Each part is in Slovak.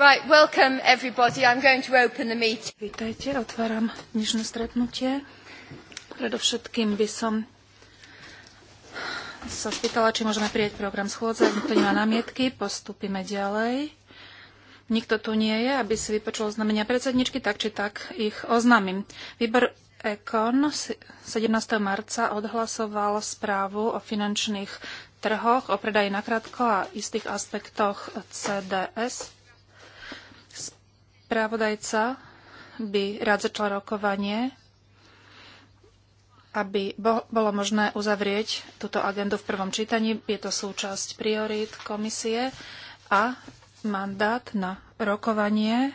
Right, welcome everybody. I'm going to open the meeting. Vítajte, otváram dnešné stretnutie. Predovšetkým by som sa spýtala, či môžeme prijať program schôdze. Ak nikto nemá námietky, postupíme ďalej. Nikto tu nie je, aby si vypočul oznamenia predsedničky, tak či tak ich oznámim. Výbor Ekon 17. marca odhlasoval správu o finančných trhoch, o predaji nakrátko a istých aspektoch CDS Spravodajca by rád začal rokovanie, aby bolo možné uzavrieť túto agendu v prvom čítaní. Je to súčasť priorít komisie a mandát na rokovanie.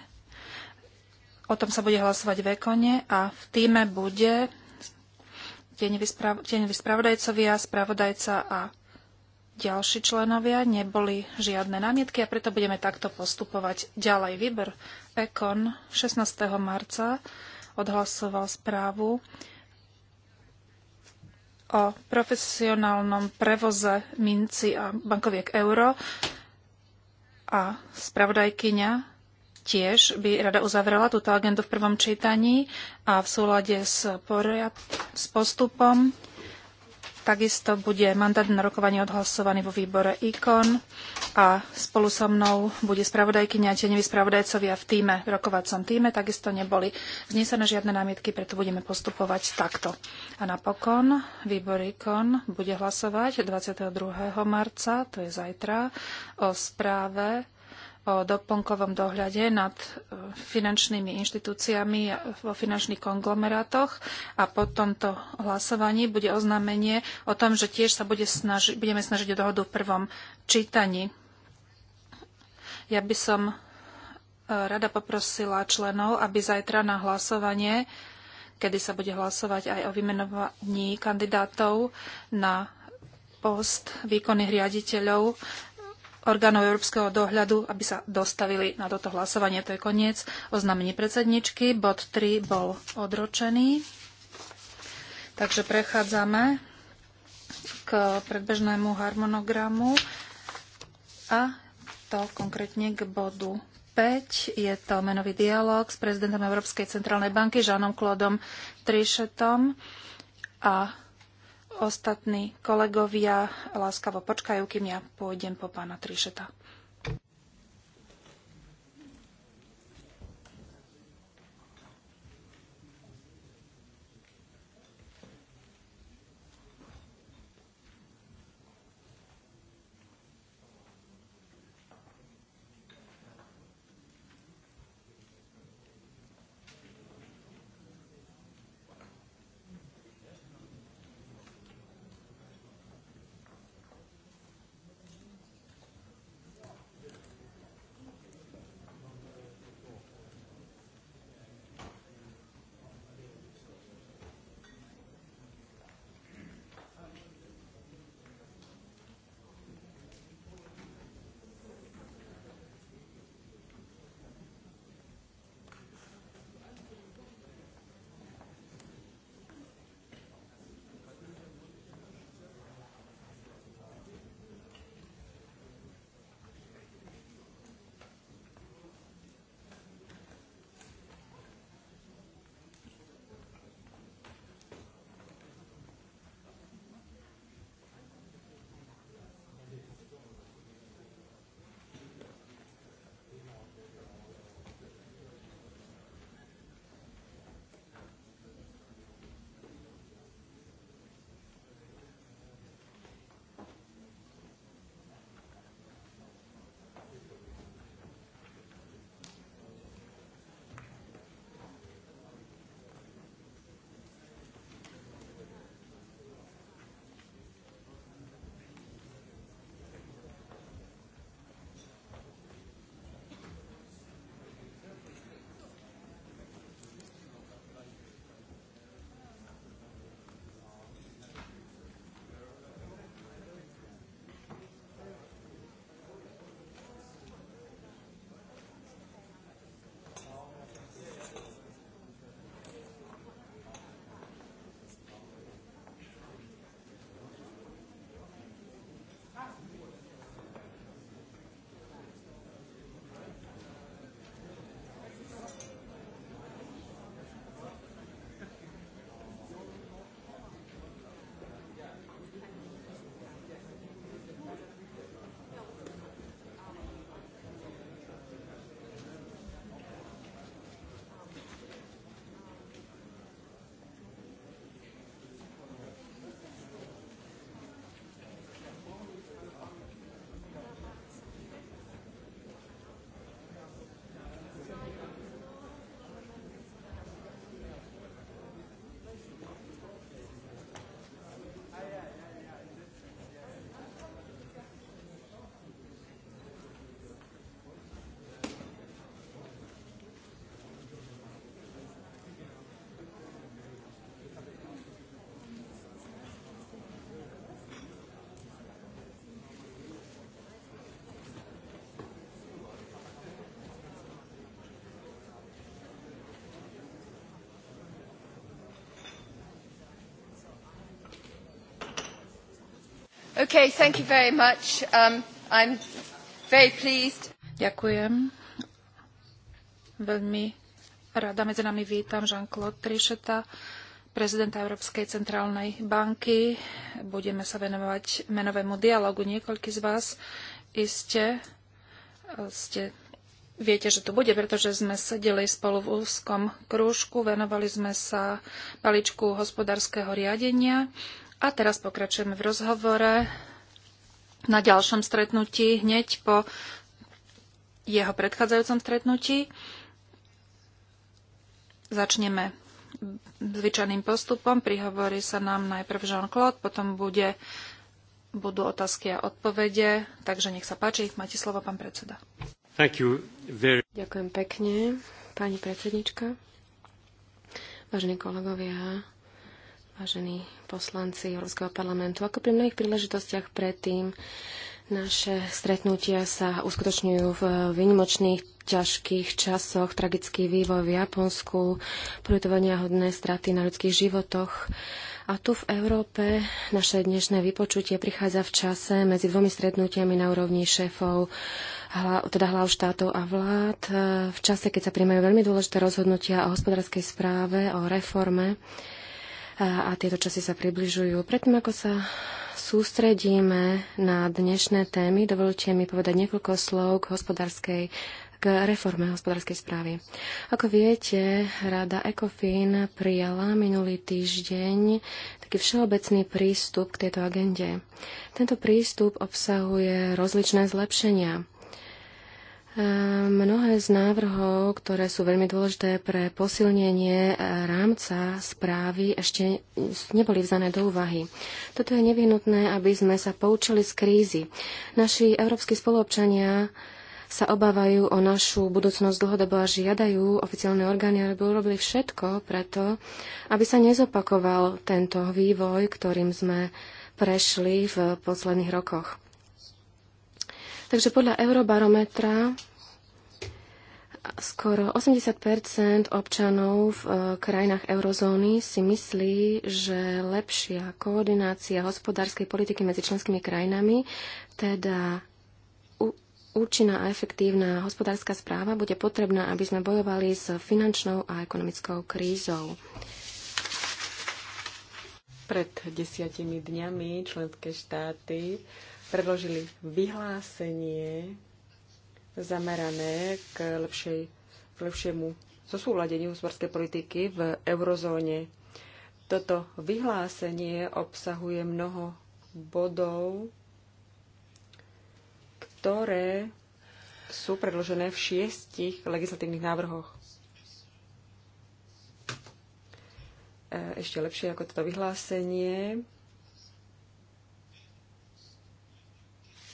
O tom sa bude hlasovať v Ekone a v týme bude tieňoví spravodajcovia, spravodajca a ďalší členovia. Neboli žiadne námietky a preto budeme takto postupovať ďalej. Výber Ekon 16. marca odhlasoval správu o profesionálnom prevoze minci a bankoviek euro a spravodajkyňa tiež by rada uzavrela túto agendu v prvom čítaní a v súlade s, poriad, s postupom Takisto bude mandát na rokovanie odhlasovaný vo výbore IKON a spolu so mnou bude spravodajkyňa a tieňoví spravodajcovia v týme, v rokovacom týme. Takisto neboli vznesené žiadne námietky, preto budeme postupovať takto. A napokon výbor IKON bude hlasovať 22. marca, to je zajtra, o správe o doplnkovom dohľade nad e, finančnými inštitúciami vo finančných konglomerátoch a po tomto hlasovaní bude oznámenie o tom, že tiež sa bude snaži- budeme snažiť o dohodu v prvom čítaní. Ja by som e, rada poprosila členov, aby zajtra na hlasovanie, kedy sa bude hlasovať aj o vymenovaní kandidátov na post výkonných riaditeľov orgánov európskeho dohľadu, aby sa dostavili na toto hlasovanie. To je koniec oznámení predsedničky. Bod 3 bol odročený. Takže prechádzame k predbežnému harmonogramu a to konkrétne k bodu 5. Je to menový dialog s prezidentom Európskej centrálnej banky Žánom Klodom Trišetom a ostatní kolegovia láskavo počkajú, kým ja pôjdem po pána Trišeta. Um, Ďakujem. Veľmi rada medzi nami vítam Jean-Claude trichetta prezidenta Európskej centrálnej banky. Budeme sa venovať menovému dialogu. Niekoľkí z vás iste eh, ste Viete, že to bude, pretože sme sedeli spolu v úzkom krúžku, venovali sme sa balíčku hospodárskeho riadenia a teraz pokračujeme v rozhovore na ďalšom stretnutí, hneď po jeho predchádzajúcom stretnutí. Začneme zvyčajným postupom. Prihovorí sa nám najprv Jean-Claude, potom bude, budú otázky a odpovede. Takže nech sa páči, máte slovo, pán predseda. Thank you very... Ďakujem pekne, pani predsednička. Vážení kolegovia, vážení poslanci Európskeho parlamentu. Ako pri mnohých príležitostiach predtým, naše stretnutia sa uskutočňujú v výnimočných ťažkých časoch, tragický vývoj v Japonsku, prúdovania hodné straty na ľudských životoch. A tu v Európe naše dnešné vypočutie prichádza v čase medzi dvomi stretnutiami na úrovni šéfov, teda hlav štátov a vlád, v čase, keď sa príjmajú veľmi dôležité rozhodnutia o hospodárskej správe, o reforme a, a tieto časy sa približujú. Predtým, ako sa sústredíme na dnešné témy, dovolte mi povedať niekoľko slov k hospodárskej k reforme hospodárskej správy. Ako viete, Rada ECOFIN prijala minulý týždeň taký všeobecný prístup k tejto agende. Tento prístup obsahuje rozličné zlepšenia. Mnohé z návrhov, ktoré sú veľmi dôležité pre posilnenie rámca správy, ešte neboli vzané do úvahy. Toto je nevyhnutné, aby sme sa poučili z krízy. Naši európsky spoluobčania sa obávajú o našu budúcnosť dlhodobo a žiadajú oficiálne orgány, aby urobili všetko preto, aby sa nezopakoval tento vývoj, ktorým sme prešli v posledných rokoch. Takže podľa Eurobarometra skoro 80 občanov v e, krajinách eurozóny si myslí, že lepšia koordinácia hospodárskej politiky medzi členskými krajinami, teda účinná a efektívna hospodárska správa bude potrebná, aby sme bojovali s finančnou a ekonomickou krízou. Pred desiatimi dňami členské štáty predložili vyhlásenie zamerané k lepšej, k lepšiemu zosúladeniu hospodárskej politiky v eurozóne. Toto vyhlásenie obsahuje mnoho bodov, ktoré sú predložené v šiestich legislatívnych návrhoch. E, ešte lepšie ako toto vyhlásenie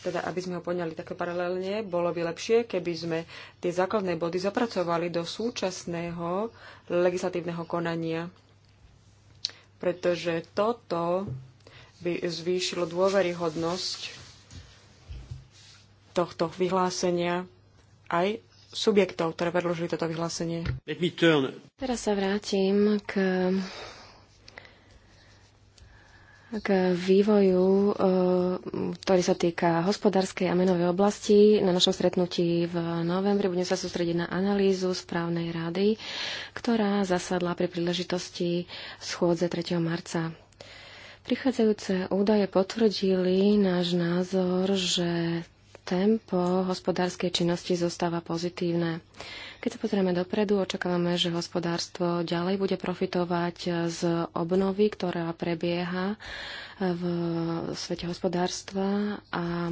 teda aby sme ho poňali také paralelne, bolo by lepšie, keby sme tie základné body zapracovali do súčasného legislatívneho konania. Pretože toto by zvýšilo dôveryhodnosť tohto vyhlásenia aj subjektov, ktoré predložili toto vyhlásenie. Teraz sa vrátim k k vývoju, eh, ktorý sa týka hospodárskej a menovej oblasti. Na našom stretnutí v novembri budeme sa sústrediť na analýzu správnej rady, ktorá zasadla pri príležitosti schôdze 3. marca. Prichádzajúce údaje potvrdili náš názor, že tempo hospodárskej činnosti zostáva pozitívne. Keď sa pozrieme dopredu, očakávame, že hospodárstvo ďalej bude profitovať z obnovy, ktorá prebieha v svete hospodárstva a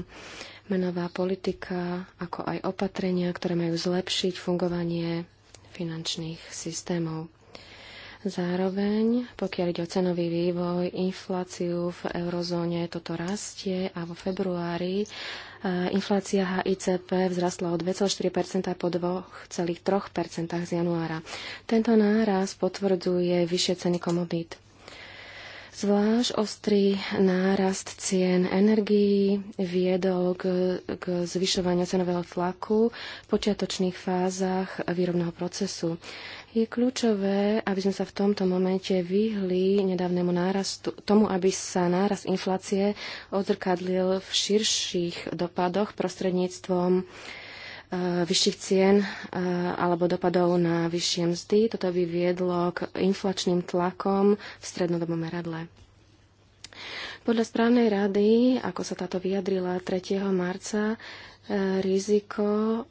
menová politika, ako aj opatrenia, ktoré majú zlepšiť fungovanie finančných systémov. Zároveň, pokiaľ ide o cenový vývoj, infláciu v eurozóne toto rastie a vo februári Eh, inflácia HICP vzrastla o 2,4% po 2,3% z januára. Tento náraz potvrdzuje vyššie ceny komodít. Zvlášť ostrý nárast cien energií viedol k, k zvyšovaniu cenového tlaku v počiatočných fázach výrobného procesu. Je kľúčové, aby sme sa v tomto momente vyhli nedávnemu nárastu, tomu, aby sa nárast inflácie odzrkadlil v širších dopadoch prostredníctvom e, vyšších cien e, alebo dopadov na vyššie mzdy. Toto by viedlo k inflačným tlakom v strednodobom meradle. Podľa správnej rady, ako sa táto vyjadrila 3. marca, e, riziko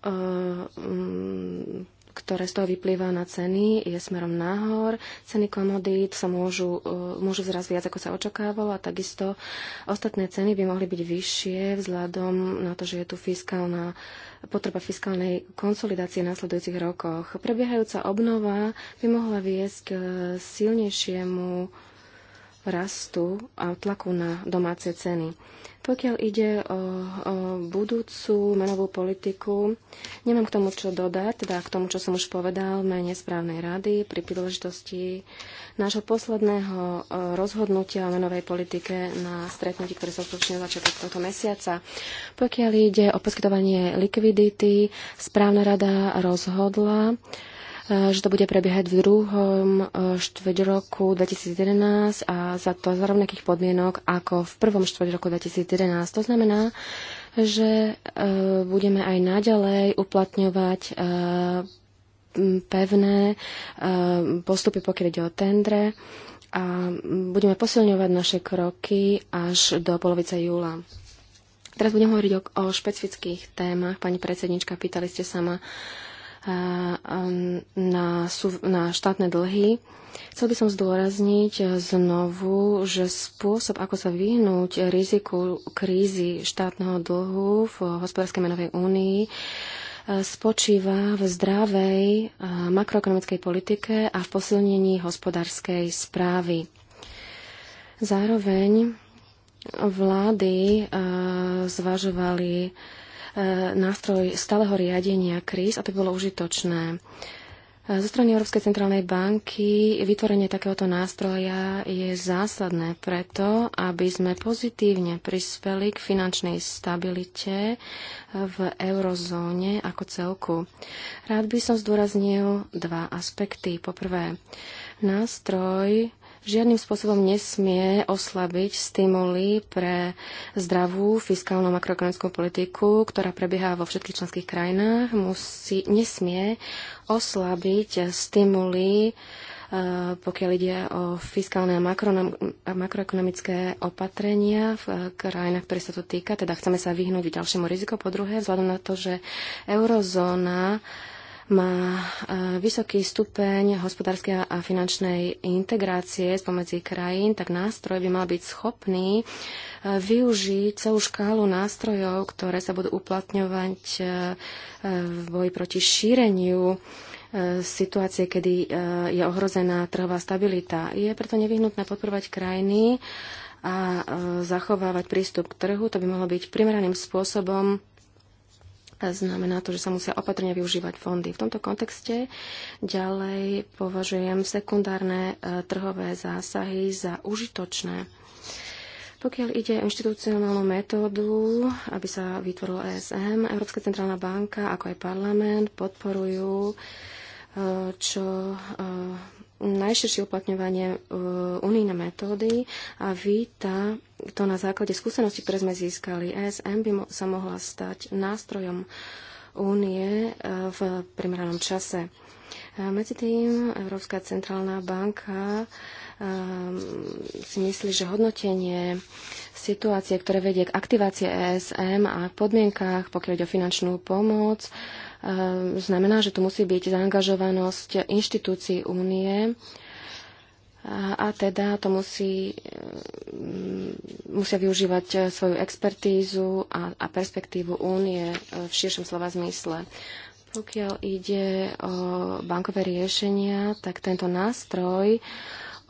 ktoré z toho vyplýva na ceny, je smerom nahor. Ceny komodít sa môžu, e, môžu zraz viac, ako sa očakávalo a takisto ostatné ceny by mohli byť vyššie vzhľadom na to, že je tu fiskálna potreba fiskálnej konsolidácie v následujúcich rokoch. Prebiehajúca obnova by mohla viesť k silnejšiemu rastu a tlaku na domáce ceny. Pokiaľ ide o, o budúcu menovú politiku, nemám k tomu čo dodať, teda k tomu, čo som už povedal, mene správnej rady pri príležitosti nášho posledného e, rozhodnutia o menovej politike na stretnutí, ktoré sa skutočne začiatok tohto mesiaca. Pokiaľ ide o poskytovanie likvidity, správna rada rozhodla, E, že to bude prebiehať v druhom e, štvrť roku 2011 a za to za rovnakých podmienok ako v prvom štvrť roku 2011. To znamená, že e, budeme aj naďalej uplatňovať pevné postupy, pokiaľ ide o tendre a budeme posilňovať naše kroky až do polovice júla. Teraz budem hovoriť o, o špecifických témach. Pani predsednička, pýtali ste sa ma, uh, Um, na, na štátne dlhy. Chcel by som zdôrazniť e, znovu, že spôsob, ako sa vyhnúť riziku krízy štátneho dlhu v hospodárskej menovej únii, e, spočíva v zdravej e, makroekonomickej politike a v posilnení hospodárskej správy. Zároveň vlády zvažovali E, nástroj stáleho riadenia kríz a to bolo užitočné. E, zo strany Európskej centrálnej banky vytvorenie takéhoto nástroja je zásadné preto, aby sme pozitívne prispeli k finančnej stabilite v eurozóne ako celku. Rád by som zdôraznil dva aspekty. Poprvé, nástroj žiadnym spôsobom nesmie oslabiť stimuly pre zdravú fiskálnu makroekonomickú politiku, ktorá prebieha vo všetkých členských krajinách. Musí, nesmie oslabiť stimuly, eh, pokiaľ ide o fiskálne a, makroekonomické opatrenia v krajinách, ktoré sa to týka. Teda chceme sa vyhnúť ďalšiemu riziku. Po druhé, vzhľadom na to, že eurozóna má e, vysoký stupeň hospodárskej a finančnej integrácie spomedzi krajín, tak nástroj by mal byť schopný e, využiť celú škálu nástrojov, ktoré sa budú uplatňovať e, v boji proti šíreniu situácie, kedy je ohrozená trhová stabilita. Je preto nevyhnutné podporovať krajiny a zachovávať prístup k trhu. To by mohlo byť primeraným spôsobom Znamená to, že sa musia opatrne využívať fondy. V tomto kontexte ďalej považujem sekundárne e, trhové zásahy za užitočné. Pokiaľ ide o inštitucionálnu metódu, aby sa vytvorilo ESM, Európska centrálna banka ako aj parlament podporujú, e, čo e, najširšie uplatňovanie e, unijné metódy a víta to na základe skúseností, ktoré sme získali. ESM by sa mohla stať nástrojom únie e, v primeranom čase. E, medzi tým Európska centrálna banka si myslí, že hodnotenie situácie, ktoré vedie k aktivácii ESM a podmienkách, pokiaľ ide o finančnú pomoc, Ehm, znamená, že tu musí byť zaangažovanosť inštitúcií únie a, teda to musí, ehm, musia využívať e, svoju expertízu a, a perspektívu únie e, v širšom slova zmysle. Pokiaľ ide o bankové riešenia, tak tento nástroj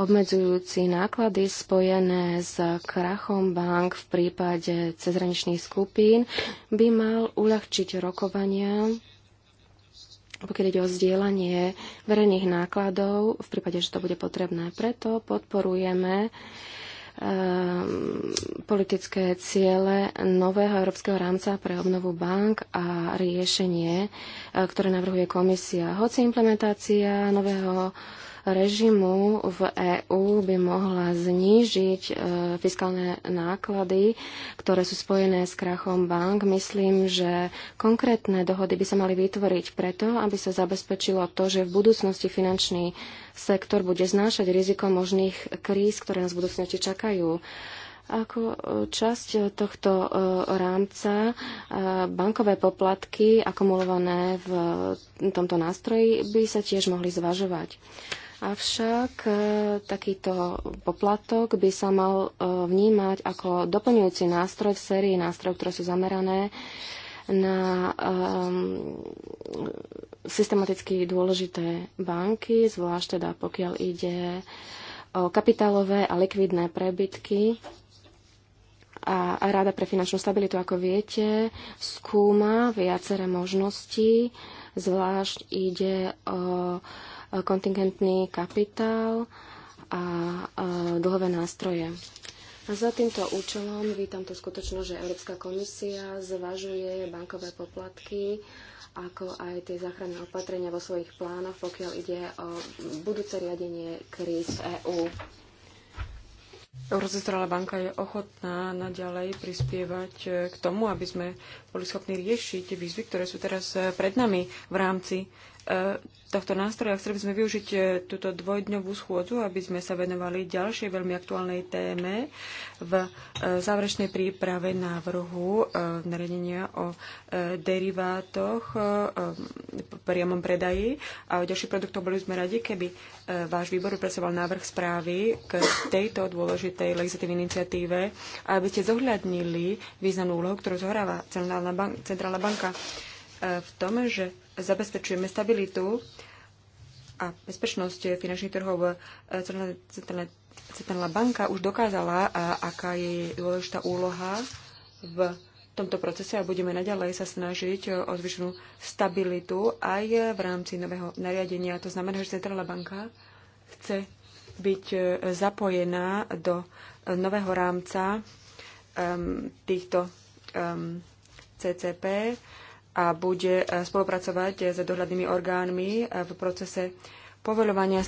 obmedzujúci náklady spojené s krachom bank v prípade cezhraničných skupín by mal uľahčiť rokovania pokiaľ ide o zdieľanie verejných nákladov, v prípade, že to bude potrebné. Preto podporujeme ehm, politické ciele nového európskeho rámca pre obnovu bank a riešenie, e, ktoré navrhuje komisia. Hoci implementácia nového režimu v EÚ by mohla znížiť e, fiskálne náklady, ktoré sú spojené s krachom bank. Myslím, že konkrétne dohody by sa mali vytvoriť preto, aby sa zabezpečilo to, že v budúcnosti finančný sektor bude znášať riziko možných kríz, ktoré nás v budúcnosti čakajú. Ako e, časť tohto e, rámca bankové poplatky akumulované v tomto nástroji by sa tiež mohli zvažovať. Avšak e, takýto poplatok by sa mal e, vnímať ako doplňujúci nástroj v sérii nástrojov, ktoré sú zamerané na um, systematicky dôležité banky, zvlášť teda pokiaľ ide o kapitálové a likvidné prebytky. A Rada pre finančnú stabilitu, ako viete, skúma viaceré možnosti, zvlášť ide o uh, E, kontingentný kapitál a e, dlhové nástroje. A za týmto účelom vítam tú skutočnosť, že Európska komisia zvažuje bankové poplatky ako aj tie záchranné opatrenia vo svojich plánoch, pokiaľ ide o budúce riadenie kríz v EÚ. Eurocentrálna banka je ochotná naďalej prispievať e, k tomu, aby sme boli schopní riešiť výzvy, ktoré sú teraz pred nami v rámci E, tohto nástroja. Chceli by sme využiť e, túto dvojdňovú schôdzu, aby sme sa venovali ďalšej veľmi aktuálnej téme v e, záverečnej príprave návrhu nariadenia o derivátoch v priamom predaji a o ďalších produktoch boli sme radi, keby váš výbor vypracoval návrh správy k tejto dôležitej legislatívnej iniciatíve aby ste zohľadnili významnú úlohu, ktorú zohráva Centrálna banka v tom, že zabezpečujeme stabilitu a bezpečnosť finančných trhov. E, centrálna banka už dokázala, e, aká je dôležitá úloha v tomto procese a budeme naďalej sa snažiť o zvyšenú stabilitu aj v rámci nového nariadenia. To znamená, že Centrálna banka chce byť e, zapojená do nového rámca um, týchto um, CCP a bude e, spolupracovať e, s dohľadnými orgánmi e, v procese povoľovania.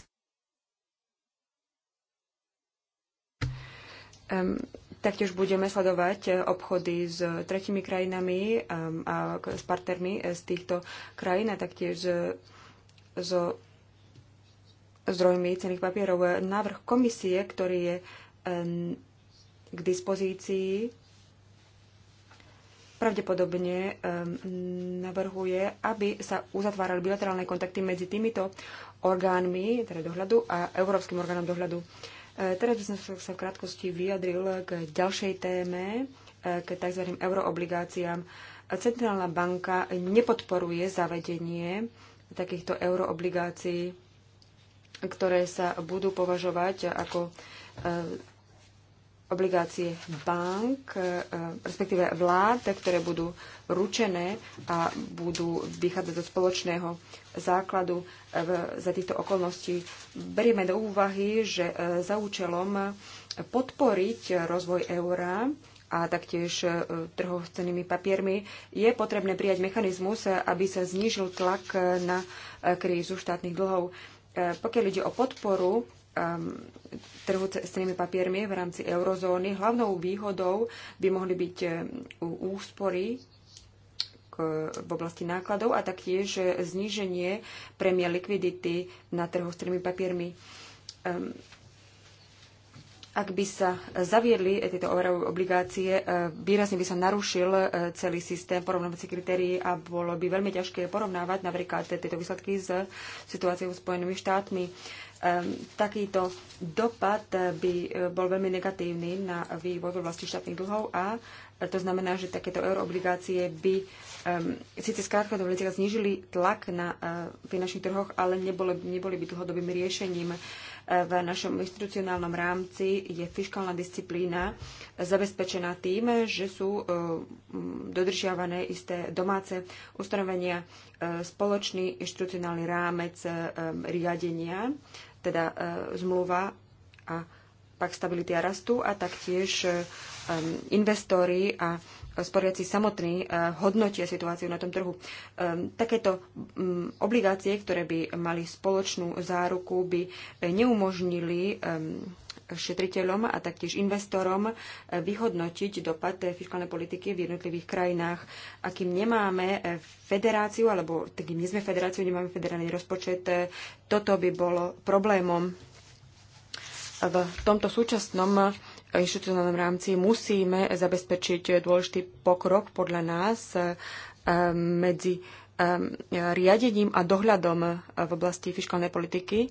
Taktiež budeme sledovať obchody s tretimi krajinami a s partnermi z týchto krajín a taktiež so zdrojmi cených papierov. Návrh komisie, ktorý je k dispozícii, pravdepodobne ehm, navrhuje, aby sa uzatvárali bilaterálne kontakty medzi týmito orgánmi teda dohľadu a Európskym orgánom dohľadu. E, teraz by som sa v krátkosti vyjadril k ďalšej téme, e, k tzv. euroobligáciám. Centrálna banka nepodporuje zavedenie takýchto euroobligácií, ktoré sa budú považovať ako e, obligácie bank, e, respektíve vlád, ktoré budú ručené a budú vychádzať zo spoločného základu e, za týchto okolností. Berieme do úvahy, že e, za účelom podporiť rozvoj eura a taktiež trhov s cenými papiermi, je potrebné prijať mechanizmus, aby sa znížil tlak na krízu štátnych dlhov. Pokiaľ ide o podporu Um, trhu s cenými papiermi v rámci eurozóny. Hlavnou výhodou by mohli byť eh, úspory v oblasti nákladov a taktiež eh, zníženie premie likvidity na trhu s cenými papiermi. Um, ak by sa zaviedli tieto obligácie, e, výrazne by sa narušil e, celý systém porovnávací kritérií a bolo by veľmi ťažké porovnávať napríklad tieto výsledky s situáciou Spojenými štátmi. Ehm, takýto dopad by e, bol veľmi negatívny na vývoj vlastných štátnych dlhov a to znamená, že takéto euroobligácie by um, síce z krátkodobého hľadiska teda znižili tlak na uh, finančných trhoch, ale neboli, neboli by dlhodobým riešením. Uh, v našom institucionálnom rámci je fiskálna disciplína zabezpečená tým, že sú e, dodržiavané isté domáce ustanovenia, e, spoločný inštitucionálny rámec e, riadenia, teda zmluva a pak stability a rastu a taktiež investóri a sporiaci samotní eh, hodnotia situáciu na tom trhu. Ehm, takéto mm, obligácie, ktoré by mali spoločnú záruku, by neumožnili ehm, šetriteľom a taktiež investorom eh, vyhodnotiť dopad fiskálnej politiky v jednotlivých krajinách. A kým nemáme eh, federáciu, alebo kým nie sme federáciu, nemáme federálny rozpočet, toto by bolo problémom v tomto súčasnom inštitucionálnom rámci musíme zabezpečiť dôležitý pokrok podľa nás eh, medzi eh, riadením a dohľadom v oblasti fiskálnej politiky, eh,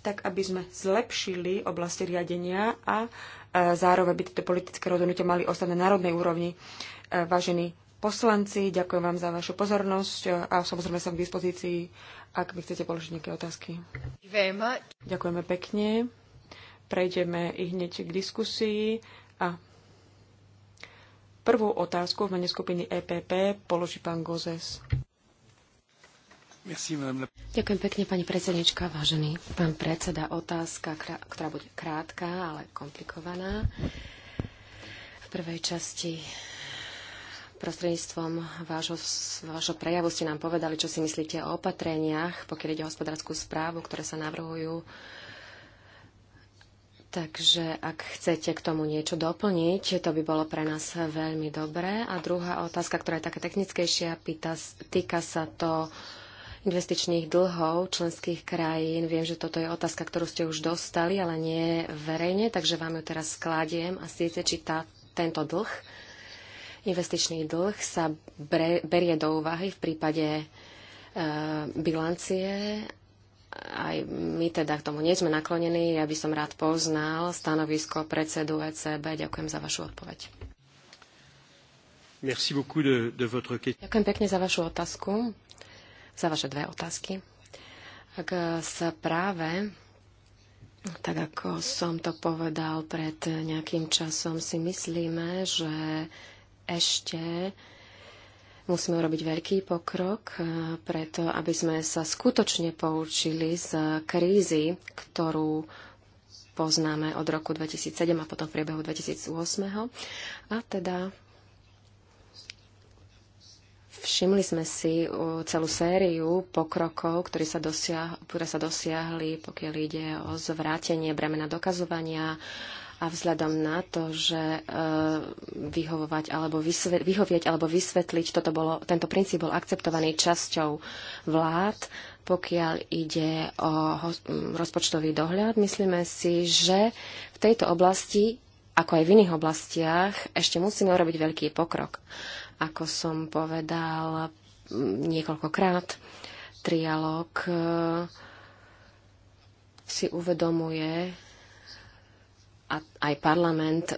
tak aby sme zlepšili oblasti riadenia a zároveň by tieto politické rozhodnutia mali ostať na národnej úrovni. Vážení poslanci. Ďakujem vám za vašu pozornosť a samozrejme som k dispozícii, ak vy chcete položiť nejaké otázky. Ďakujeme pekne. Prejdeme i hneď k diskusii a prvú otázku v mene skupiny EPP položí pán Gozes. Ďakujem pekne, pani predsednička, vážený pán predseda. Otázka, ktorá bude krátka, ale komplikovaná. V prvej časti Prostredníctvom vášho, vášho prejavu ste nám povedali, čo si myslíte o opatreniach, pokiaľ ide o hospodárskú správu, ktoré sa navrhujú. Takže ak chcete k tomu niečo doplniť, to by bolo pre nás veľmi dobré. A druhá otázka, ktorá je taká technickejšia, pýta, týka sa to investičných dlhov členských krajín. Viem, že toto je otázka, ktorú ste už dostali, ale nie verejne, takže vám ju teraz skladiem a siete, či tá, tento dlh Investičný dlh sa bre, berie do úvahy v prípade e, bilancie. Aj my teda k tomu nie sme naklonení. Ja by som rád poznal stanovisko predsedu ECB. Ďakujem za vašu odpoveď. Merci beaucoup de, de votre question. Ďakujem pekne za vašu otázku, za vaše dve otázky. Ak sa práve tak ako som to povedal pred nejakým časom, si myslíme, že ešte musíme urobiť veľký pokrok eh, preto, aby sme sa skutočne poučili z krízy, ktorú poznáme od roku 2007 a potom v priebehu 2008. A teda všimli sme si eh, celú sériu pokrokov, ktoré sa, dosiah- ktoré sa dosiahli, pokiaľ ide o zvrátenie bremena dokazovania, a vzhľadom na to, že e, vyhovovať alebo vysve, vyhovieť alebo vysvetliť, toto bolo, tento princíp bol akceptovaný časťou vlád, pokiaľ ide o rozpočtový dohľad, myslíme si, že v tejto oblasti, ako aj v iných oblastiach, ešte musíme urobiť veľký pokrok. Ako som povedal niekoľkokrát, trialog e, si uvedomuje, a aj parlament e,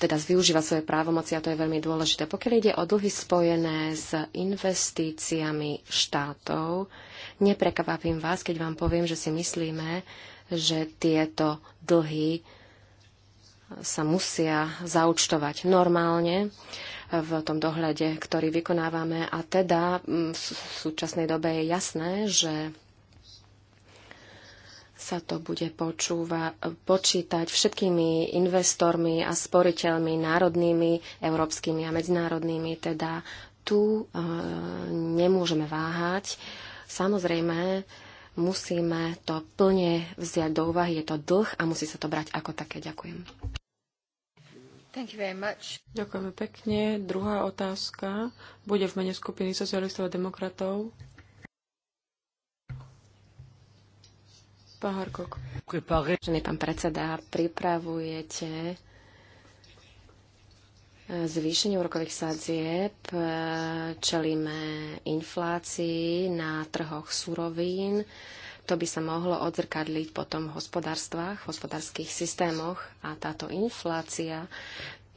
teda využíva svoje právomoci a to je veľmi dôležité. Pokiaľ ide o dlhy spojené s investíciami štátov, neprekvapím vás, keď vám poviem, že si myslíme, že tieto dlhy sa musia zaučtovať normálne v tom dohľade, ktorý vykonávame. A teda v súčasnej dobe je jasné, že sa to bude počúva, počítať všetkými investormi a sporiteľmi národnými, európskymi a medzinárodnými. Teda tu e, nemôžeme váhať. Samozrejme, musíme to plne vziať do úvahy. Je to dlh a musí sa to brať ako také. Ďakujem. Thank you very much. Ďakujeme pekne. Druhá otázka bude v mene skupiny socialistov a demokratov. Pán Harkok. Vážený pán predseda, pripravujete e, zvýšenie úrokových sadzieb, e, čelíme inflácii na trhoch surovín. To by sa mohlo odzrkadliť potom v hospodárstvách, v hospodárskych systémoch a táto inflácia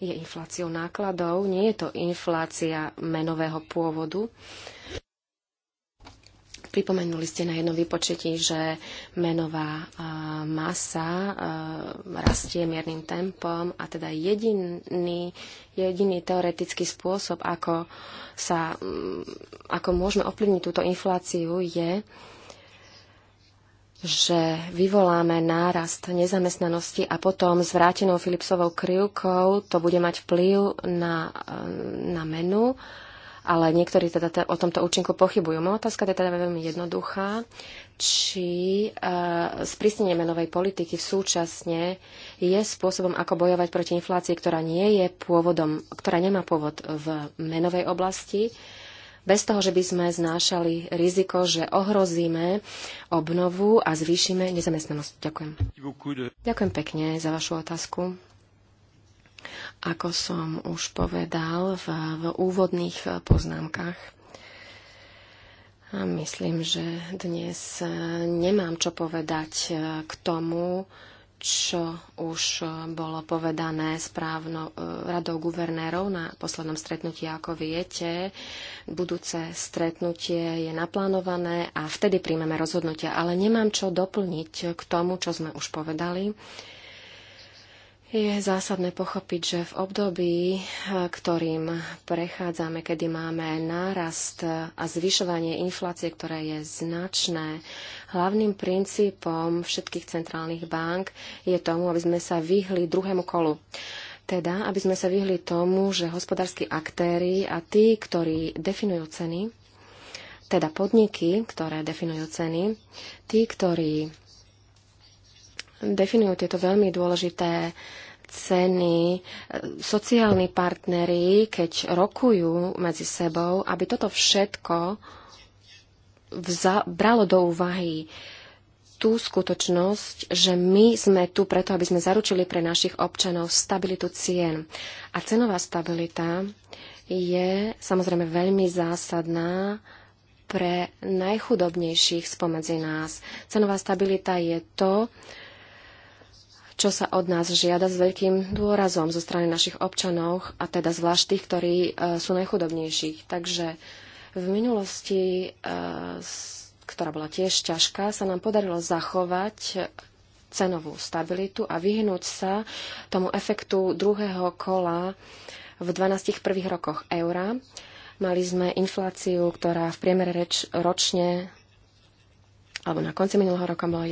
je infláciou nákladov, nie je to inflácia menového pôvodu. Pripomenuli ste na jednom vypočetí, že menová masa rastie miernym tempom a teda jediný, jediný teoretický spôsob, ako, sa, mm, ako môžeme ovplyvniť túto infláciu, je že vyvoláme nárast nezamestnanosti a potom s vrátenou Filipsovou krivkou to bude mať vplyv na, na menu ale niektorí teda o tomto účinku pochybujú. Moja otázka je teda veľmi jednoduchá. Či uh, sprísnenie menovej politiky v súčasne je spôsobom, ako bojovať proti inflácii, ktorá nie je pôvodom, ktorá nemá pôvod v menovej oblasti, bez toho, že by sme znášali riziko, že ohrozíme obnovu a zvýšime nezamestnanosť. Ďakujem. Ďakujem pekne za vašu otázku. Ako som už povedal v, v úvodných poznámkach, a myslím, že dnes e, nemám čo povedať e, k tomu, čo už bolo povedané správno e, radou guvernérov na poslednom stretnutí, ako viete. Budúce stretnutie je naplánované a vtedy príjmeme rozhodnutia, ale nemám čo doplniť k tomu, čo sme už povedali. Je zásadné pochopiť, že v období, eh, ktorým prechádzame, kedy máme nárast a zvyšovanie inflácie, ktoré je značné, hlavným princípom všetkých centrálnych bank je tomu, aby sme sa vyhli druhému kolu. Teda, aby sme sa vyhli tomu, že hospodárski aktéry a tí, ktorí definujú ceny, teda podniky, ktoré definujú ceny, tí, ktorí definujú tieto veľmi dôležité ceny, sociálni partneri, keď rokujú medzi sebou, aby toto všetko vza- bralo do úvahy tú skutočnosť, že my sme tu preto, aby sme zaručili pre našich občanov stabilitu cien. A cenová stabilita je samozrejme veľmi zásadná pre najchudobnejších spomedzi nás. Cenová stabilita je to, čo sa od nás žiada s veľkým dôrazom zo strany našich občanov, a teda zvlášť tých, ktorí e, sú najchudobnejších. Takže v minulosti, e, ktorá bola tiež ťažká, sa nám podarilo zachovať cenovú stabilitu a vyhnúť sa tomu efektu druhého kola v 12 prvých rokoch eura. Mali sme infláciu, ktorá v priemere reč, ročne alebo na konci minulého roka bola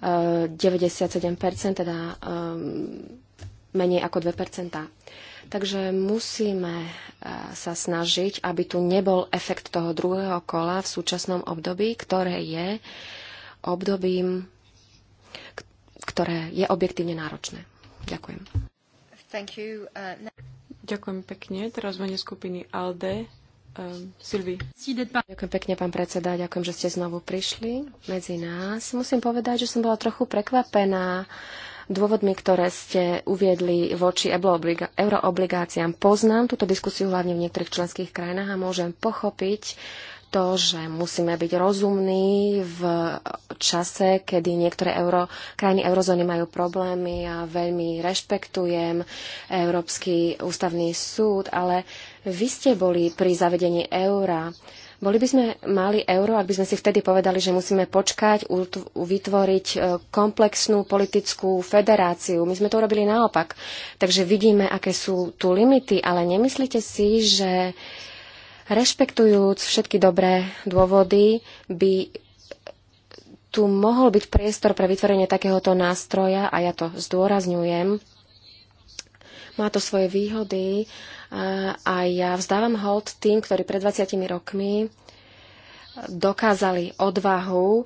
97%, teda um, menej ako 2%. Takže musíme uh, sa snažiť, aby tu nebol efekt toho druhého kola v súčasnom období, ktoré je obdobím, ktoré je objektívne náročné. Ďakujem. Uh, Ďakujem pekne. Teraz mene skupiny ALDE Ehm, ďakujem pekne, pán predseda. Ďakujem, že ste znovu prišli medzi nás. Musím povedať, že som bola trochu prekvapená dôvodmi, ktoré ste uviedli voči euroobligáciám. Poznám túto diskusiu hlavne v niektorých členských krajinách a môžem pochopiť, to, že musíme byť rozumní v čase, kedy niektoré euro, krajiny eurozóny majú problémy a veľmi rešpektujem Európsky ústavný súd, ale vy ste boli pri zavedení eura. Boli by sme mali euro, ak by sme si vtedy povedali, že musíme počkať, vytvoriť e, komplexnú politickú federáciu. My sme to urobili naopak. Takže vidíme, aké sú tu limity, ale nemyslíte si, že rešpektujúc všetky dobré dôvody, by tu mohol byť priestor pre vytvorenie takéhoto nástroja, a ja to zdôrazňujem, má to svoje výhody a, ja vzdávam hold tým, ktorí pred 20 rokmi dokázali odvahu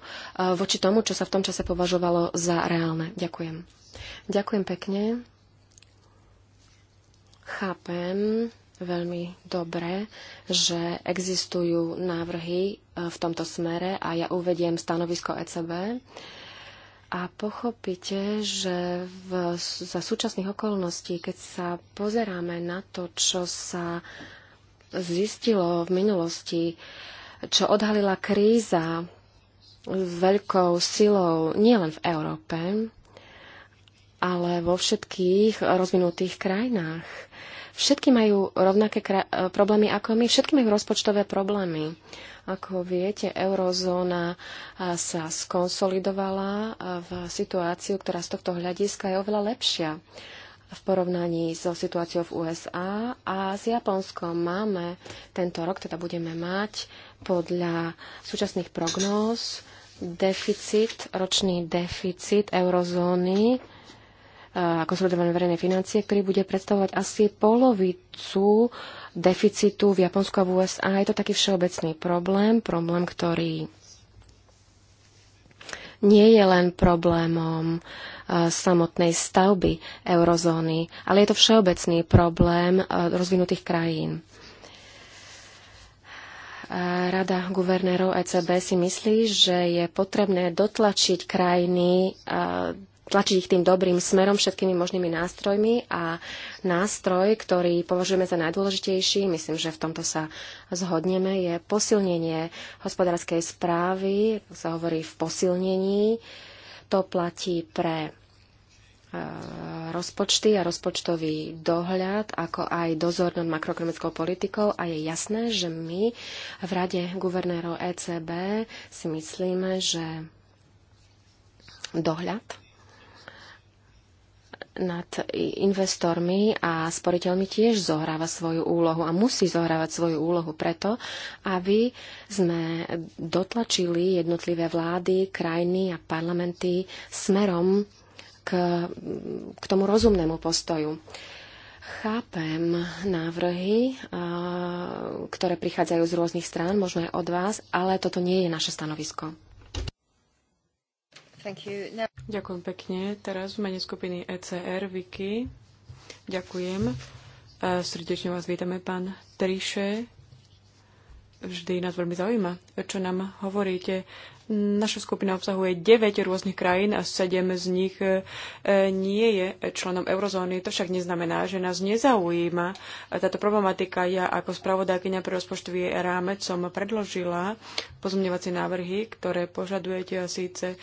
voči tomu, čo sa v tom čase považovalo za reálne. Ďakujem. Ďakujem pekne. Chápem veľmi dobre, že existujú návrhy e, v tomto smere a ja uvediem stanovisko ECB a pochopíte, že v, za súčasných okolností, keď sa pozeráme na to, čo sa zistilo v minulosti, čo odhalila kríza veľkou silou nielen v Európe, ale vo všetkých rozvinutých krajinách. Všetky majú rovnaké problémy ako my, všetky majú rozpočtové problémy. Uh, ako viete, eurozóna sa skonsolidovala v situáciu, ktorá z tohto hľadiska je oveľa lepšia v porovnaní so situáciou v USA a s Japonskom máme tento rok, teda budeme mať podľa súčasných prognóz deficit, ročný deficit eurozóny a konsolidované verejné financie, ktorý bude predstavovať asi polovicu deficitu v Japonsku a v USA. Je to taký všeobecný problém, problém, ktorý nie je len problémom e, samotnej stavby eurozóny, ale je to všeobecný problém e, rozvinutých krajín. E, Rada guvernérov ECB si myslí, že je potrebné dotlačiť krajiny tlačiť ich tým dobrým smerom všetkými možnými nástrojmi a nástroj, ktorý považujeme za najdôležitejší, myslím, že v tomto sa zhodneme, je posilnenie hospodárskej správy, sa hovorí v posilnení. To platí pre e, rozpočty a rozpočtový dohľad, ako aj dozor nad makroekonomickou politikou a je jasné, že my v Rade guvernérov ECB si myslíme, že dohľad nad investormi a sporiteľmi tiež zohráva svoju úlohu a musí zohrávať svoju úlohu preto, aby sme dotlačili jednotlivé vlády, krajiny a parlamenty smerom k, k tomu rozumnému postoju. Chápem návrhy, ktoré prichádzajú z rôznych strán, možno aj od vás, ale toto nie je naše stanovisko. No- Ďakujem pekne. Teraz v mene skupiny ECR, Vicky. Ďakujem. E, srdečne vás vítame, pán Triše. Vždy nás veľmi zaujíma, čo nám hovoríte. Naša skupina obsahuje 9 rôznych krajín a 7 z nich e, nie je členom eurozóny. To však neznamená, že nás nezaujíma táto problematika. Ja ako spravodákyňa pre rozpočtový rámec som predložila pozmeňovacie návrhy, ktoré požadujete a síce e,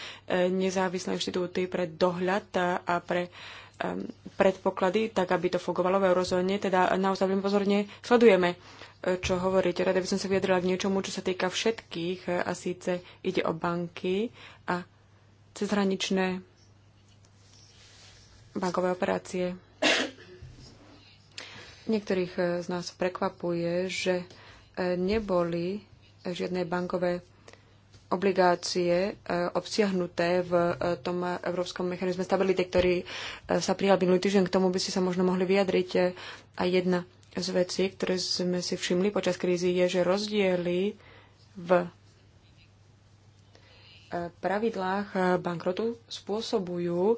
nezávislé inštitúty pre dohľad a pre e, predpoklady, tak aby to fungovalo v eurozóne. Teda naozaj veľmi pozorne sledujeme čo hovoríte. Rada by som sa vyjadrila k niečomu, čo sa týka všetkých, eh, a síce ide o banky a cezhraničné bankové operácie. Niektorých eh, z nás prekvapuje, že eh, neboli žiadne bankové obligácie obsiahnuté v tom Európskom mechanizme stability, ktorý sa prijal minulý týždeň. K tomu by ste sa možno mohli vyjadriť. aj jedna z vecí, ktoré sme si všimli počas krízy, je, že rozdiely v e, pravidlách bankrotu spôsobujú, e,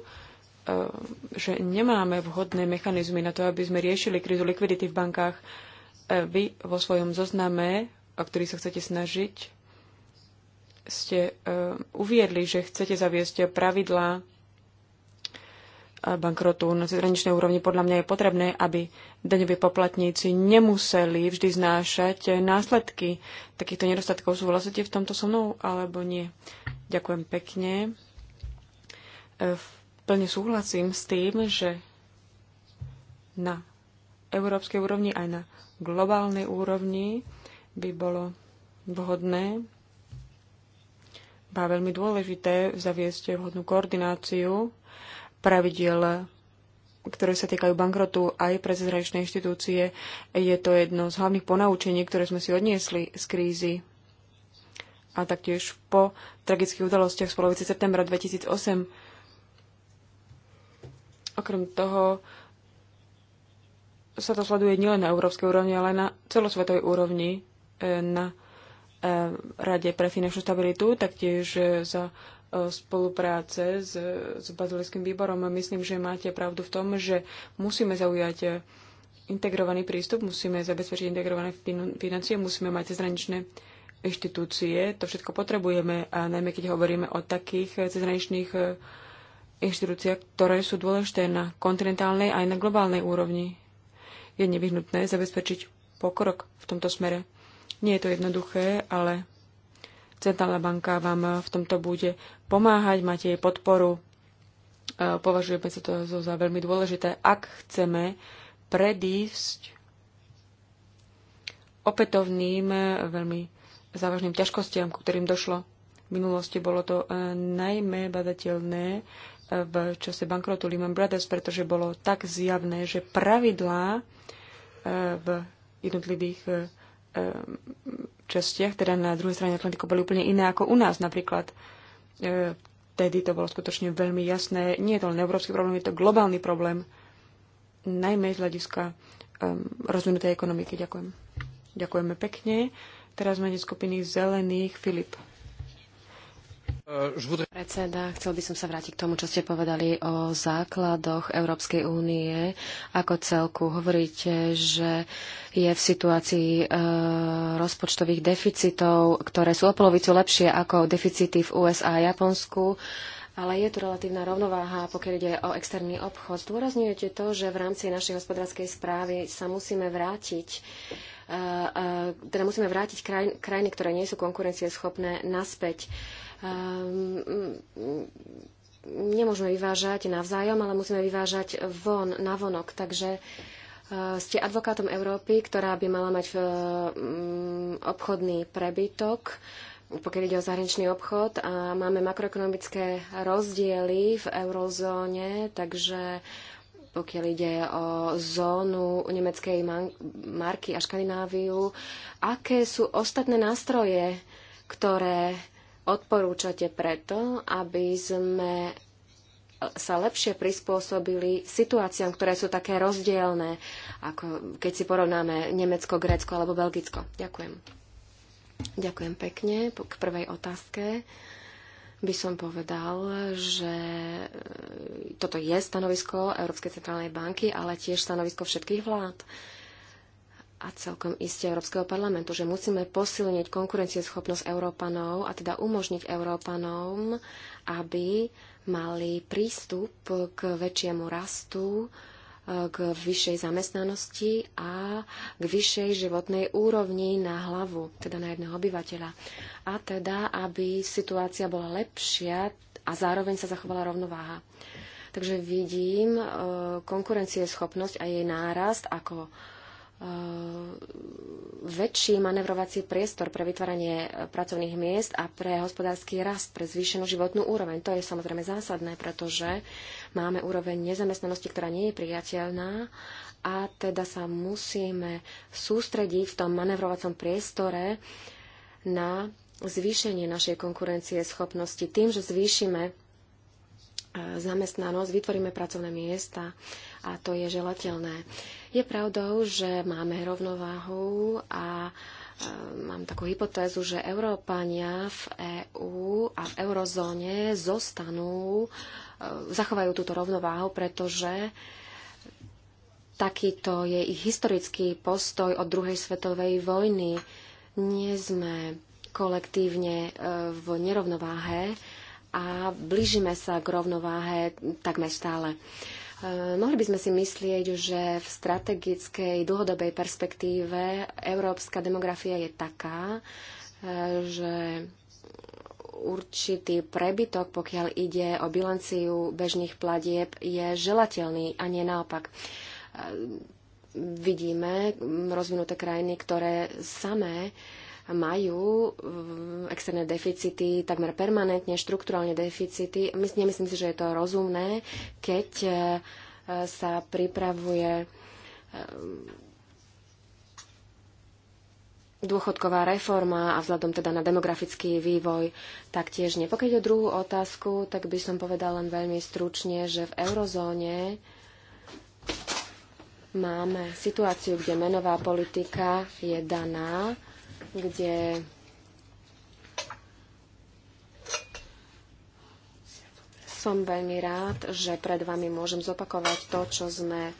že nemáme vhodné mechanizmy na to, aby sme riešili krízu likvidity v bankách. E, vy vo svojom zozname, o ktorý sa chcete snažiť, ste uviedli, že chcete zaviesť pravidlá bankrotu na zahraničnej úrovni podľa mňa je potrebné, aby daňoví poplatníci nemuseli vždy znášať následky takýchto nedostatkov. Súhlasíte v tomto so mnou alebo nie? Ďakujem pekne. E, plne súhlasím s tým, že na európskej úrovni aj na globálnej úrovni by bolo vhodné a veľmi dôležité zaviesť vhodnú koordináciu pravidel, ktoré sa týkajú bankrotu aj pre zahraničné inštitúcie. Je to jedno z hlavných ponaučení, ktoré sme si odniesli z krízy a taktiež po tragických udalostiach z polovice septembra 2008. Okrem toho sa to sleduje nielen na európskej úrovni, ale aj na celosvetovej úrovni eh, na eh, Rade pre finančnú stabilitu, taktiež za spolupráce s, s bazilským výborom. Myslím, že máte pravdu v tom, že musíme zaujať integrovaný prístup, musíme zabezpečiť integrované financie, musíme mať zraničné inštitúcie. To všetko potrebujeme, a najmä keď hovoríme o takých cezhraničných eh, inštitúciách, ktoré sú dôležité na kontinentálnej aj na globálnej úrovni. Je nevyhnutné zabezpečiť pokrok v tomto smere. Nie je to jednoduché, ale Centrálna banka vám eh, v tomto bude pomáhať, máte jej podporu. Eh, považujeme sa to za veľmi dôležité, ak chceme predísť opätovným, eh, veľmi závažným ťažkostiam, ku ktorým došlo. V minulosti bolo to najmä badateľné v čase bankrotu Lehman Brothers, pretože bolo tak zjavné, že pravidlá v jednotlivých častiach, teda na druhej strane Atlantiku, boli úplne iné ako u nás napríklad. E, tedy to bolo skutočne veľmi jasné. Nie je to len európsky problém, je to globálny problém, najmä z hľadiska um, rozvinutej ekonomiky. Ďakujem. Ďakujeme pekne. Teraz máme skupiny zelených Filip. Predseda, chcel by som sa vrátiť k tomu, čo ste povedali o základoch Európskej únie ako celku. Hovoríte, že je v situácii e, rozpočtových deficitov, ktoré sú o polovicu lepšie ako deficity v USA a Japonsku. Ale je tu relatívna rovnováha, pokiaľ ide o externý obchod. Zdôrazňujete to, že v rámci našej hospodárskej správy sa musíme vrátiť e, e, teda musíme vrátiť krajiny, ktoré nie sú konkurencieschopné, naspäť. Ehm, nemôžeme vyvážať navzájom, ale musíme vyvážať von, na vonok. Takže e, ste advokátom Európy, ktorá by mala mať e, mm, obchodný prebytok, pokiaľ ide o zahraničný obchod a máme makroekonomické rozdiely v eurozóne, takže pokiaľ ide o zónu nemeckej marky a Škandináviu, aké sú ostatné nástroje, ktoré odporúčate preto, aby sme sa lepšie prispôsobili situáciám, ktoré sú také rozdielne, ako keď si porovnáme Nemecko, Grécko alebo Belgicko. Ďakujem. Ďakujem pekne. K prvej otázke by som povedal, že e, toto je stanovisko Európskej centrálnej banky, ale tiež stanovisko všetkých vlád. Uh, a celkom iste Európskeho parlamentu, že musíme posilniť konkurencieschopnosť Európanov a teda umožniť Európanom, aby mali prístup k väčšiemu rastu, k vyššej zamestnanosti a k vyššej životnej úrovni na hlavu, teda na jedného obyvateľa. A teda, aby situácia bola lepšia a zároveň sa zachovala rovnováha. Takže vidím e, konkurencieschopnosť a jej nárast ako Eh, väčší manevrovací priestor pre vytváranie eh, pracovných miest a pre hospodársky rast, pre zvýšenú životnú úroveň. To je samozrejme zásadné, pretože máme úroveň nezamestnanosti, ktorá nie je priateľná a teda sa musíme sústrediť v tom manevrovacom priestore na zvýšenie našej konkurencie schopnosti tým, že zvýšime eh, zamestnanosť, vytvoríme pracovné miesta a to je želateľné. Je pravdou, že máme rovnováhu a e, mám takú hypotézu, že Európania v EÚ a v eurozóne zostanú, e, zachovajú túto rovnováhu, pretože takýto je ich historický postoj od druhej svetovej vojny. Nie sme kolektívne e, v nerovnováhe a blížime sa k rovnováhe takmer stále. Eh, mohli by sme si myslieť, že v strategickej dlhodobej perspektíve európska demografia je taká, eh, že určitý prebytok, pokiaľ ide o bilanciu bežných platieb, je želateľný a nie naopak. Eh, vidíme rozvinuté krajiny, ktoré samé majú mm, externé deficity, takmer permanentne štruktúralne deficity. Nemyslím si, že je to rozumné, keď e, sa pripravuje e, dôchodková reforma a vzhľadom teda na demografický vývoj taktiež nie. Pokiaľ o druhú otázku, tak by som povedala len veľmi stručne, že v eurozóne máme situáciu, kde menová politika je daná kde som veľmi rád, že pred vami môžem zopakovať to, čo sme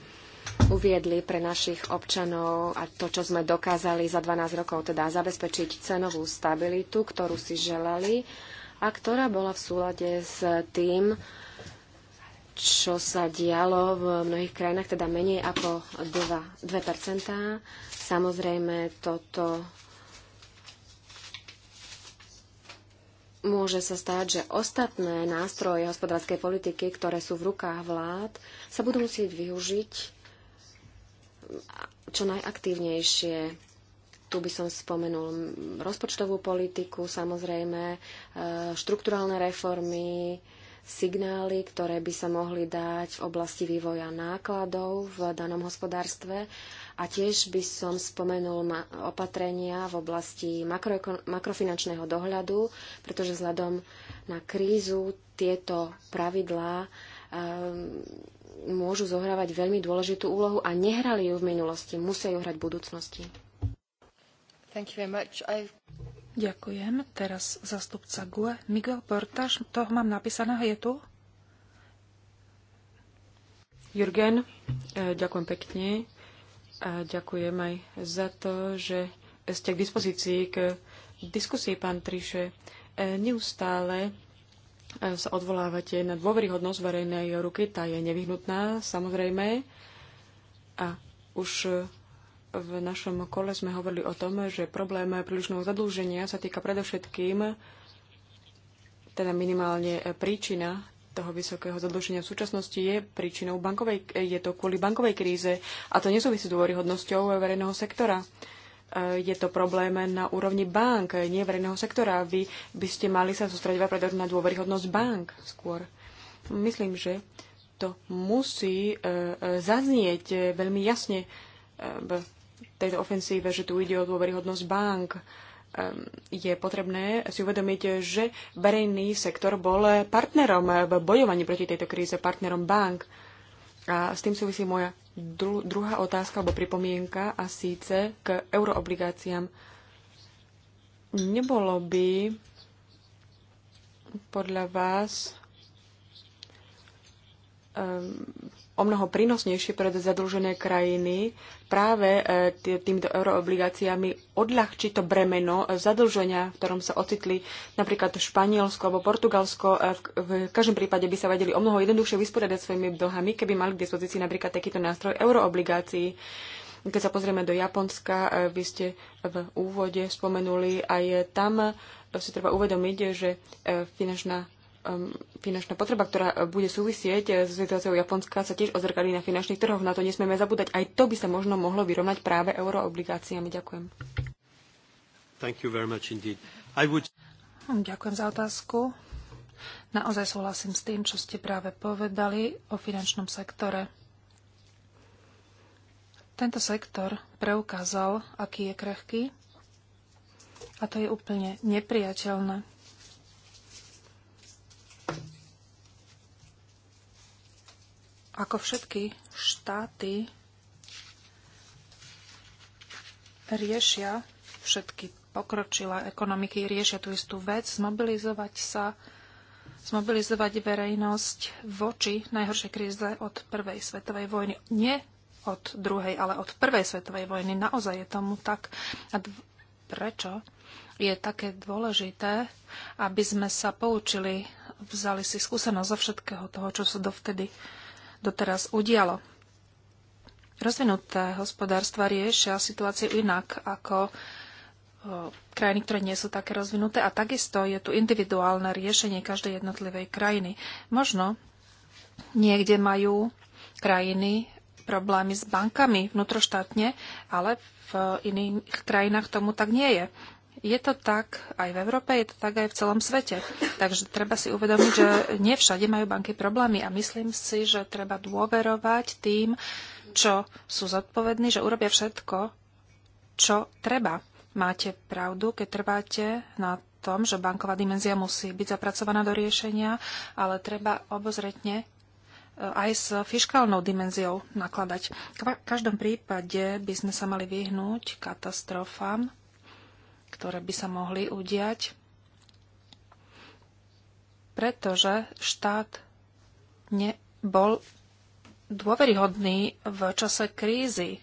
uviedli pre našich občanov a to, čo sme dokázali za 12 rokov, teda zabezpečiť cenovú stabilitu, ktorú si želali a ktorá bola v súlade s tým, čo sa dialo v mnohých krajinách, teda menej ako 2, 2%. Samozrejme, toto môže sa stáť, že ostatné nástroje hospodárskej politiky, ktoré sú v rukách vlád, sa budú musieť využiť čo najaktívnejšie. Tu by som spomenul rozpočtovú politiku, samozrejme, e, štrukturálne reformy, signály, ktoré by sa mohli dať v oblasti vývoja nákladov v danom hospodárstve a tiež by som spomenul opatrenia v oblasti makrofinančného dohľadu, pretože vzhľadom na krízu tieto pravidlá ehm, môžu zohrávať veľmi dôležitú úlohu a nehrali ju v minulosti, musia ju hrať v budúcnosti. Ďakujem. Teraz zastupca GUE. Miguel Portáš, to mám napísané, je tu? Jürgen, e, ďakujem pekne. A ďakujem aj za to, že ste k dispozícii k diskusii, pán Triše. E, neustále e, sa odvolávate na dôveryhodnosť verejnej ruky, tá je nevyhnutná, samozrejme. A už e, v našom kole sme hovorili o tom, že problém prílišného zadlúženia sa týka predovšetkým teda minimálne príčina toho vysokého zadlženia v súčasnosti je príčinou bankovej, je to kvôli bankovej kríze a to nesúvisí s dôveryhodnosťou verejného sektora. E, je to problém na úrovni bank, nie verejného sektora. Vy by ste mali sa sústredovať preto na dôveryhodnosť bank skôr. Myslím, že to musí e, e, zaznieť veľmi jasne v tejto ofensíve, že tu ide o dôveryhodnosť bank je potrebné si uvedomiť, že verejný sektor bol partnerom v bojovaní proti tejto kríze, partnerom bank. A s tým súvisí moja druhá otázka alebo pripomienka a síce k euroobligáciám. Nebolo by podľa vás o mnoho prínosnejšie pre zadlžené krajiny práve e, týmto euroobligáciami odľahčí to bremeno zadlženia, v ktorom sa ocitli napríklad Španielsko alebo Portugalsko. E, v každom prípade by sa vedeli o mnoho jednoduchšie vysporiadať svojimi dlhami, keby mali k dispozícii napríklad takýto nástroj euroobligácií. Keď sa pozrieme do Japonska, e, vy ste v úvode spomenuli, aj tam si treba uvedomiť, že finančná finančná potreba, ktorá e, bude súvisieť e, s situáciou Japonska, sa tiež ozrkali na finančných trhoch. Na to nesmieme zabúdať. Aj to by sa možno mohlo vyrovnať práve euroobligáciami. Ďakujem. Thank you very much indeed. I would... Hm, ďakujem za otázku. Naozaj súhlasím s tým, čo ste práve povedali o finančnom sektore. Tento sektor preukázal, aký je krehký a to je úplne nepriateľné. Ako všetky štáty riešia všetky pokročilé ekonomiky, riešia tú istú vec, zmobilizovať sa, zmobilizovať verejnosť voči najhoršej kríze od prvej svetovej vojny. Nie od druhej, ale od prvej svetovej vojny. Naozaj je tomu tak. A prečo je také dôležité, aby sme sa poučili, vzali si skúsenosť zo všetkého toho, čo sa dovtedy doteraz udialo. Rozvinuté hospodárstva riešia situáciu inak ako krajiny, ktoré nie sú také rozvinuté a takisto je tu individuálne riešenie každej jednotlivej krajiny. Možno niekde majú krajiny problémy s bankami vnútroštátne, ale v iných krajinách tomu tak nie je. Je to tak aj v Európe, je to tak aj v celom svete. Takže treba si uvedomiť, že nie všade majú banky problémy a myslím si, že treba dôverovať tým, čo sú zodpovední, že urobia všetko, čo treba. Máte pravdu, keď trváte na tom, že banková dimenzia musí byť zapracovaná do riešenia, ale treba obozretne e, aj s fiškálnou dimenziou nakladať. V každom prípade by sme sa mali vyhnúť katastrofám, ktoré by sa mohli udiať, pretože štát nebol dôveryhodný v čase krízy.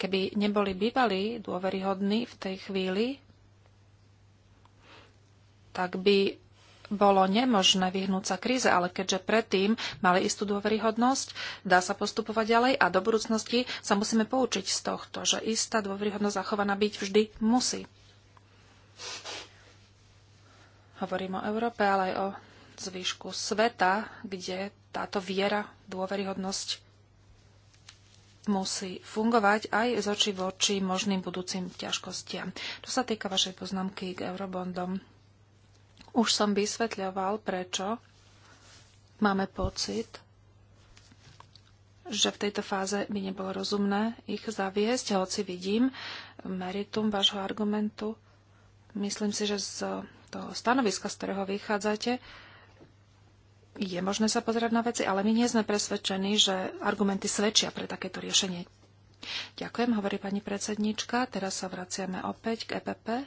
Keby neboli bývali dôveryhodní v tej chvíli, tak by bolo nemožné vyhnúť sa kríze, ale keďže predtým mali istú dôveryhodnosť, dá sa postupovať ďalej a do budúcnosti sa musíme poučiť z tohto, že istá dôveryhodnosť zachovaná byť vždy musí. Hovorím o Európe, ale aj o zvyšku sveta, kde táto viera, dôveryhodnosť musí fungovať aj z oči v oči možným budúcim ťažkostiam. Čo sa týka vašej poznámky k eurobondom, už som vysvetľoval, prečo máme pocit, že v tejto fáze by nebolo rozumné ich zaviesť, hoci vidím meritum vášho argumentu, Myslím si, že z toho stanoviska, z ktorého vychádzate, je možné sa pozerať na veci, ale my nie sme presvedčení, že argumenty svedčia pre takéto riešenie. Ďakujem, hovorí pani predsednička. Teraz sa vraciame opäť k EPP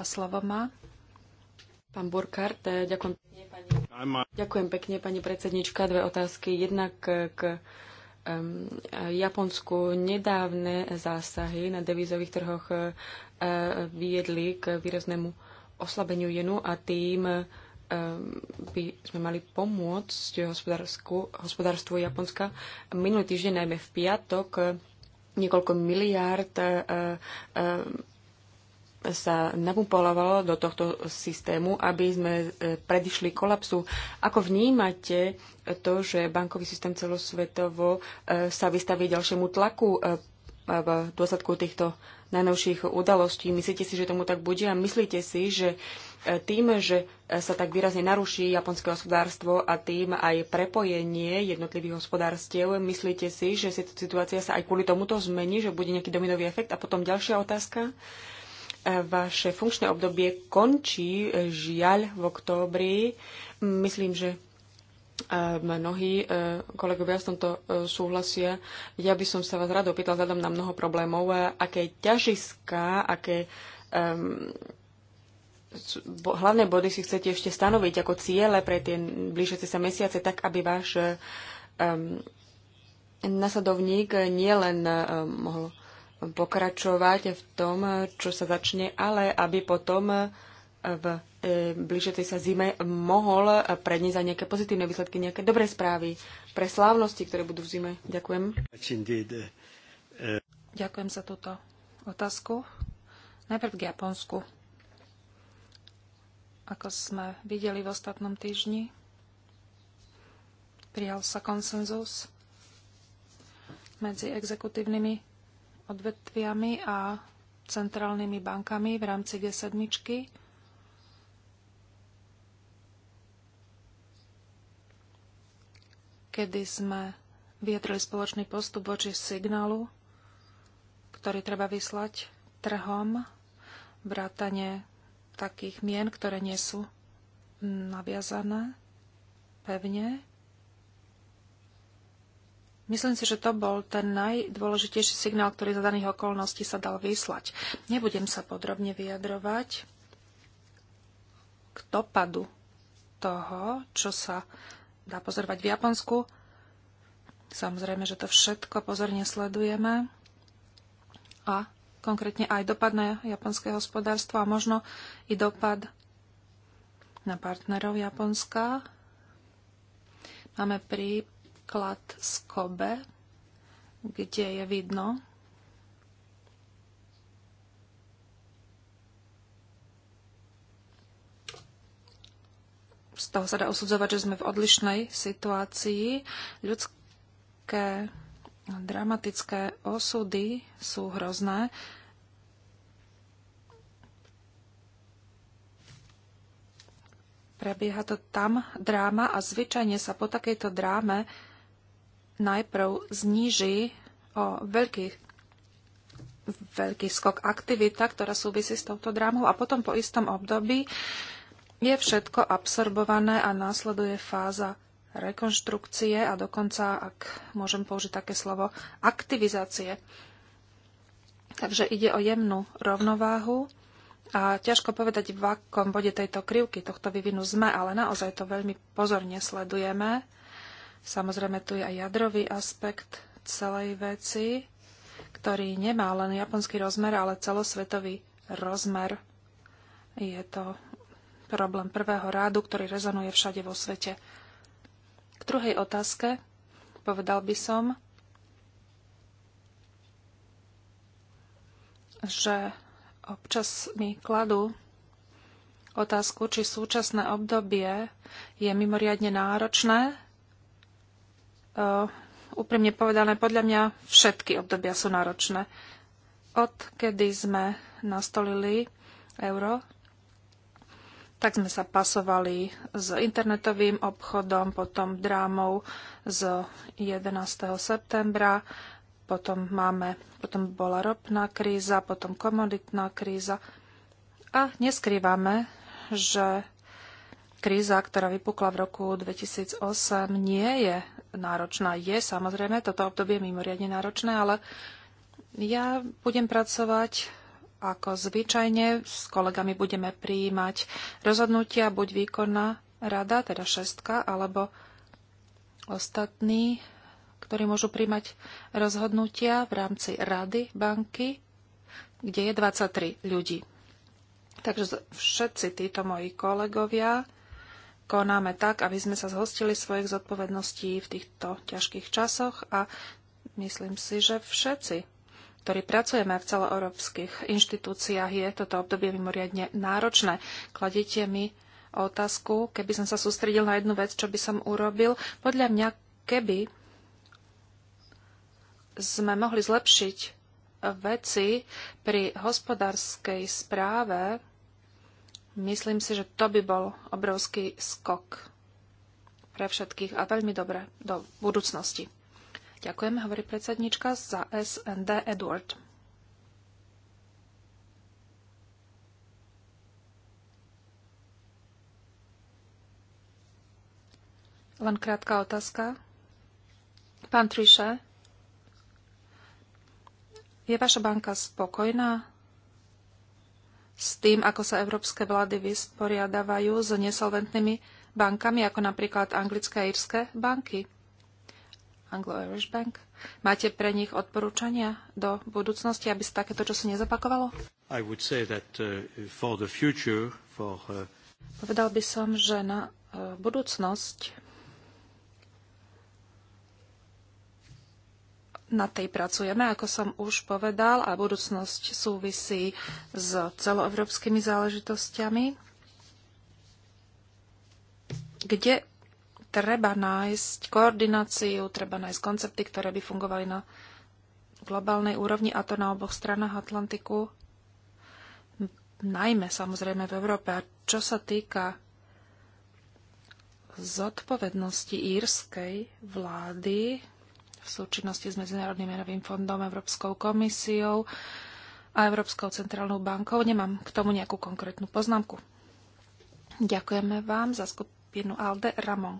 a slovo má pán Burkart. Ďakujem pekne, ďakujem pekne, pani predsednička. Dve otázky. Jednak k Japonsku nedávne zásahy na devizových trhoch e, viedli k výraznému oslabeniu jenu a tým e, by sme mali pomôcť hospodárstvu Japonska. Minulý týždeň, najmä v piatok, e, niekoľko miliárd sa napumpovalo do tohto systému, aby sme e, predišli kolapsu. Ako vnímate to, že bankový systém celosvetovo e, sa vystaví ďalšiemu tlaku e, v dôsledku týchto najnovších udalostí? Myslíte si, že tomu tak bude? A myslíte si, že tým, že sa tak výrazne naruší japonské hospodárstvo a tým aj prepojenie jednotlivých hospodárstiev, myslíte si, že situácia sa aj kvôli tomuto zmení, že bude nejaký dominový efekt? A potom ďalšia otázka. Uh, Vaše funkčné obdobie končí žiaľ v októbri. Myslím, že e, mnohí e, kolegovia v tomto e, súhlasia. Ja by som sa vás rád opýtal vzhľadom na mnoho problémov, aké ťažiska, aké um, hlavné body si chcete ešte stanoviť ako ciele pre tie blížiace sa mesiace, tak aby váš um, nasledovník nielen um, mohol pokračovať v tom, čo sa začne, ale aby potom eh, v eh, blížiacej sa zime mohol predniesť aj nejaké pozitívne výsledky, nejaké dobré správy pre slávnosti, ktoré budú v zime. Ďakujem. Eh, Ďakujem za túto otázku. Najprv k Japonsku. Ako sme videli v ostatnom týždni, prijal sa konsenzus medzi exekutívnymi odvetviami a centrálnymi bankami v rámci G7. kedy sme vyjadrili spoločný postup voči signálu, ktorý treba vyslať trhom, vrátane takých mien, ktoré nie sú naviazané pevne Myslím si, že to bol ten najdôležitejší signál, ktorý za daných okolností sa dal vyslať. Nebudem sa podrobne vyjadrovať k dopadu toho, čo sa dá pozorovať v Japonsku. Samozrejme, že to všetko pozorne sledujeme a konkrétne aj dopad na japonské hospodárstvo a možno i dopad na partnerov Japonska. Máme prípad príklad z Kobe, kde je vidno, z toho sa dá usudzovať, že sme v odlišnej situácii. Ľudské dramatické osudy sú hrozné. Prebieha to tam dráma a zvyčajne sa po takejto dráme najprv zníži o veľký, veľký skok aktivita, ktorá súvisí s touto drámou a potom po istom období je všetko absorbované a následuje fáza rekonštrukcie a dokonca, ak môžem použiť také slovo, aktivizácie. Takže ide o jemnú rovnováhu a ťažko povedať, v akom bode tejto krivky tohto vyvinu sme, ale naozaj to veľmi pozorne sledujeme Samozrejme, tu je aj jadrový aspekt celej veci, ktorý nemá len japonský rozmer, ale celosvetový rozmer. Je to problém prvého rádu, ktorý rezonuje všade vo svete. K druhej otázke povedal by som, že občas mi kladú otázku, či súčasné obdobie je mimoriadne náročné Eh, úprimne povedané, podľa mňa všetky obdobia sú náročné. Odkedy sme nastolili euro, tak sme sa pasovali s internetovým obchodom, potom drámou z 11. septembra, potom máme, potom bola ropná kríza, potom komoditná kríza. A neskrývame, že kríza, ktorá vypukla v roku 2008, nie je náročná. Je samozrejme toto obdobie je mimoriadne náročné, ale ja budem pracovať ako zvyčajne. S kolegami budeme prijímať rozhodnutia buď výkonná rada, teda šestka, alebo ostatní, ktorí môžu príjmať rozhodnutia v rámci rady banky, kde je 23 ľudí. Takže všetci títo moji kolegovia konáme tak, aby sme sa zhostili svojich zodpovedností v týchto ťažkých časoch a myslím si, že všetci, ktorí pracujeme v celoeurópskych inštitúciách, je toto obdobie mimoriadne náročné. Kladíte mi otázku, keby som sa sústredil na jednu vec, čo by som urobil. Podľa mňa, keby sme mohli zlepšiť veci pri hospodárskej správe, Myslím si, že to by bol obrovský skok pre všetkých a veľmi dobre do budúcnosti. Ďakujem, hovorí predsednička za SND Edward. Len krátka otázka. Pán Triše, je vaša banka spokojná s tým, ako sa európske vlády vysporiadávajú s nesolventnými bankami, ako napríklad anglické a írske banky. Anglo-Irish Bank. Máte pre nich odporúčania do budúcnosti, aby sa takéto čosi nezapakovalo? I would say that, uh, for the future, for, uh, Povedal by som, že na uh, budúcnosť na tej pracujeme, ako som už povedal, a budúcnosť súvisí s celoevropskými záležitostiami. kde treba nájsť koordináciu, treba nájsť koncepty, ktoré by fungovali na globálnej úrovni, a to na oboch stranách Atlantiku, najmä samozrejme v Európe. A čo sa týka zodpovednosti írskej vlády, v súčinnosti s Medzinárodným menovým fondom, Európskou komisiou a Európskou centrálnou bankou. Nemám k tomu nejakú konkrétnu poznámku. Ďakujeme vám za skupinu ALDE Ramon.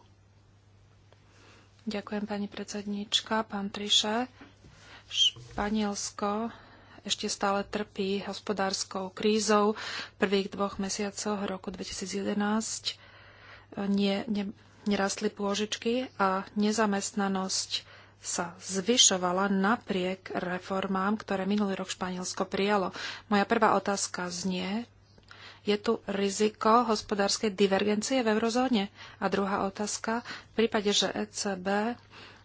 Ďakujem pani predsednička, pán Triše. Španielsko ešte stále trpí hospodárskou krízou. V prvých dvoch mesiacoch roku 2011 nie, ne, nerastli pôžičky a nezamestnanosť sa zvyšovala napriek reformám, ktoré minulý rok Španielsko prijalo. Moja prvá otázka znie, je tu riziko hospodárskej divergencie v eurozóne? A druhá otázka, v prípade, že ECB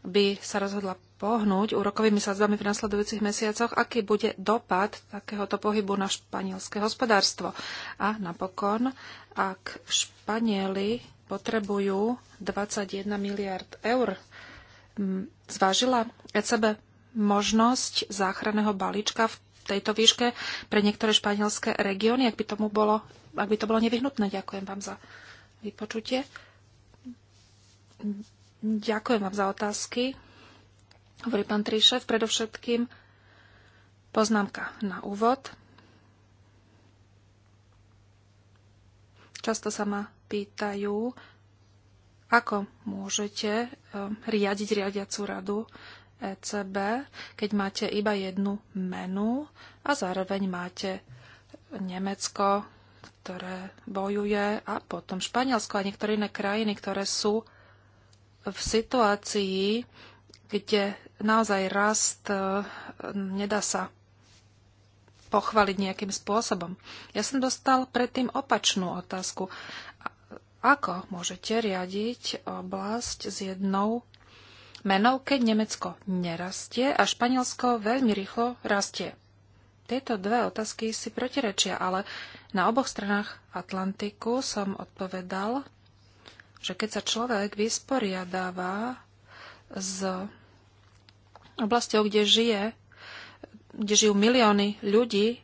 by sa rozhodla pohnúť úrokovými sadzbami v nasledujúcich mesiacoch, aký bude dopad takéhoto pohybu na španielské hospodárstvo. A napokon, ak Španieli potrebujú 21 miliard eur zvážila ECB možnosť záchranného balíčka v tejto výške pre niektoré španielské regióny, ak by, tomu bolo, ak by to bolo nevyhnutné. Ďakujem vám za vypočutie. Ďakujem vám za otázky. Hovorí pán Tríšev, predovšetkým poznámka na úvod. Často sa ma pýtajú, ako môžete um, riadiť riadiacu radu ECB, keď máte iba jednu menu a zároveň máte Nemecko, ktoré bojuje a potom Španielsko a niektoré iné krajiny, ktoré sú v situácii, kde naozaj rast e, nedá sa pochváliť nejakým spôsobom. Ja som dostal predtým opačnú otázku. Ako môžete riadiť oblasť s jednou menou, keď Nemecko nerastie a Španielsko veľmi rýchlo rastie? Tieto dve otázky si protirečia, ale na oboch stranách Atlantiku som odpovedal, že keď sa človek vysporiadáva s oblasťou, kde žije, kde žijú milióny ľudí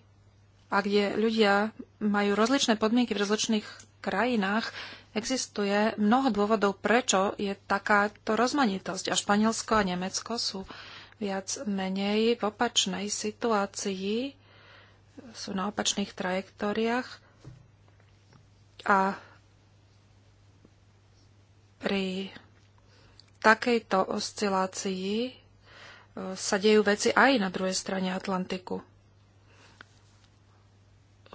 a kde ľudia majú rozličné podmienky v rozličných krajinách, Existuje mnoho dôvodov, prečo je takáto rozmanitosť a Španielsko a Nemecko sú viac menej v opačnej situácii, sú na opačných trajektóriách a pri takejto oscilácii eh, sa dejú veci aj na druhej strane Atlantiku.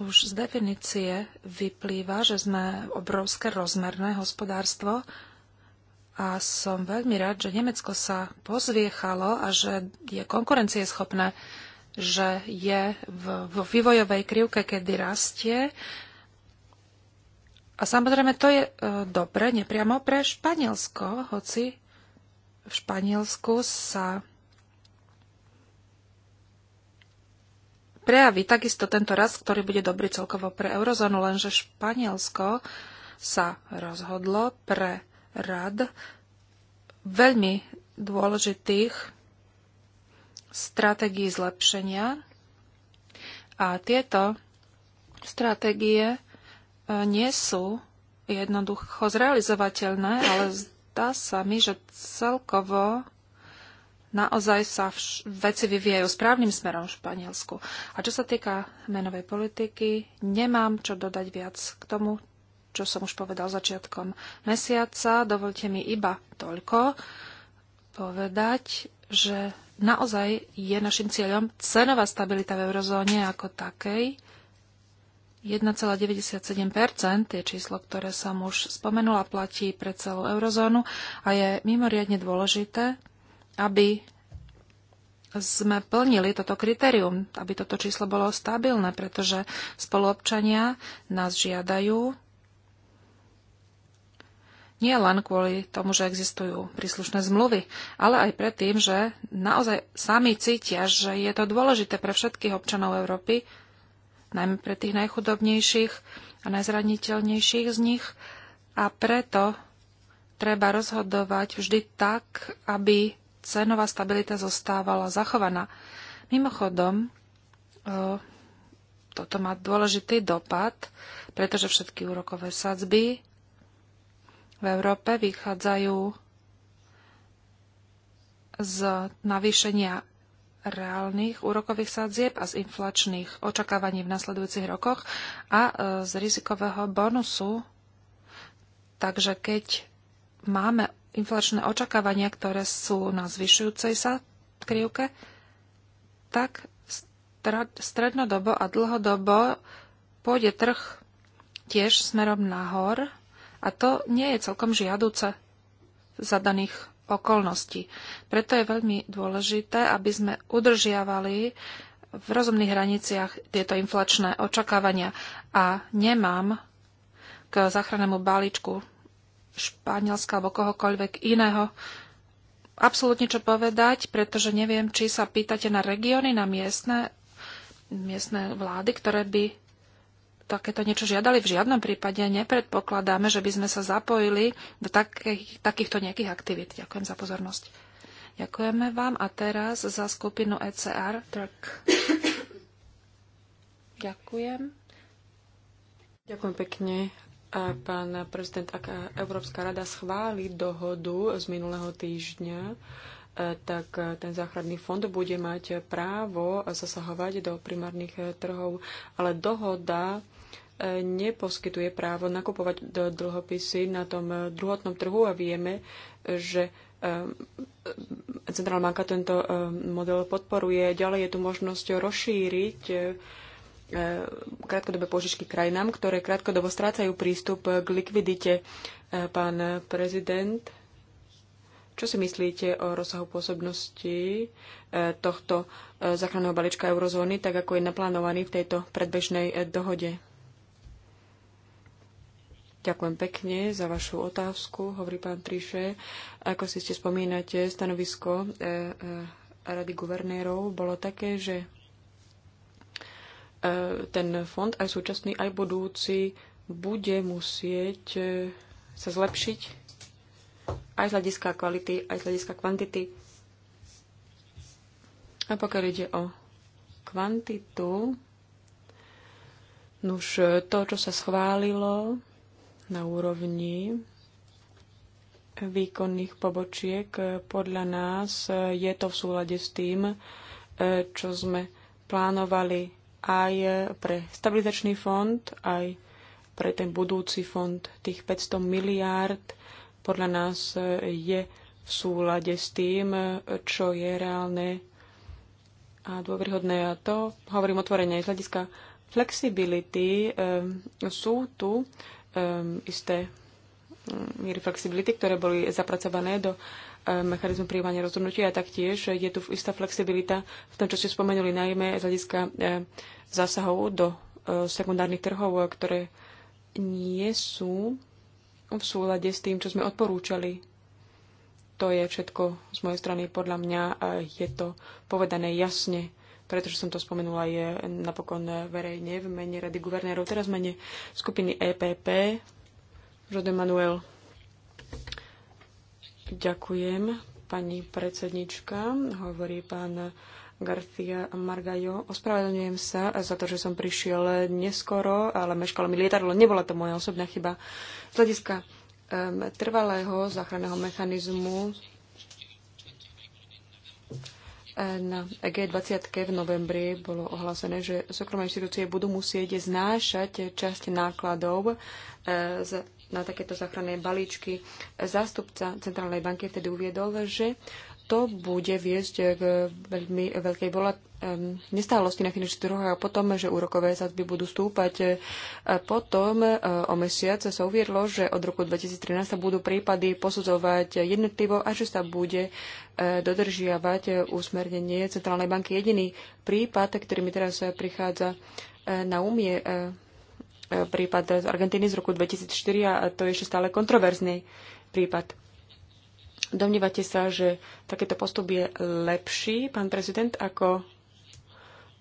Už z definície vyplýva, že sme obrovské rozmerné hospodárstvo a som veľmi rád, že Nemecko sa pozviechalo a že je konkurencieschopné, že je vo vývojovej krivke, kedy rastie. A samozrejme to je e, dobre, nepriamo pre Španielsko, hoci v Španielsku sa prejaví takisto tento rast, ktorý bude dobrý celkovo pre eurozónu, lenže Španielsko sa rozhodlo pre rad veľmi dôležitých stratégií zlepšenia a tieto stratégie e, nie sú jednoducho zrealizovateľné, ale zdá sa mi, že celkovo naozaj sa vš- veci vyvíjajú správnym smerom v Španielsku. A čo sa týka menovej politiky, nemám čo dodať viac k tomu, čo som už povedal začiatkom mesiaca. Dovolte mi iba toľko povedať, že naozaj je našim cieľom cenová stabilita v eurozóne ako takej. 1,97% je číslo, ktoré som už spomenula, platí pre celú eurozónu a je mimoriadne dôležité, aby sme plnili toto kritérium, aby toto číslo bolo stabilné, pretože spoluobčania nás žiadajú nie len kvôli tomu, že existujú príslušné zmluvy, ale aj tým, že naozaj sami cítia, že je to dôležité pre všetkých občanov Európy, najmä pre tých najchudobnejších a najzraniteľnejších z nich. A preto treba rozhodovať vždy tak, aby cenová stabilita zostávala zachovaná. Mimochodom, e, toto má dôležitý dopad, pretože všetky úrokové sadzby v Európe vychádzajú z navýšenia reálnych úrokových sadzieb a z inflačných očakávaní v nasledujúcich rokoch a e, z rizikového bonusu. Takže keď máme inflačné očakávania, ktoré sú na zvyšujúcej sa krivke, tak strednodobo a dlhodobo pôjde trh tiež smerom nahor a to nie je celkom žiaduce za daných okolností. Preto je veľmi dôležité, aby sme udržiavali v rozumných hraniciach tieto inflačné očakávania a nemám k záchrannému balíčku Španielska alebo kohokoľvek iného absolútne čo povedať, pretože neviem, či sa pýtate na regióny, na miestne, miestne vlády, ktoré by takéto niečo žiadali. V žiadnom prípade nepredpokladáme, že by sme sa zapojili do takých, takýchto nejakých aktivít. Ďakujem za pozornosť. Ďakujeme vám a teraz za skupinu ECR. Tak. Ďakujem. Ďakujem pekne pán prezident, ak Európska rada schváli dohodu z minulého týždňa, e, tak ten záchranný fond bude mať právo zasahovať do primárnych trhov, ale dohoda e, neposkytuje právo nakupovať dlhopisy na tom druhotnom trhu a vieme, že e, Centrálna banka tento model podporuje. Ďalej je tu možnosť rozšíriť E, krátkodobé požičky krajinám, ktoré krátkodobo strácajú prístup k likvidite. E, pán prezident, čo si myslíte o rozsahu pôsobnosti e, tohto záchranného balíčka eurozóny, tak ako je naplánovaný v tejto predbežnej dohode? Ďakujem pekne za vašu otázku, hovorí pán Triše. Ako si ste spomínate, stanovisko Rady guvernérov bolo také, že ten fond, aj súčasný, aj budúci, bude musieť e, sa zlepšiť aj z hľadiska kvality, aj z hľadiska kvantity. A pokiaľ ide o kvantitu, nuž e, to, čo sa schválilo na úrovni výkonných pobočiek, e, podľa nás je to v súlade s tým, čo sme plánovali aj pre stabilizačný fond, aj pre ten budúci fond tých 500 miliárd podľa nás je v súlade s tým, čo je reálne a dôveryhodné. A to hovorím otvorene z hľadiska flexibility. Ehm, sú tu ehm, isté mm, miery flexibility, ktoré boli zapracované do mechanizmu príjmania rozhodnutia a taktiež je tu istá flexibilita v tom, čo ste spomenuli, najmä z hľadiska e, zásahov do e, sekundárnych trhov, ktoré nie sú v súlade s tým, čo sme odporúčali. To je všetko z mojej strany. Podľa mňa e, je to povedané jasne pretože som to spomenula aj napokon verejne v mene Rady guvernérov, teraz v mene skupiny EPP. José Manuel. Ďakujem, pani predsednička, hovorí pán Garcia Margajo. Ospravedlňujem sa za to, že som prišiel neskoro, ale meškalo mi lietadlo. Nebola to moja osobná chyba. Z hľadiska um, trvalého záchranného mechanizmu na G20 v novembri bolo ohlásené, že súkromné inštitúcie budú musieť znášať časť nákladov z na takéto záchranné balíčky. Zástupca Centrálnej banky vtedy uviedol, že to bude viesť k veľmi veľkej vola, nestálosti na finančných trhoch a potom, že úrokové sadzby budú stúpať. Potom e, o mesiac sa uviedlo, že od roku 2013 sa budú prípady posudzovať jednotlivo a že sa bude e, dodržiavať usmernenie Centrálnej banky. Jediný prípad, ktorý mi teraz prichádza e, na umie, prípad z Argentíny z roku 2004 a to je ešte stále kontroverzný prípad. Domnívate sa, že takýto postup je lepší, pán prezident, ako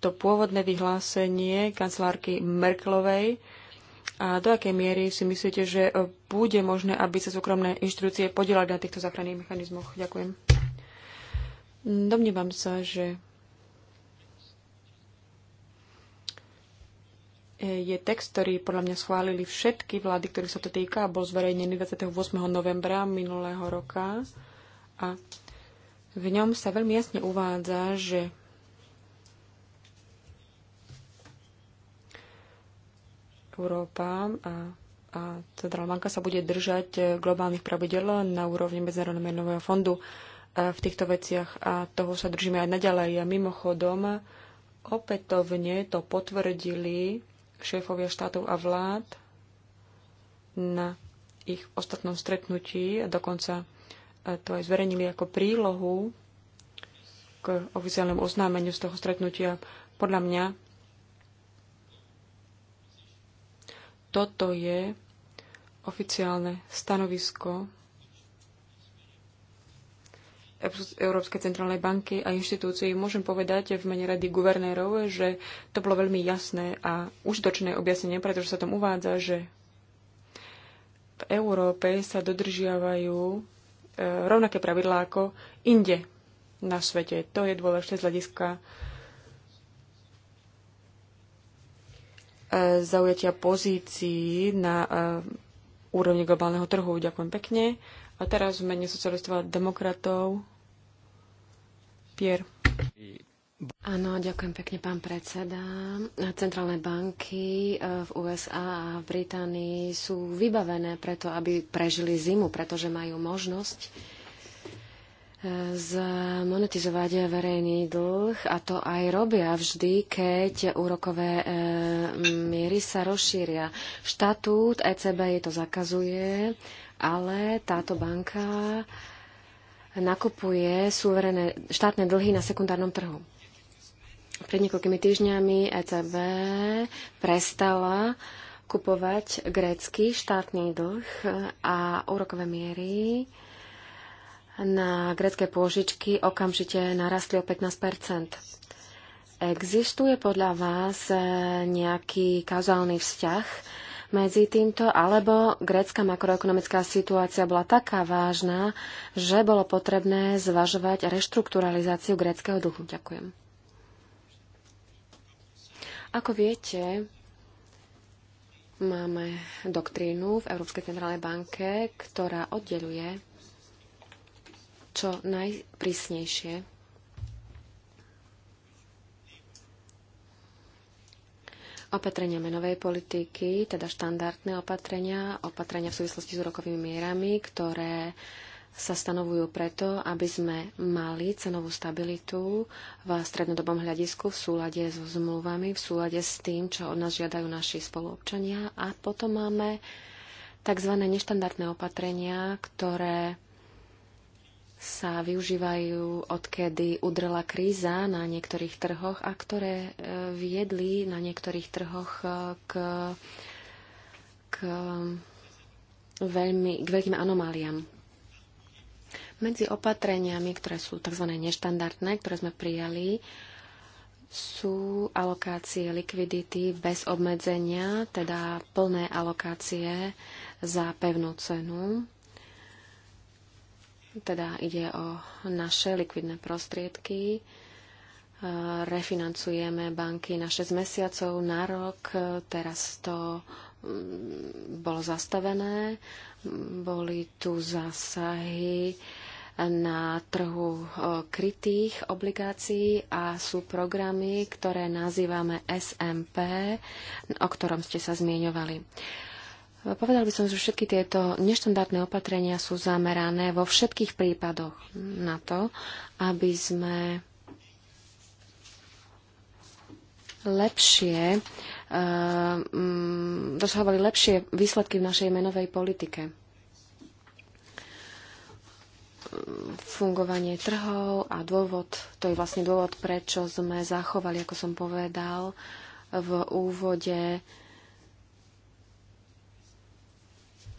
to pôvodné vyhlásenie kancelárky Merklovej? A do akej miery si myslíte, že bude možné, aby sa súkromné inštitúcie podielali na týchto záchranných mechanizmoch? Ďakujem. Domnívam sa, že je text, ktorý podľa mňa schválili všetky vlády, ktorých sa to týka a bol zverejnený 28. novembra minulého roka. A v ňom sa veľmi jasne uvádza, že Európa a, a Centrálna banka sa bude držať eh, globálnych pravidel na úrovni Medzinárodného menového fondu eh, v týchto veciach a toho sa držíme aj naďalej. A mimochodom, opätovne to potvrdili šéfovia štátov a vlád na ich ostatnom stretnutí a dokonca e, to aj zverejnili ako prílohu k oficiálnemu oznámeniu z toho stretnutia. Podľa mňa toto je oficiálne stanovisko Európskej centrálnej banky a inštitúcií môžem povedať v mene rady guvernérov, že to bolo veľmi jasné a užitočné objasnenie, pretože sa tam uvádza, že v Európe sa dodržiavajú e, rovnaké pravidlá ako inde na svete. To je dôležité z hľadiska e, zaujatia pozícií na e, úrovni globálneho trhu. Ďakujem pekne. A teraz v mene socialistov a demokratov Pier. Áno, ďakujem pekne, pán predseda. Centrálne banky eh, v USA a v Británii sú vybavené preto, aby prežili zimu, pretože majú možnosť eh, zmonetizovať verejný dlh a to aj robia vždy, keď úrokové eh, miery sa rozšíria. Štatút ECB jej to zakazuje ale táto banka nakupuje súverené štátne dlhy na sekundárnom trhu. Pred niekoľkými týždňami ECB prestala kupovať grécky štátny dlh a úrokové miery na grécké pôžičky okamžite narastli o 15 Existuje podľa vás nejaký kauzálny vzťah medzi týmto, alebo grécka makroekonomická situácia bola taká vážna, že bolo potrebné zvažovať reštrukturalizáciu gréckého dlhu. Ďakujem. Ako viete, máme doktrínu v Európskej centrálnej banke, ktorá oddeluje čo najprísnejšie Opatrenia menovej politiky, teda štandardné opatrenia, opatrenia v súvislosti s úrokovými mierami, ktoré sa stanovujú preto, aby sme mali cenovú stabilitu v strednodobom hľadisku v súlade so zmluvami, v súlade s tým, čo od nás žiadajú naši spoluobčania. A potom máme tzv. neštandardné opatrenia, ktoré sa využívajú, odkedy udrela kríza na niektorých trhoch a ktoré e, viedli na niektorých trhoch e, k, k, veľmi, k veľkým anomáliám. Medzi opatreniami, ktoré sú tzv. neštandardné, ktoré sme prijali, sú alokácie likvidity bez obmedzenia, teda plné alokácie za pevnú cenu teda ide o naše likvidné prostriedky. E, refinancujeme banky na 6 mesiacov, na rok. E, teraz to mm, bolo zastavené. Boli tu zásahy na trhu e, krytých obligácií a sú programy, ktoré nazývame SMP, o ktorom ste sa zmieňovali. Povedal by som, že všetky tieto neštandardné opatrenia sú zamerané vo všetkých prípadoch na to, aby sme lepšie eh, mm, dosahovali lepšie výsledky v našej menovej politike fungovanie trhov a dôvod, to je vlastne dôvod, prečo sme zachovali, ako som povedal, v úvode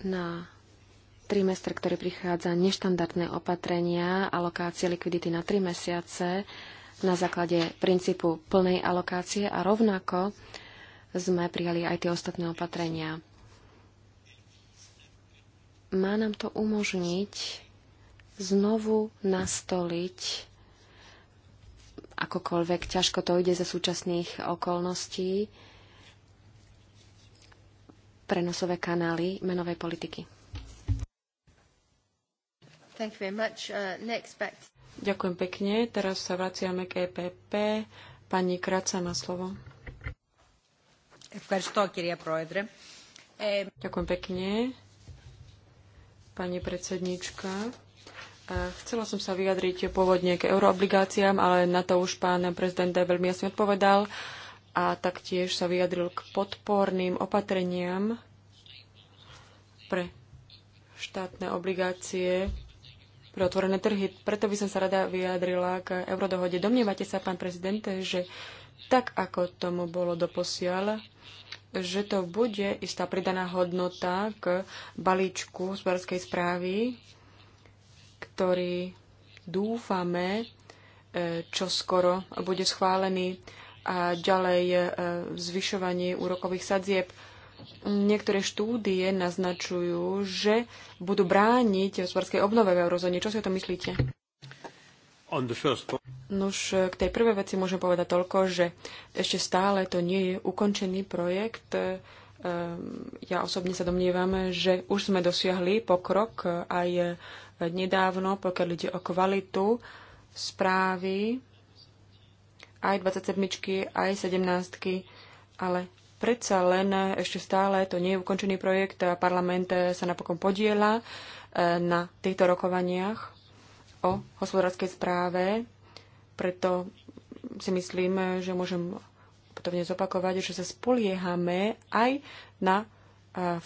na trimestre, ktorý prichádza, neštandardné opatrenia, alokácie likvidity na tri mesiace na základe princípu plnej alokácie a rovnako sme prijali aj tie ostatné opatrenia. Má nám to umožniť znovu nastoliť akokoľvek ťažko to ide za súčasných okolností, prenosové kanály menovej politiky. Uh, Ďakujem pekne. Teraz sa vraciame k EPP. Pani Kraca má slovo. Ďakujem pekne. Pani predsednička. Chcela som sa vyjadriť pôvodne k euroobligáciám, ale na to už pán prezident veľmi jasne odpovedal a taktiež sa vyjadril k podporným opatreniam pre štátne obligácie pre otvorené trhy. Preto by som sa rada vyjadrila k eurodohode. Domnievate sa, pán prezident, že tak, ako tomu bolo doposiaľ, že to bude istá pridaná hodnota k balíčku hospodárskej správy, ktorý dúfame, eh, čo skoro bude schválený a ďalej e, zvyšovanie úrokových sadzieb. Niektoré štúdie naznačujú, že budú brániť hospodárskej obnove v eurozóne. Čo si o to myslíte? Nuž, k tej prvej veci môžem povedať toľko, že ešte stále to nie je ukončený projekt. E, ja osobne sa domnievam, že už sme dosiahli pokrok aj nedávno, pokiaľ ide o kvalitu správy aj 27, aj 17, ale predsa len ešte stále to nie je ukončený projekt. Parlament e, sa napokon podiela e, na týchto rokovaniach o hospodárskej správe, preto si myslím, že môžem potovne zopakovať, že sa spoliehame aj na e,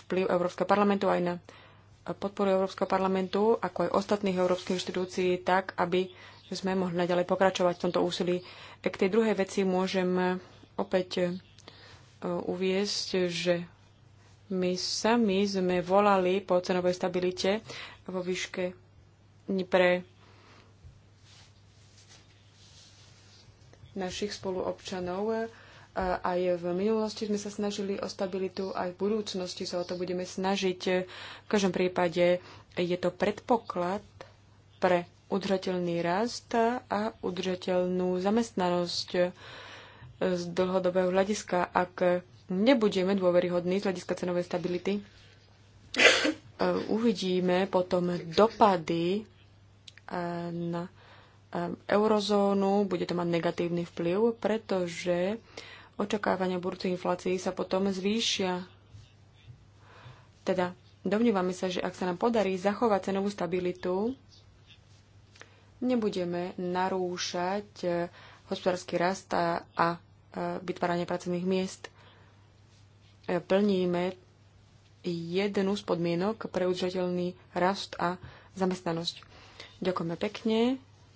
vplyv Európskeho parlamentu, aj na podporu Európskeho parlamentu, ako aj ostatných európskych inštitúcií, tak, aby že sme mohli naďalej pokračovať v tomto úsilí. K tej druhej veci môžem eh, opäť eh, uviesť, že my sami sme volali po cenovej stabilite vo výške pre našich spoluobčanov eh, aj v minulosti sme sa snažili o stabilitu, aj v budúcnosti sa o to budeme snažiť. V každom prípade je to predpoklad pre udržateľný rast a udržateľnú zamestnanosť e, z dlhodobého hľadiska, ak nebudeme dôveryhodní z hľadiska cenovej stability. E, uvidíme potom dopady e, na eurozónu, bude to mať negatívny vplyv, pretože očakávania budúcej inflácií sa potom zvýšia. Teda domnívame sa, že ak sa nám podarí zachovať cenovú stabilitu, nebudeme narúšať e, hospodársky rast a, a e, vytváranie pracovných miest. E, plníme jednu z podmienok pre udržateľný rast a zamestnanosť. Ďakujeme pekne.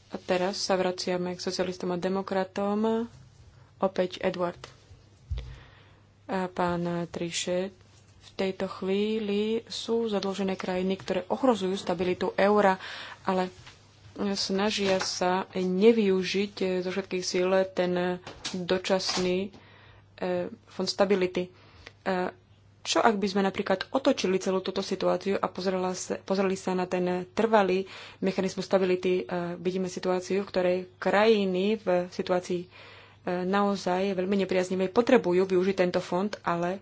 A teraz sa vraciame k socialistom a demokratom. Opäť Edward. A pán Trišet, v tejto chvíli sú zadlžené krajiny, ktoré ohrozujú stabilitu eura, ale snažia sa nevyužiť eh, zo všetkých síl ten eh, dočasný eh, fond stability. Čo ak by sme napríklad otočili celú túto situáciu a pozreli sa na ten trvalý mechanizmus stability? Vidíme situáciu, v ktorej krajiny v situácii naozaj veľmi nepriaznivej potrebujú využiť tento fond, ale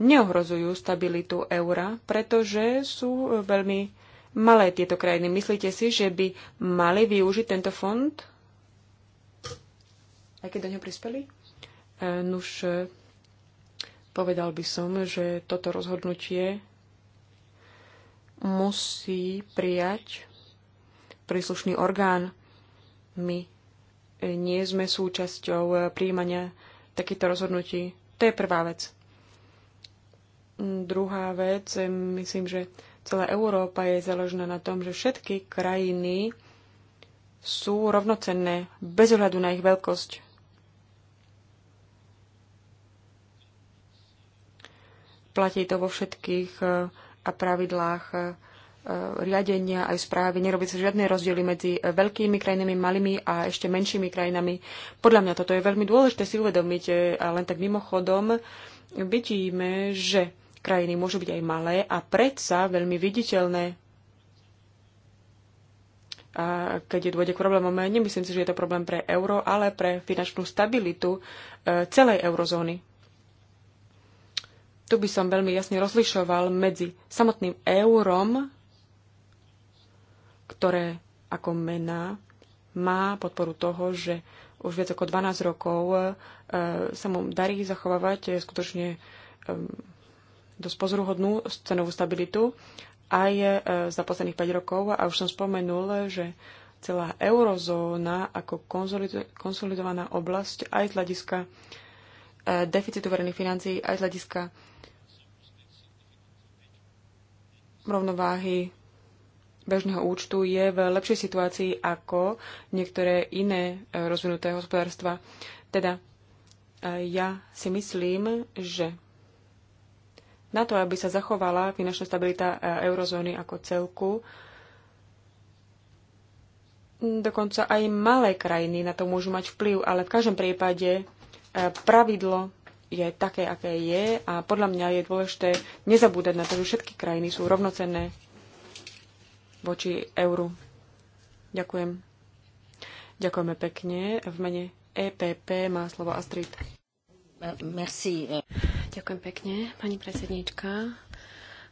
neohrozujú stabilitu eura, pretože sú veľmi malé tieto krajiny. Myslíte si, že by mali využiť tento fond? Aj keď do ňo prispeli? E, nuž, e, povedal by som, že toto rozhodnutie musí prijať príslušný orgán. My e, nie sme súčasťou e, príjmania takýchto rozhodnutí. To je prvá vec. Mm, druhá vec, myslím, že Celá Európa je založená na tom, že všetky krajiny sú rovnocenné bez ohľadu na ich veľkosť. Platí to vo všetkých e, a pravidlách e, e, riadenia aj správy. Nerobí sa žiadne rozdiely medzi veľkými krajinami, malými a ešte menšími krajinami. Podľa mňa toto je veľmi dôležité si uvedomiť a len tak mimochodom vidíme, že Krajiny môžu byť aj malé a predsa veľmi viditeľné. A keď je dôjde k problémom, nemyslím si, že je to problém pre euro, ale pre finančnú stabilitu e, celej eurozóny. Tu by som veľmi jasne rozlišoval medzi samotným eurom, ktoré ako mena má podporu toho, že už viac ako 12 rokov e, sa mu darí zachovávať e, skutočne dosť pozruhodnú cenovú stabilitu aj e, za posledných 5 rokov. A už som spomenul, že celá eurozóna ako konsolidovaná oblasť aj z hľadiska e, deficitu verejných financií, aj z hľadiska rovnováhy bežného účtu je v lepšej situácii ako niektoré iné e, rozvinuté hospodárstva. Teda ja si myslím, že na to, aby sa zachovala finančná stabilita e, eurozóny ako celku, dokonca aj malé krajiny na to môžu mať vplyv, ale v každom prípade e, pravidlo je také, aké je a podľa mňa je dôležité nezabúdať na to, že všetky krajiny sú rovnocenné voči euru. Ďakujem. Ďakujeme pekne. V mene EPP má slovo Astrid. Merci. Ďakujem pekne, pani predsedníčka,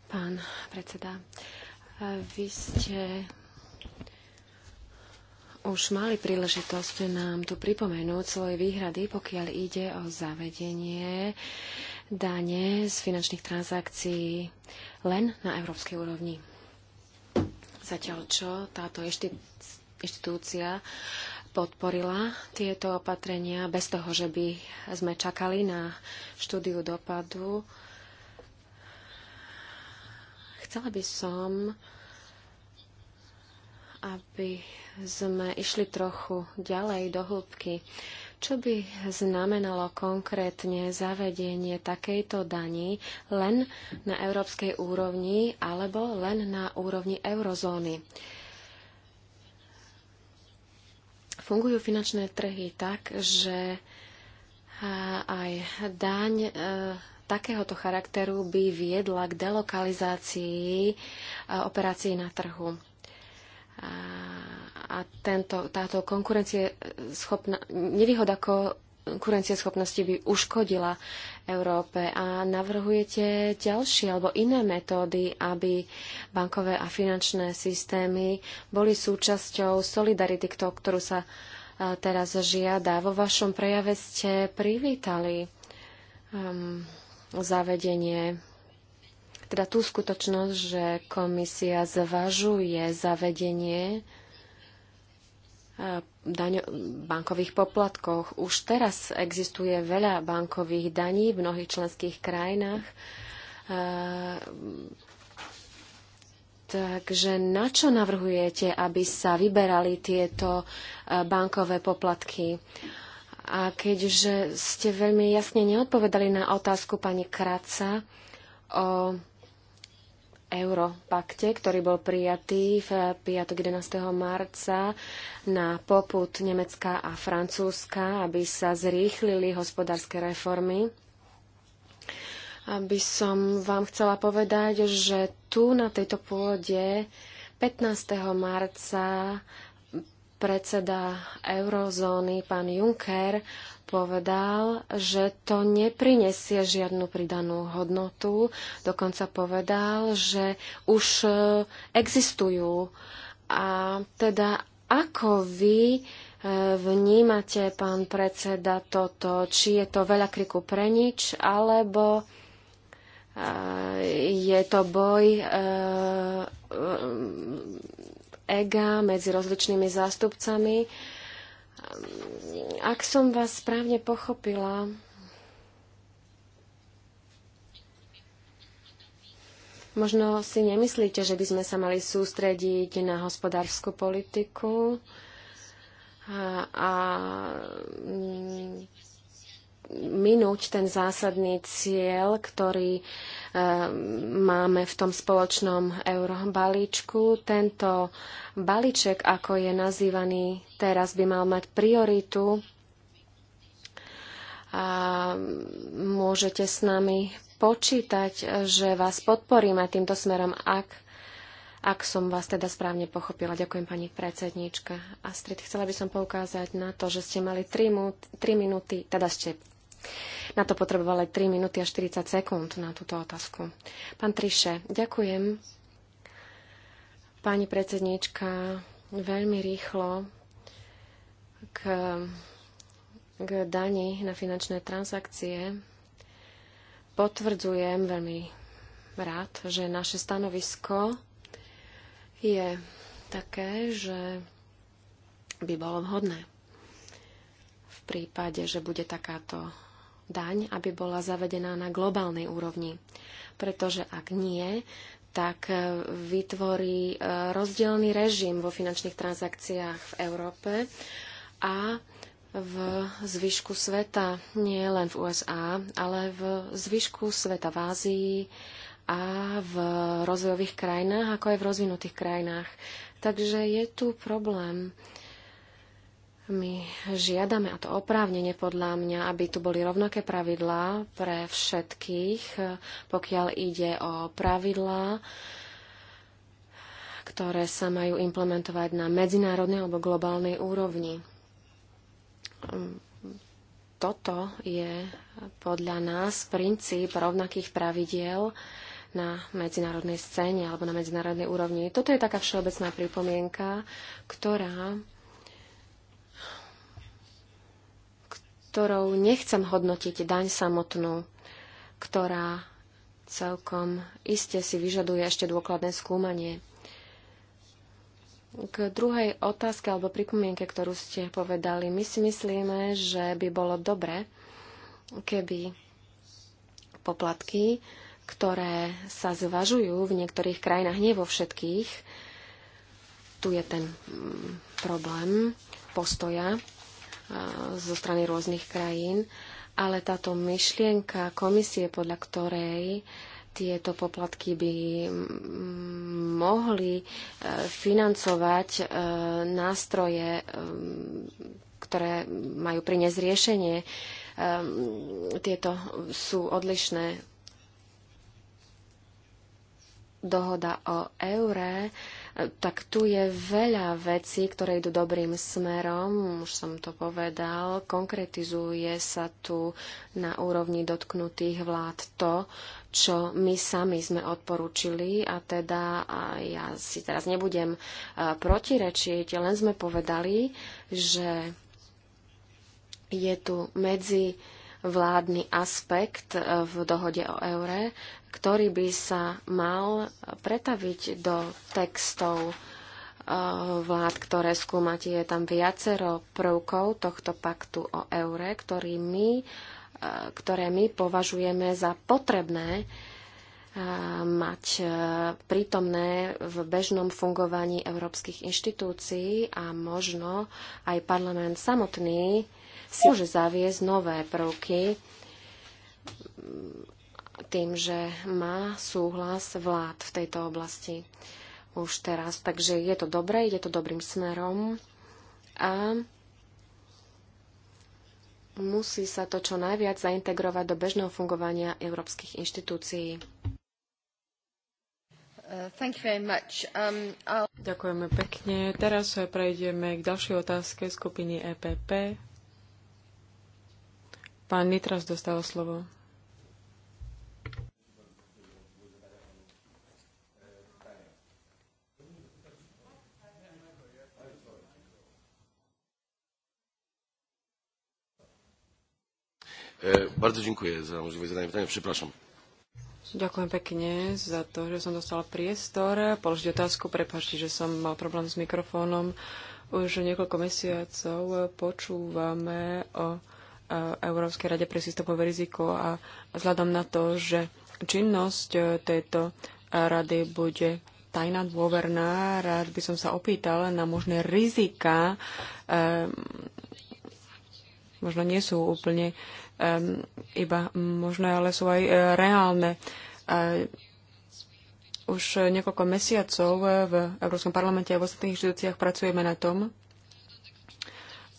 pán predseda. Vy ste už mali príležitosť nám tu pripomenúť svoje výhrady, pokiaľ ide o zavedenie dane z finančných transakcií len na európskej úrovni. Zatiaľ čo táto inštitúcia podporila tieto opatrenia bez toho, že by sme čakali na štúdiu dopadu. Chcela by som, aby sme išli trochu ďalej do hĺbky. Čo by znamenalo konkrétne zavedenie takejto daní len na európskej úrovni alebo len na úrovni eurozóny? Fungujú finančné trhy tak, že aj daň e, takéhoto charakteru by viedla k delokalizácii e, operácií na trhu. A tento, táto konkurencie e, schopná, nevýhoda ko, konkurencieschopnosti by uškodila Európe a navrhujete ďalšie alebo iné metódy, aby bankové a finančné systémy boli súčasťou solidarity, ktorú sa teraz žiada. Vo vašom prejave ste privítali um, zavedenie, teda tú skutočnosť, že komisia zvažuje zavedenie daň, bankových poplatkoch. Už teraz existuje veľa bankových daní v mnohých členských krajinách. Eh, takže na čo navrhujete, aby sa vyberali tieto eh, bankové poplatky? A keďže ste veľmi jasne neodpovedali na otázku pani Kraca o Europakte, ktorý bol prijatý v piatok 11. marca na poput Nemecka a Francúzska, aby sa zrýchlili hospodárske reformy. Aby som vám chcela povedať, že tu na tejto pôde 15. marca predseda eurozóny, pán Juncker, povedal, že to neprinesie žiadnu pridanú hodnotu. Dokonca povedal, že už e, existujú. A teda ako vy e, vnímate, pán predseda, toto? Či je to veľa kriku pre nič, alebo e, je to boj EGA medzi rozličnými zástupcami. Ak som vás správne pochopila, možno si nemyslíte, že by sme sa mali sústrediť na hospodárskú politiku a, a mm, minúť ten zásadný cieľ, ktorý e, máme v tom spoločnom eurobalíčku. Tento balíček, ako je nazývaný teraz, by mal mať prioritu a môžete s nami počítať, že vás podporíme týmto smerom, ak, ak som vás teda správne pochopila. Ďakujem pani predsedníčka. Astrid, chcela by som poukázať na to, že ste mali 3, 3 minúty, teda ste na to potrebovali 3 minúty a 40 sekúnd na túto otázku. Pán Triše, ďakujem. Pani predsedníčka, veľmi rýchlo k, k dani na finančné transakcie potvrdzujem veľmi rád, že naše stanovisko je také, že by bolo vhodné v prípade, že bude takáto daň, aby bola zavedená na globálnej úrovni. Pretože ak nie, tak e, vytvorí e, rozdielný režim vo finančných transakciách v Európe a v zvyšku sveta, nie len v USA, ale v zvyšku sveta v Ázii a v rozvojových krajinách, ako aj v rozvinutých krajinách. Takže je tu problém my žiadame, a to oprávnene podľa mňa, aby tu boli rovnaké pravidlá pre všetkých, pokiaľ ide o pravidlá, ktoré sa majú implementovať na medzinárodnej alebo globálnej úrovni. Toto je podľa nás princíp rovnakých pravidiel na medzinárodnej scéne alebo na medzinárodnej úrovni. Toto je taká všeobecná pripomienka, ktorá ktorou nechcem hodnotiť daň samotnú, ktorá celkom iste si vyžaduje ešte dôkladné skúmanie. K druhej otázke alebo pripomienke, ktorú ste povedali, my si myslíme, že by bolo dobre, keby poplatky, ktoré sa zvažujú v niektorých krajinách, nie vo všetkých, tu je ten mm, problém postoja, Eh, zo strany rôznych krajín, ale táto myšlienka komisie, podľa ktorej tieto poplatky by mohli eh, financovať eh, nástroje, ktoré majú priniesť riešenie. Tieto sú odlišné. Dohoda o eure tak tu je veľa vecí, ktoré idú dobrým smerom, už som to povedal. Konkretizuje sa tu na úrovni dotknutých vlád to, čo my sami sme odporúčili a teda a ja si teraz nebudem protirečiť, len sme povedali, že je tu medzi vládny aspekt v dohode o eure ktorý by sa mal pretaviť do textov eh, vlád, ktoré skúmate. Je tam viacero prvkov tohto paktu o eure, ktorý my, eh, ktoré my považujeme za potrebné eh, mať prítomné v bežnom fungovaní európskych inštitúcií a možno aj parlament samotný si môže zaviesť nové prvky tým, že má súhlas vlád v tejto oblasti už teraz. Takže je to dobré, ide to dobrým smerom a musí sa to čo najviac zaintegrovať do bežného fungovania európskych inštitúcií. Uh, um, Ďakujeme pekne. Teraz prejdeme k ďalšej otázke skupiny EPP. Pán Nitras dostal slovo. E, bardzo dziękuję za możliwość zadania pytania. Przepraszam. Ďakujem pekne za to, že som dostala priestor položiť otázku. Prepačte, že som mal problém s mikrofónom. Už niekoľko mesiacov počúvame o e, Európskej rade pre systémové riziko a vzhľadom na to, že činnosť tejto rady bude tajná dôverná, rád by som sa opýtala na možné rizika. E, možno nie sú úplne iba možné, ale sú aj e, reálne. Už niekoľko mesiacov v Európskom parlamente a v ostatných inštitúciách pracujeme na tom,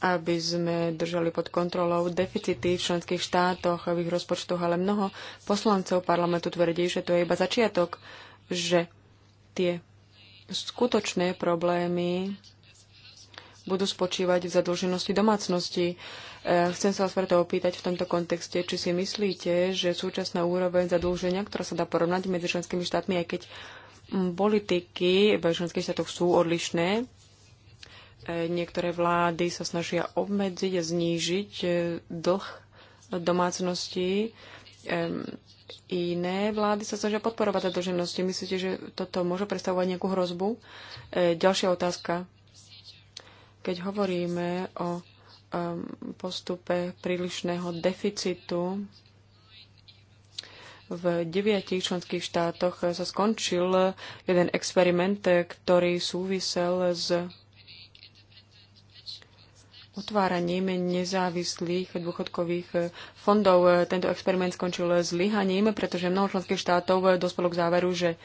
aby sme držali pod kontrolou deficity v členských štátoch a v ich rozpočtoch, ale mnoho poslancov parlamentu tvrdí, že to je iba začiatok, že tie skutočné problémy budú spočívať v zadlženosti domácnosti. E, chcem sa vás preto opýtať v tomto kontexte, či si myslíte, že súčasná úroveň zadlženia, ktorá sa dá porovnať medzi členskými štátmi, aj keď mm, politiky v členských štátoch sú odlišné, e, niektoré vlády sa snažia obmedziť a znížiť e, dlh domácností. Iné vlády sa snažia podporovať zadlženosti. Myslíte, že toto môže predstavovať nejakú hrozbu? Ďalšia otázka. Keď hovoríme o Um, postupe prílišného deficitu v deviatich členských štátoch sa skončil jeden experiment, ktorý súvisel s otváraním nezávislých dôchodkových fondov. Tento experiment skončil zlyhaním, pretože mnoho členských štátov dospelo k záveru, že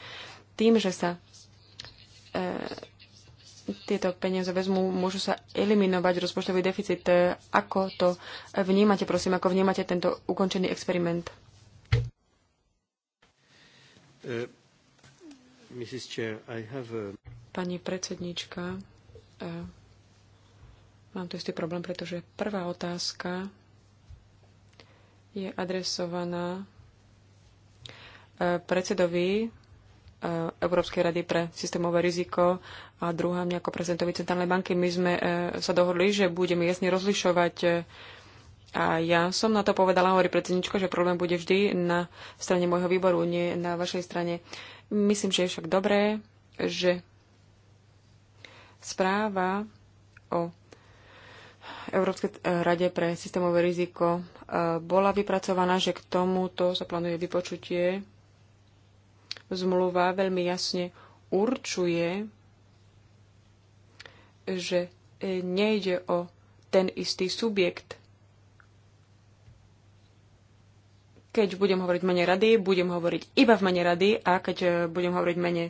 tým, že sa tieto peniaze vezmú, môžu sa eliminovať rozpočtový deficit. E, ako to vnímate, prosím, ako vnímate tento ukončený experiment? E, Pani predsednička, e, mám tu istý problém, pretože prvá otázka je adresovaná predsedovi E, Európskej rady pre systémové riziko a druhá mňa ako prezidentovi Centrálnej banky. My sme e, sa dohodli, že budeme jasne rozlišovať e, a ja som na to povedala, hovorí predsednička, že problém bude vždy na strane môjho výboru, nie na vašej strane. Myslím, že je však dobré, že správa o Európskej rade pre systémové riziko bola vypracovaná, že k tomuto sa plánuje vypočutie zmluva veľmi jasne určuje, že e, nejde o ten istý subjekt. Keď budem hovoriť mene rady, budem hovoriť iba v mene rady a keď e, budem hovoriť mene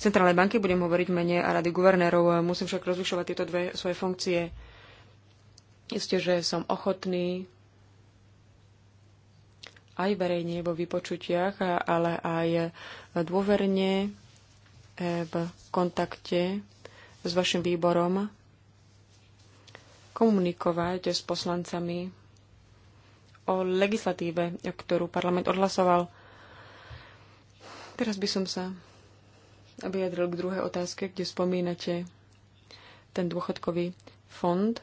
centrálnej banky, budem hovoriť mene a rady guvernérov. Musím však rozlišovať tieto dve svoje funkcie. Isté, že som ochotný aj verejne vo vypočutiach, ale aj dôverne eh, v kontakte s vašim výborom komunikovať s poslancami o legislatíve, ktorú parlament odhlasoval. Teraz by som sa vyjadril k druhej otázke, kde spomínate ten dôchodkový fond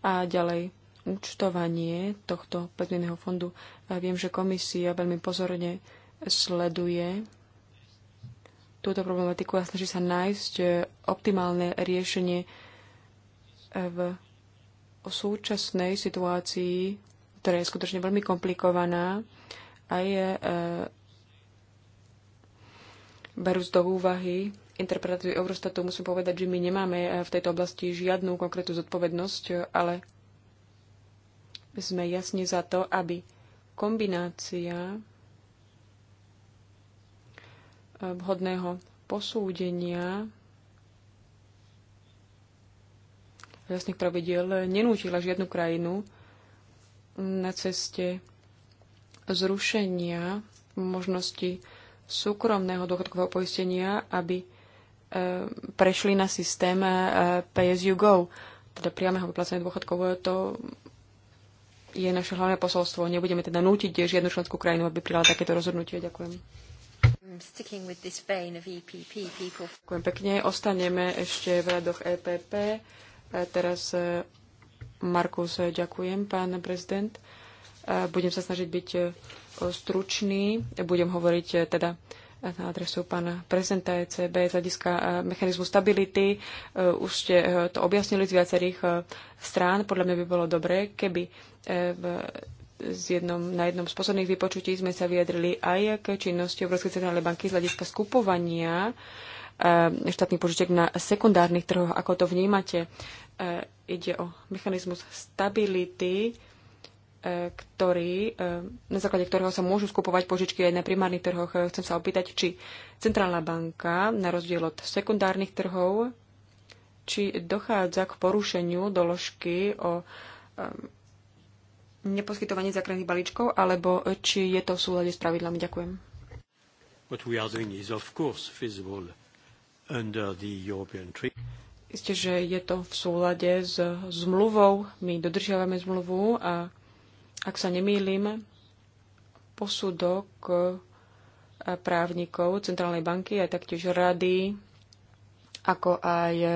A ďalej účtovanie tohto pevneného fondu. A viem, že komisia veľmi pozorne sleduje túto problematiku a snaží sa nájsť e, optimálne riešenie e, v súčasnej situácii, ktorá je skutočne veľmi komplikovaná a je e, berúc do úvahy interpretáciu Eurostatu musím povedať, že my nemáme e, v tejto oblasti žiadnu konkrétnu zodpovednosť, ale sme jasne za to, aby kombinácia e, vhodného posúdenia jasných pravidiel nenútila žiadnu krajinu na ceste zrušenia možnosti súkromného dôchodkového poistenia, aby Eh, prešli na systém eh, Pay as you go, teda priameho vyplacenia dôchodkov. Eh, to je naše hlavné posolstvo. Nebudeme teda nútiť žiadnu členskú krajinu, aby prijala takéto rozhodnutie. Ďakujem. EPP, e Ďakujem pekne. Ostaneme ešte v radoch EPP. Teraz Markus, ďakujem, pán prezident. Budem sa snažiť byť stručný. Budem hovoriť teda na adresu pána prezidenta ECB z hľadiska e, mechanizmu stability. E, už ste e, to objasnili z viacerých strán. Podľa mňa by bolo dobré, keby v z jednom, na jednom z posledných vypočutí sme sa vyjadrili aj k činnosti Európskej centrálnej banky z hľadiska skupovania štátnych požičiek na sekundárnych trhoch. Ako to vnímate? Ide o mechanizmus stability E, ktorý, e, na základe ktorého sa môžu skupovať požičky aj na primárnych trhoch. E, chcem sa opýtať, či Centrálna banka, na rozdiel od sekundárnych trhov, či dochádza k porušeniu doložky o neposkytovanie záchranných balíčkov, alebo či je to v súlade s pravidlami. Ďakujem. What we are doing is of course under the European Treaty. Isté, že je to v súlade s zmluvou. My dodržiavame zmluvu a ak sa nemýlim, posudok e, právnikov Centrálnej banky a taktiež rady, ako aj e,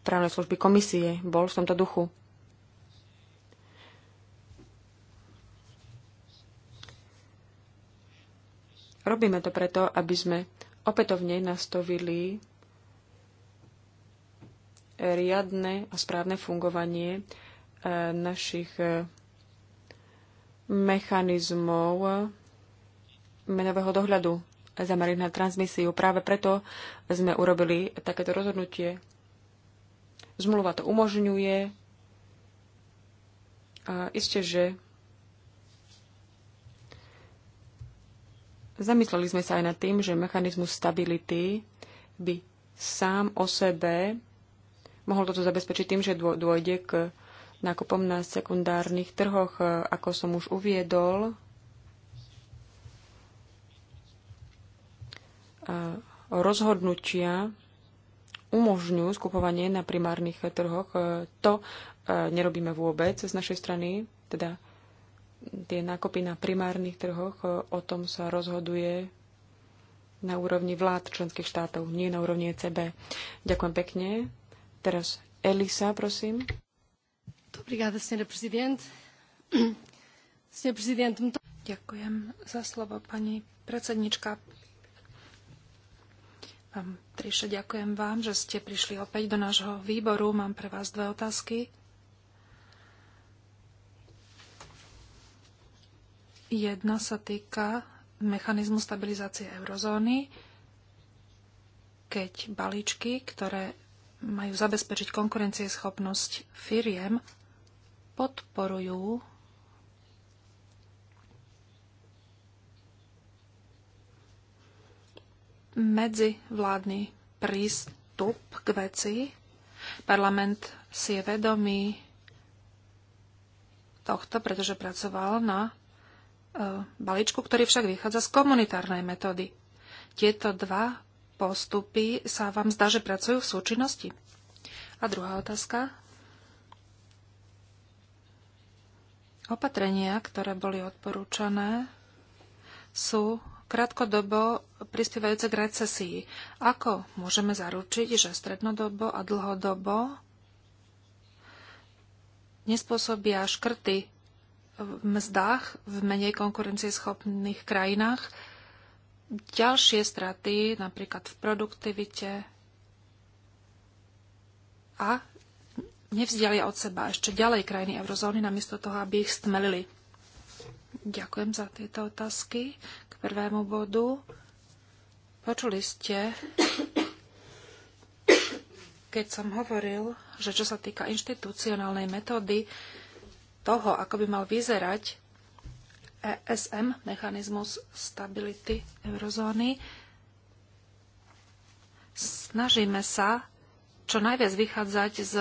právnej služby komisie bol v tomto duchu. Robíme to preto, aby sme opätovne nastavili riadne a správne fungovanie e, našich mechanizmov menového dohľadu zameriť na transmisiu. Práve preto sme urobili takéto rozhodnutie. Zmluva to umožňuje. A iste, že zamysleli sme sa aj nad tým, že mechanizmus stability by sám o sebe mohol toto zabezpečiť tým, že dôjde k nákupom na sekundárnych trhoch. E, ako som už uviedol, e, rozhodnutia umožňujú skupovanie na primárnych trhoch. E, to nerobíme vôbec z našej strany, teda tie nákopy na primárnych trhoch, o tom sa rozhoduje na úrovni vlád členských štátov, nie na úrovni ECB. Ďakujem pekne. Teraz Elisa, prosím. Obrigada, presidente. presidente, muito... Ďakujem za slovo, pani predsednička. Pán ďakujem vám, že ste prišli opäť do nášho výboru. Mám pre vás dve otázky. Jedna sa týka mechanizmu stabilizácie eurozóny, keď balíčky, ktoré majú zabezpečiť konkurencieschopnosť firiem, podporujú medzivládny prístup k veci. Parlament si je vedomý tohto, pretože pracoval na e, balíčku, ktorý však vychádza z komunitárnej metódy. Tieto dva postupy sa vám zdá, že pracujú v súčinnosti? A druhá otázka. Opatrenia, ktoré boli odporúčané, sú krátkodobo prispievajúce k recesii. Ako môžeme zaručiť, že strednodobo a dlhodobo nespôsobia škrty v mzdách v menej konkurencieschopných krajinách, ďalšie straty, napríklad v produktivite a nevzdialia od seba ešte ďalej krajiny eurozóny, namiesto toho, aby ich stmelili. Ďakujem za tieto otázky k prvému bodu. Počuli ste, keď som hovoril, že čo sa týka inštitucionálnej metódy, toho, ako by mal vyzerať ESM, mechanizmus stability eurozóny, snažíme sa čo najviac vychádzať z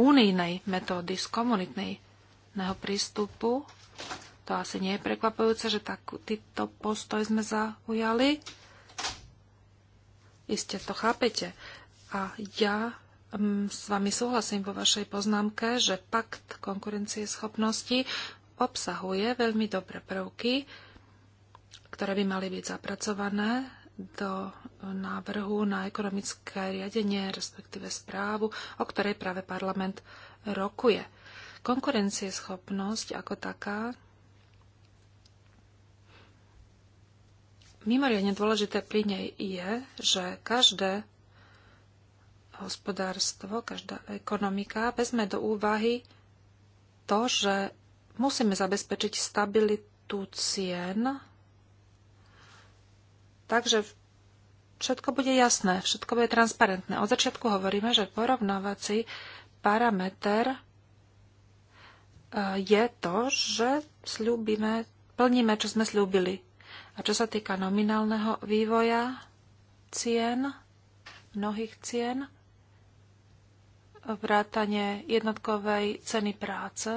unijnej metódy, z komunitného prístupu. To asi nie je prekvapujúce, že takýto postoj sme zaujali. Iste to chápete. A ja mm, s vami súhlasím vo vašej poznámke, že pakt konkurencie schopnosti obsahuje veľmi dobré prvky, ktoré by mali byť zapracované do návrhu na ekonomické riadenie, respektíve správu, o ktorej práve parlament rokuje. Konkurencieschopnosť ako taká Mimoriadne dôležité pri nej je, že každé hospodárstvo, každá ekonomika vezme do úvahy to, že musíme zabezpečiť stabilitu cien, takže v všetko bude jasné, všetko bude transparentné. Od začiatku hovoríme, že porovnávací parameter e, je to, že slúbime, plníme, čo sme slúbili. A čo sa týka nominálneho vývoja cien, mnohých cien, vrátanie jednotkovej ceny práce,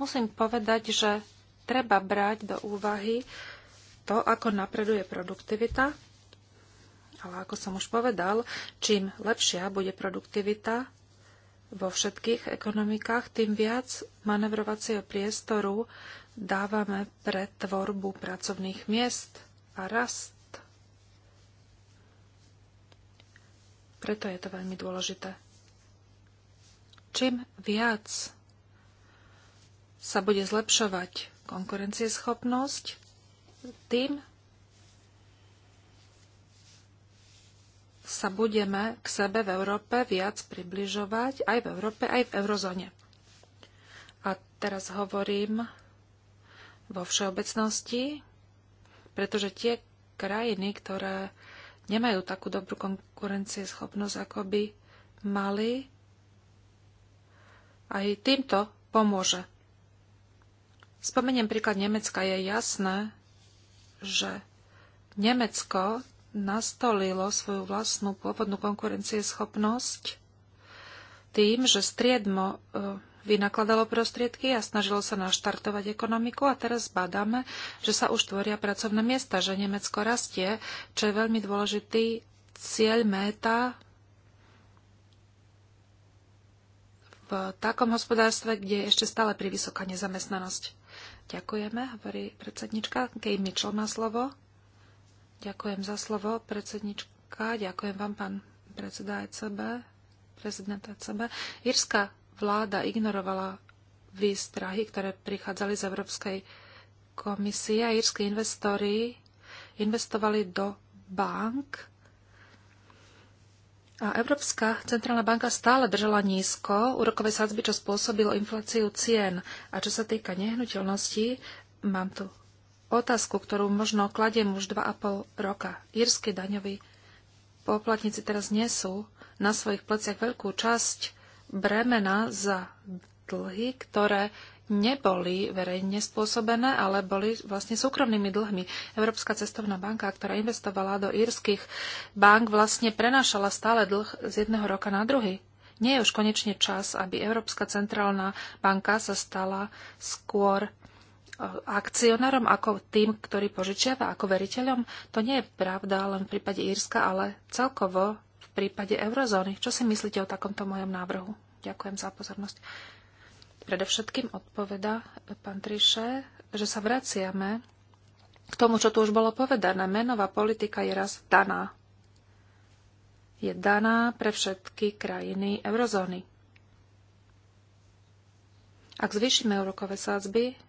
musím povedať, že treba brať do úvahy to, ako napreduje produktivita, ale ako som už povedal, čím lepšia bude produktivita vo všetkých ekonomikách, tým viac manevrovacieho priestoru dávame pre tvorbu pracovných miest a rast. Preto je to veľmi dôležité. Čím viac sa bude zlepšovať konkurencieschopnosť, tým sa budeme k sebe v Európe viac približovať, aj v Európe, aj v eurozóne. A teraz hovorím vo všeobecnosti, pretože tie krajiny, ktoré nemajú takú dobrú konkurencieschopnosť, ako by mali, aj týmto pomôže. Spomeniem príklad Nemecka. Je jasné, že Nemecko nastolilo svoju vlastnú pôvodnú konkurencieschopnosť tým, že striedmo e, vynakladalo prostriedky a snažilo sa naštartovať ekonomiku a teraz badáme, že sa už tvoria pracovné miesta, že Nemecko rastie, čo je veľmi dôležitý cieľ, méta v takom hospodárstve, kde je ešte stále privysoká nezamestnanosť. Ďakujeme, hovorí predsednička. Kej Mitchell má slovo. Ďakujem za slovo, predsednička. Ďakujem vám, pán predseda ECB, prezident ECB. Írska vláda ignorovala výstrahy, ktoré prichádzali z Európskej komisie a írsky investori investovali do bank a Európska centrálna banka stále držala nízko úrokové sadzby, čo spôsobilo infláciu cien. A čo sa týka nehnuteľností, mám tu otázku, ktorú možno kladiem už 2,5 roka. Írsky daňoví poplatníci teraz nesú na svojich pleciach veľkú časť bremena za dlhy, ktoré neboli verejne spôsobené, ale boli vlastne súkromnými dlhmi. Európska cestovná banka, ktorá investovala do írskych bank, vlastne prenášala stále dlh z jedného roka na druhý. Nie je už konečne čas, aby Európska centrálna banka sa stala skôr e, akcionárom ako tým, ktorý požičiava, ako veriteľom. To nie je pravda len v prípade Írska, ale celkovo v prípade eurozóny. Čo si myslíte o takomto mojom návrhu? Ďakujem za pozornosť predovšetkým odpoveda pán Triše, že sa vraciame k tomu, čo tu už bolo povedané. Menová politika je raz daná. Je daná pre všetky krajiny eurozóny. Ak zvýšime úrokové sádzby,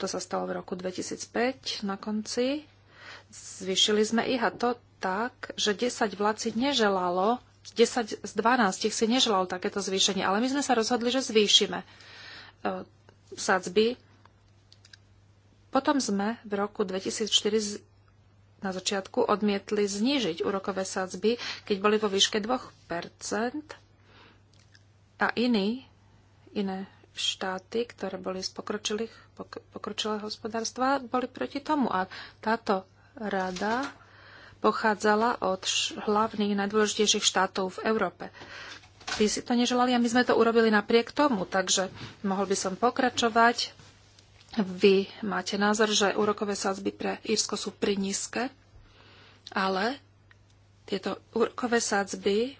to sa stalo v roku 2005 na konci, zvýšili sme ich a to tak, že 10 vláci neželalo 10 z 12 si neželal takéto zvýšenie, ale my sme sa rozhodli, že zvýšime e, sadzby. Potom sme v roku 2004 na začiatku odmietli znížiť úrokové sadzby, keď boli vo výške 2 a iní, iné štáty, ktoré boli z pokročilých, pokročilého hospodárstva, boli proti tomu. A táto rada pochádzala od hlavných najdôležitejších štátov v Európe. Vy si to neželali a my sme to urobili napriek tomu, takže mohol by som pokračovať. Vy máte názor, že úrokové sadzby pre Írsko sú prinízke, ale tieto úrokové sadzby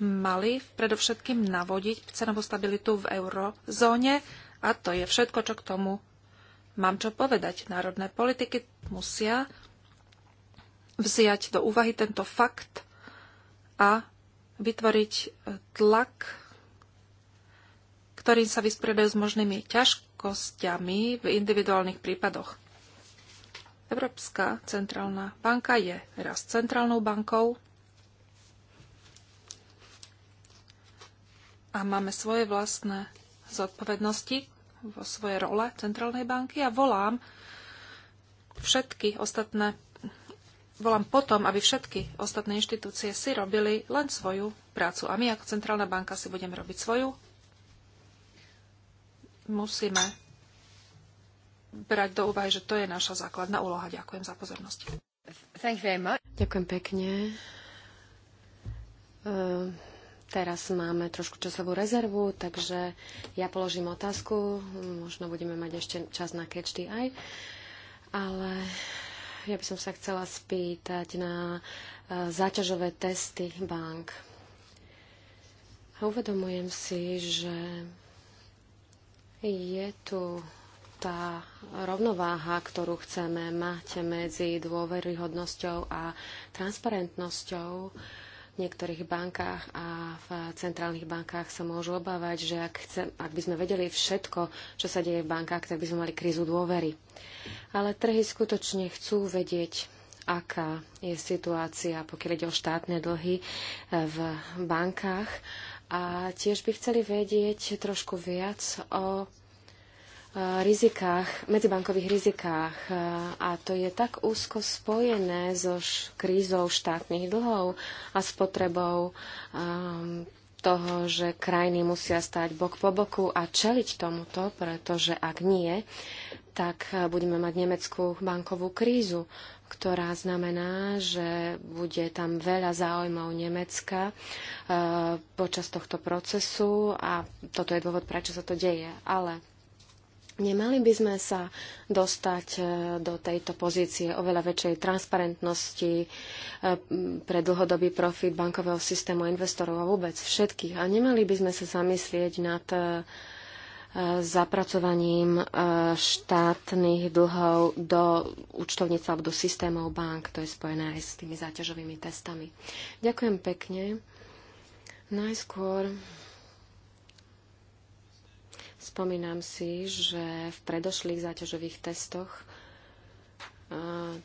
mali predovšetkým navodiť cenovú stabilitu v eurozóne a to je všetko, čo k tomu mám čo povedať. Národné politiky musia vziať do úvahy tento fakt a vytvoriť e, tlak, ktorým sa vysporiadajú s možnými ťažkosťami v individuálnych prípadoch. Európska centrálna banka je raz centrálnou bankou a máme svoje vlastné zodpovednosti vo svojej role centrálnej banky a volám všetky ostatné volám potom, aby všetky ostatné inštitúcie si robili len svoju prácu. A my ako Centrálna banka si budeme robiť svoju. Musíme brať do úvahy, že to je naša základná úloha. Ďakujem za pozornosť. Thank you very much. Ďakujem pekne. Uh, teraz máme trošku časovú rezervu, takže ja položím otázku. Možno budeme mať ešte čas na catch aj, ale ja by som sa chcela spýtať na e, záťažové testy bank. A uvedomujem si, že je tu tá rovnováha, ktorú chceme mať medzi dôveryhodnosťou a transparentnosťou. Uh, niektorých bankách a v centrálnych bankách sa môžu obávať, že ak, chce, ak by sme vedeli všetko, čo sa deje v bankách, tak by sme mali krízu dôvery. Ale trhy skutočne chcú vedieť, aká je situácia, pokiaľ ide o štátne dlhy eh, v bankách. A tiež by chceli vedieť trošku viac o Eh, rizikách, medzibankových rizikách eh, a to je tak úzko spojené so krízou štátnych dlhov a s potrebou um, toho, že krajiny musia stať bok po boku a čeliť tomuto, pretože ak nie, tak eh, budeme mať nemeckú bankovú krízu, ktorá znamená, že bude tam veľa záujmov Nemecka e, počas tohto procesu a toto je dôvod, prečo sa to deje. Ale Nemali by sme sa dostať e, do tejto pozície oveľa väčšej transparentnosti e, pre dlhodobý profit bankového systému investorov a vôbec všetkých. A nemali by sme sa zamyslieť nad e, zapracovaním štátnych dlhov do účtovníctva alebo do systémov bank. To je spojené aj s tými záťažovými testami. Ďakujem pekne. Najskôr Spomínam si, že v predošlých záťažových testoch eh,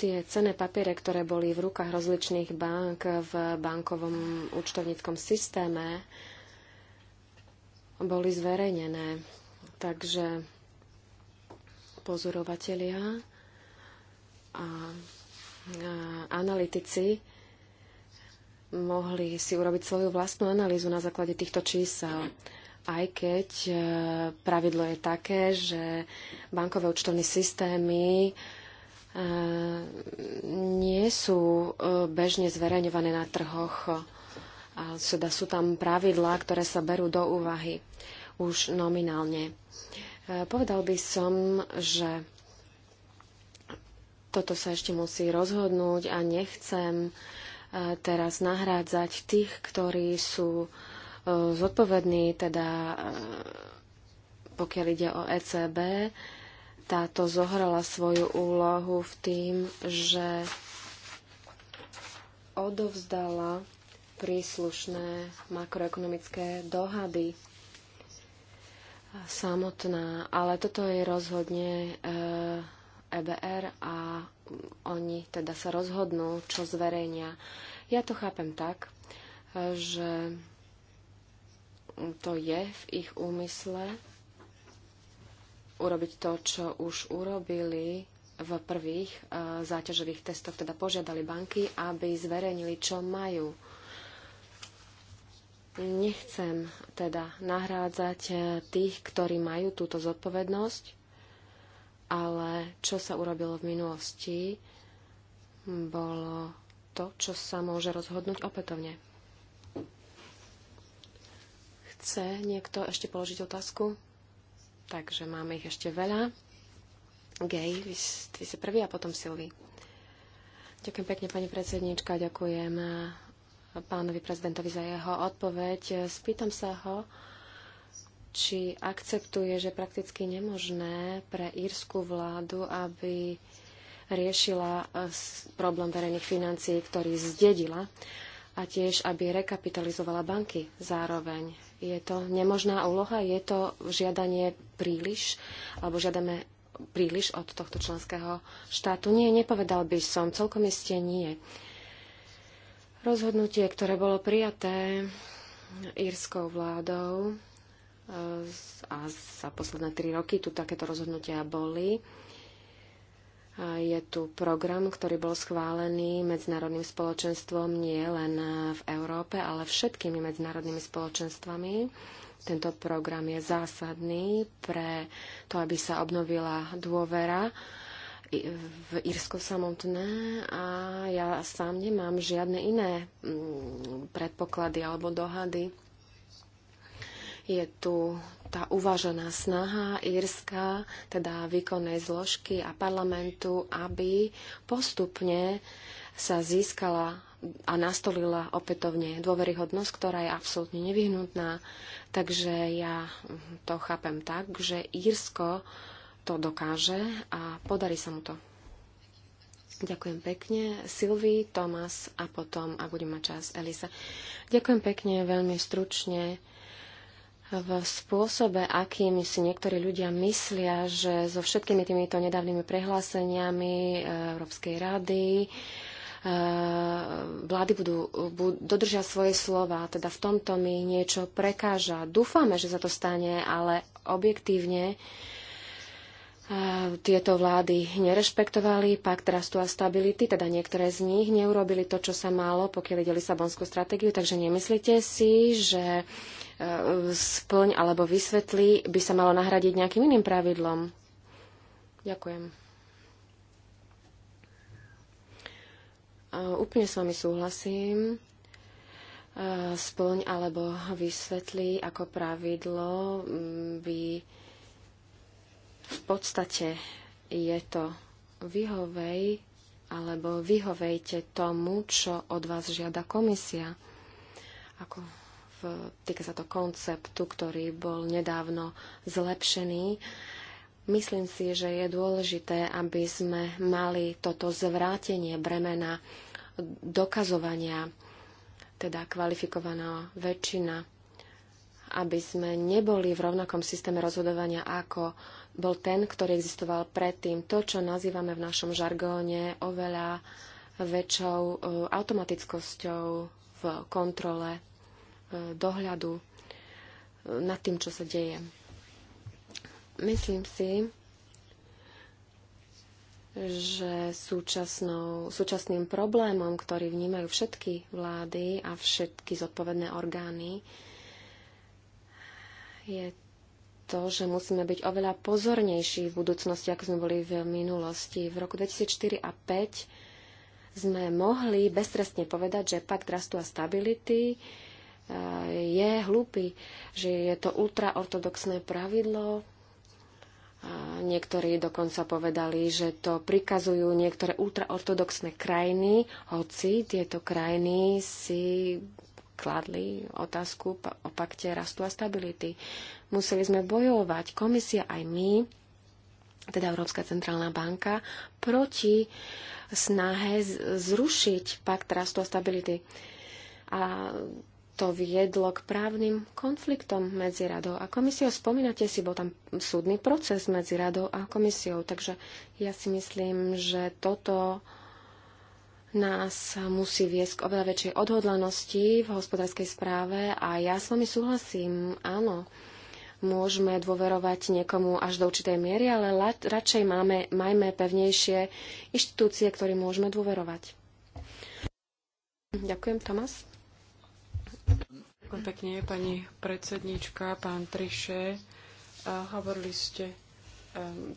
tie cenné papiere, ktoré boli v rukách rozličných bank v bankovom účtovníckom systéme, boli zverejnené. Takže pozorovatelia a analytici mohli si urobiť svoju vlastnú analýzu na základe týchto čísel. Aj keď e, pravidlo je také, že bankové účtovné systémy e, nie sú e, bežne zverejňované na trhoch. A teda sú tam pravidlá, ktoré sa berú do úvahy už nominálne. Povedal by som, že toto sa ešte musí rozhodnúť a nechcem uh, teraz nahrádzať tých, ktorí sú e, zodpovední, teda e, pokiaľ ide o ECB, táto zohrala svoju úlohu v tým, že odovzdala príslušné makroekonomické dohady samotná, ale toto je rozhodne EBR e a oni teda sa rozhodnú, čo zverejnia. Ja to chápem tak, že to je v ich úmysle urobiť to, čo už urobili v prvých e, záťažových testoch, teda požiadali banky, aby zverejnili, čo majú. Nechcem teda nahrádzať e, tých, ktorí majú túto zodpovednosť, ale čo sa urobilo v minulosti, bolo to, čo sa môže rozhodnúť opätovne. Chce niekto ešte položiť otázku? Takže máme ich ešte veľa. Gej, vy, vy si prvý a potom Silvi. Ďakujem pekne, pani predsednička, ďakujem pánovi prezidentovi za jeho odpoveď. Spýtam sa ho, či akceptuje, že prakticky nemožné pre írsku vládu, aby riešila eh, problém verejných financií, ktorý zdedila a tiež, aby rekapitalizovala banky zároveň. Je to nemožná úloha? Je to žiadanie príliš? Alebo žiadame príliš od tohto členského štátu? Nie, nepovedal by som. Celkom isté nie. Rozhodnutie, ktoré bolo prijaté írskou vládou, a za posledné tri roky tu takéto rozhodnutia boli. Je tu program, ktorý bol schválený medzinárodným spoločenstvom nie len v Európe, ale všetkými medzinárodnými spoločenstvami. Tento program je zásadný pre to, aby sa obnovila dôvera v Írsku samotné a ja sám nemám žiadne iné mm, predpoklady alebo dohady je tu tá uvažená snaha Írska, teda výkonnej zložky a parlamentu, aby postupne sa získala a nastolila opätovne dôveryhodnosť, ktorá je absolútne nevyhnutná. Takže ja to chápem tak, že Írsko to dokáže a podarí sa mu to. Ďakujem pekne. Silvi, Tomas a potom, ak budem mať čas, Elisa. Ďakujem pekne, veľmi stručne v spôsobe, akým si niektorí ľudia myslia, že so všetkými týmito nedávnymi prehláseniami eh, Európskej rady eh, vlády budú, budú, dodržia svoje slova. Teda v tomto mi niečo prekáža. Dúfame, že sa to stane, ale objektívne eh, tieto vlády nerešpektovali pakt rastu a stability, teda niektoré z nich neurobili to, čo sa malo, pokiaľ ide Lisabonskú stratégiu, takže nemyslíte si, že splň alebo vysvetli, by sa malo nahradiť nejakým iným pravidlom. Ďakujem. Úplne s vami súhlasím. Splň alebo vysvetlí ako pravidlo mm, by v podstate je to vyhovej alebo vyhovejte tomu, čo od vás žiada komisia. Ako týka sa to konceptu, ktorý bol nedávno zlepšený. Myslím si, že je dôležité, aby sme mali toto zvrátenie bremena dokazovania, teda kvalifikovaná väčšina, aby sme neboli v rovnakom systéme rozhodovania ako bol ten, ktorý existoval predtým. To, čo nazývame v našom žargóne oveľa väčšou e, automatickosťou v kontrole dohľadu nad tým, čo sa deje. Myslím si, že súčasnou, súčasným problémom, ktorý vnímajú všetky vlády a všetky zodpovedné orgány, je to, že musíme byť oveľa pozornejší v budúcnosti, ako sme boli v minulosti. V roku 2004 a 2005 sme mohli beztrestne povedať, že pakt rastu a stability je hlúpy, že je to ultraortodoxné pravidlo. niektorí dokonca povedali, že to prikazujú niektoré ultraortodoxné krajiny, hoci tieto krajiny si kladli otázku o pakte rastu a stability. Museli sme bojovať, komisia aj my, teda Európska centrálna banka, proti snahe zrušiť pakt rastu a stability. A to viedlo k právnym konfliktom medzi radou a komisiou. Spomínate si, bol tam súdny proces medzi radou a komisiou, takže ja si myslím, že toto nás musí viesť k oveľa väčšej odhodlanosti v hospodárskej správe a ja s vami súhlasím, áno. Môžeme dôverovať niekomu až do určitej miery, ale radšej máme, majme pevnejšie inštitúcie, ktorým môžeme dôverovať. Ďakujem, Tomas pekne, pani predsednička, pán Triše. Eh, hovorili ste,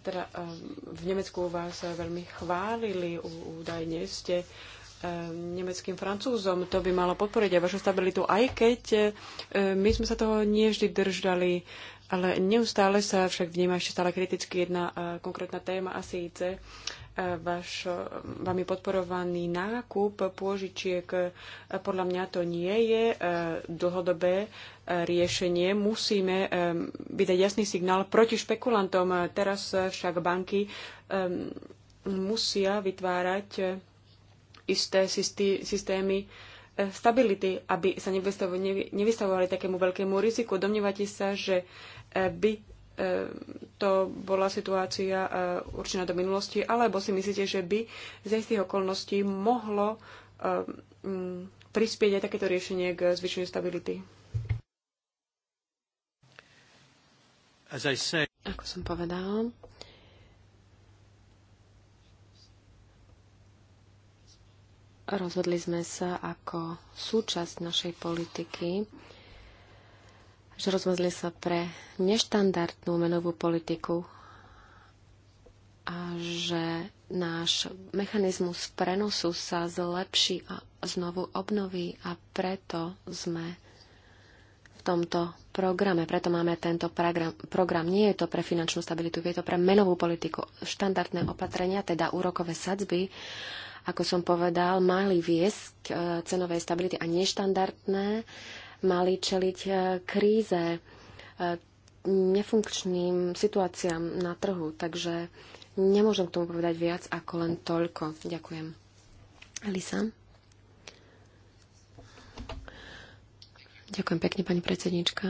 teda v Nemecku vás veľmi chválili, údajne ste nemeckým francúzom. To by malo podporiť aj vašu stabilitu, aj keď eh, my sme sa toho nie vždy držali, ale neustále sa však vníma ešte stále kriticky jedna eh, konkrétna téma a síce vaš, vami podporovaný nákup pôžičiek. Podľa mňa to nie je e, dlhodobé e, riešenie. Musíme e, vydať jasný signál proti špekulantom. Teraz však banky musia vytvárať isté systémy stability, aby sa nevystavovali takému veľkému riziku. Domnievate sa, že by E, to bola situácia e, určená do minulosti, alebo si myslíte, že by z istých okolností mohlo e, prispieť aj takéto riešenie k zvyšeniu stability? Ako som povedal, rozhodli sme sa ako súčasť našej politiky že rozhodli sa pre neštandardnú menovú politiku a že náš mechanizmus prenosu sa zlepší a znovu obnoví a preto sme v tomto programe, preto máme tento program. program. Nie je to pre finančnú stabilitu, je to pre menovú politiku. Štandardné opatrenia, teda úrokové sadzby, ako som povedal, mali viesť k e, cenovej stability a neštandardné mali čeliť e, kríze, e, nefunkčným situáciám na trhu. Takže nemôžem k tomu povedať viac ako len toľko. Ďakujem. Elisa? Ďakujem pekne, pani predsednička.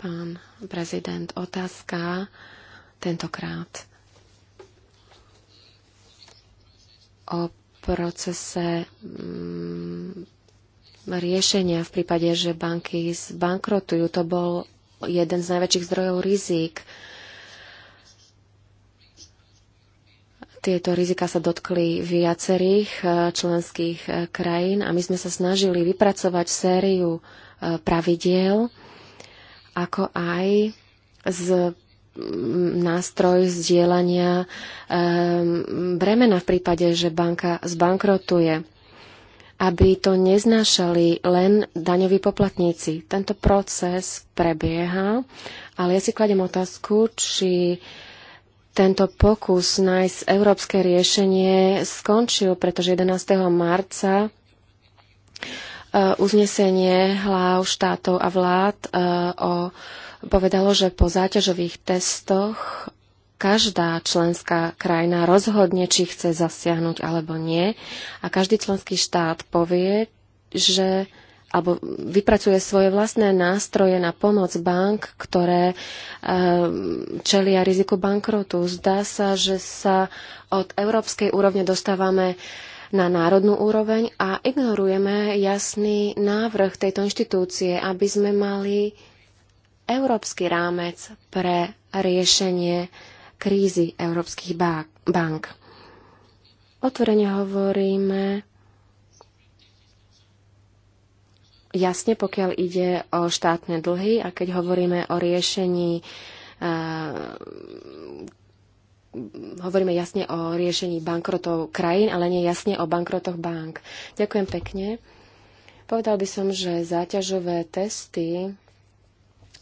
Pán prezident, otázka tentokrát o procese mm, riešenia v prípade, že banky zbankrotujú. To bol jeden z najväčších zdrojov rizík. Tieto rizika sa dotkli viacerých eh, členských eh, krajín a my sme sa snažili vypracovať sériu eh, pravidiel, ako aj z mm, nástroj zdieľania bremena v prípade, že banka zbankrotuje aby to neznášali len daňoví poplatníci. Tento proces prebieha, ale ja si kladem otázku, či tento pokus nájsť európske riešenie skončil, pretože 11. marca e, uznesenie hlav štátov a vlád e, o, povedalo, že po záťažových testoch každá členská krajina rozhodne, či chce zasiahnuť alebo nie. A každý členský štát povie, že alebo vypracuje svoje vlastné nástroje na pomoc bank, ktoré e, čelia riziku bankrotu. Zdá sa, že sa od európskej úrovne dostávame na národnú úroveň a ignorujeme jasný návrh tejto inštitúcie, aby sme mali európsky rámec pre riešenie krízy európskych bank. Otvorene hovoríme jasne, pokiaľ ide o štátne dlhy a keď hovoríme o riešení eh, hovoríme jasne o riešení bankrotov krajín, ale nie jasne o bankrotoch bank. Ďakujem pekne. Povedal by som, že záťažové testy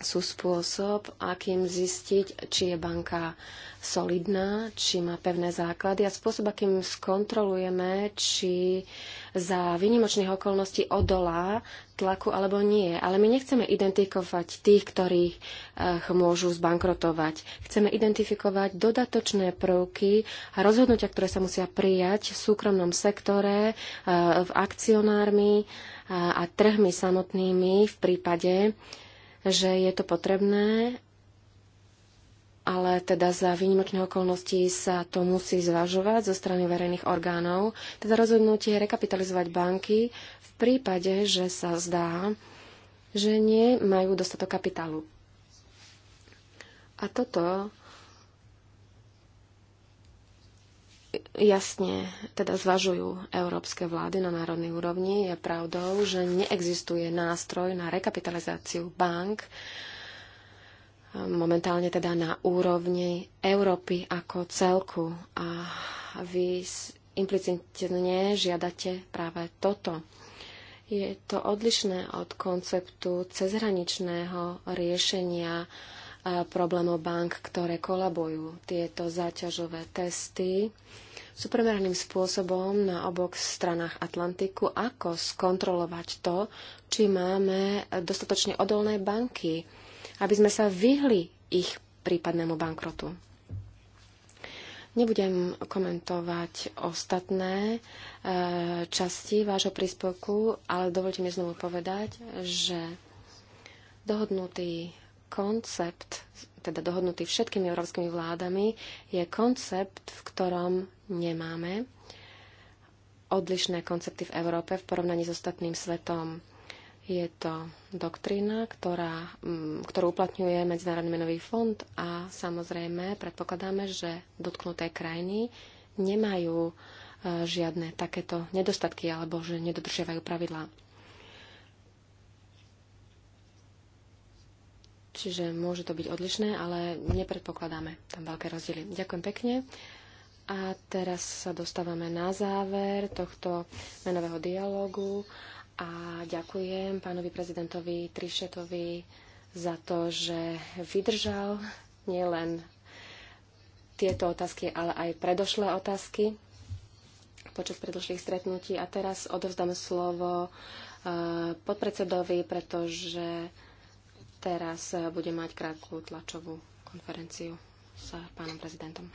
sú spôsob, akým zistiť, či je banka solidná, či má pevné základy a spôsob, akým skontrolujeme, či za výnimočných okolností odolá tlaku alebo nie. Ale my nechceme identifikovať tých, ktorých eh, môžu zbankrotovať. Chceme identifikovať dodatočné prvky a rozhodnutia, ktoré sa musia prijať v súkromnom sektore, eh, v akcionármi eh, a trhmi samotnými v prípade, že je to potrebné, ale teda za výnimočné okolností sa to musí zvažovať zo strany verejných orgánov, teda rozhodnutie rekapitalizovať banky v prípade, že sa zdá, že nemajú dostatok kapitálu. A toto jasne teda zvažujú európske vlády na národnej úrovni. Je pravdou, že neexistuje nástroj na rekapitalizáciu bank, momentálne teda na úrovni Európy ako celku. A vy implicitne žiadate práve toto. Je to odlišné od konceptu cezhraničného riešenia e, problémov bank, ktoré kolabujú. Tieto záťažové testy sú primeraným spôsobom na oboch stranách Atlantiku, ako skontrolovať to, či máme dostatočne odolné banky, aby sme sa vyhli ich prípadnému bankrotu. Nebudem komentovať ostatné e, časti vášho príspevku, ale dovolte mi znovu povedať, že dohodnutý koncept, teda dohodnutý všetkými európskymi vládami, je koncept, v ktorom nemáme odlišné koncepty v Európe v porovnaní s ostatným svetom. Je to doktrína, ktorá, mm, ktorú uplatňuje Medzinárodný menový fond a samozrejme predpokladáme, že dotknuté krajiny nemajú e, žiadne takéto nedostatky alebo že nedodržiavajú pravidlá. Čiže môže to byť odlišné, ale nepredpokladáme tam veľké rozdiely. Ďakujem pekne. A teraz sa dostávame na záver tohto menového dialogu a ďakujem pánovi prezidentovi Trišetovi za to, že vydržal nielen tieto otázky, ale aj predošlé otázky počas predošlých stretnutí. A teraz odovzdám slovo eh, podpredsedovi, pretože Teraz eh, bude mať krátku tlačovú konferenciu s pánom prezidentom.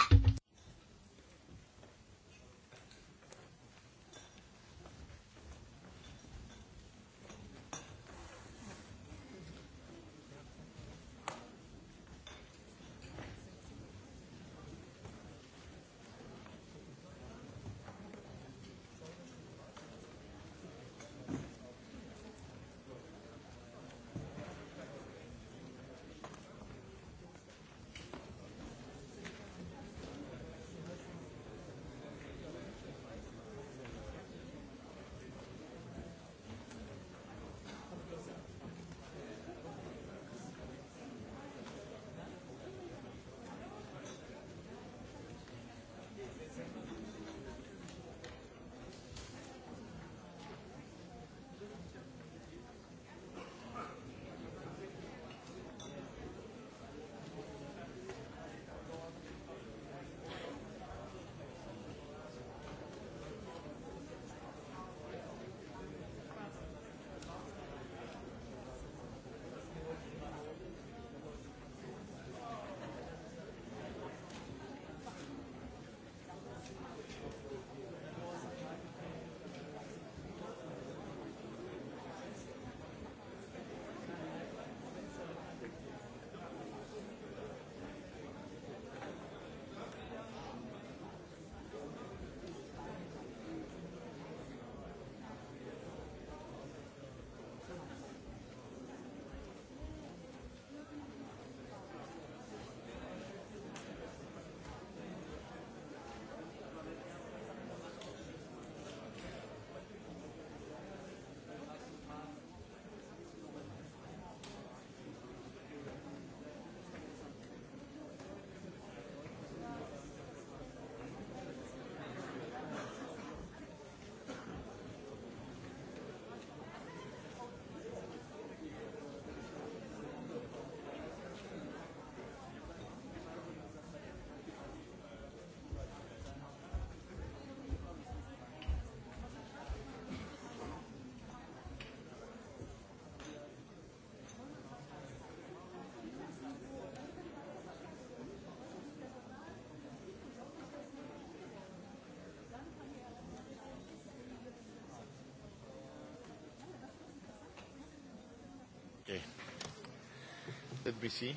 FBC.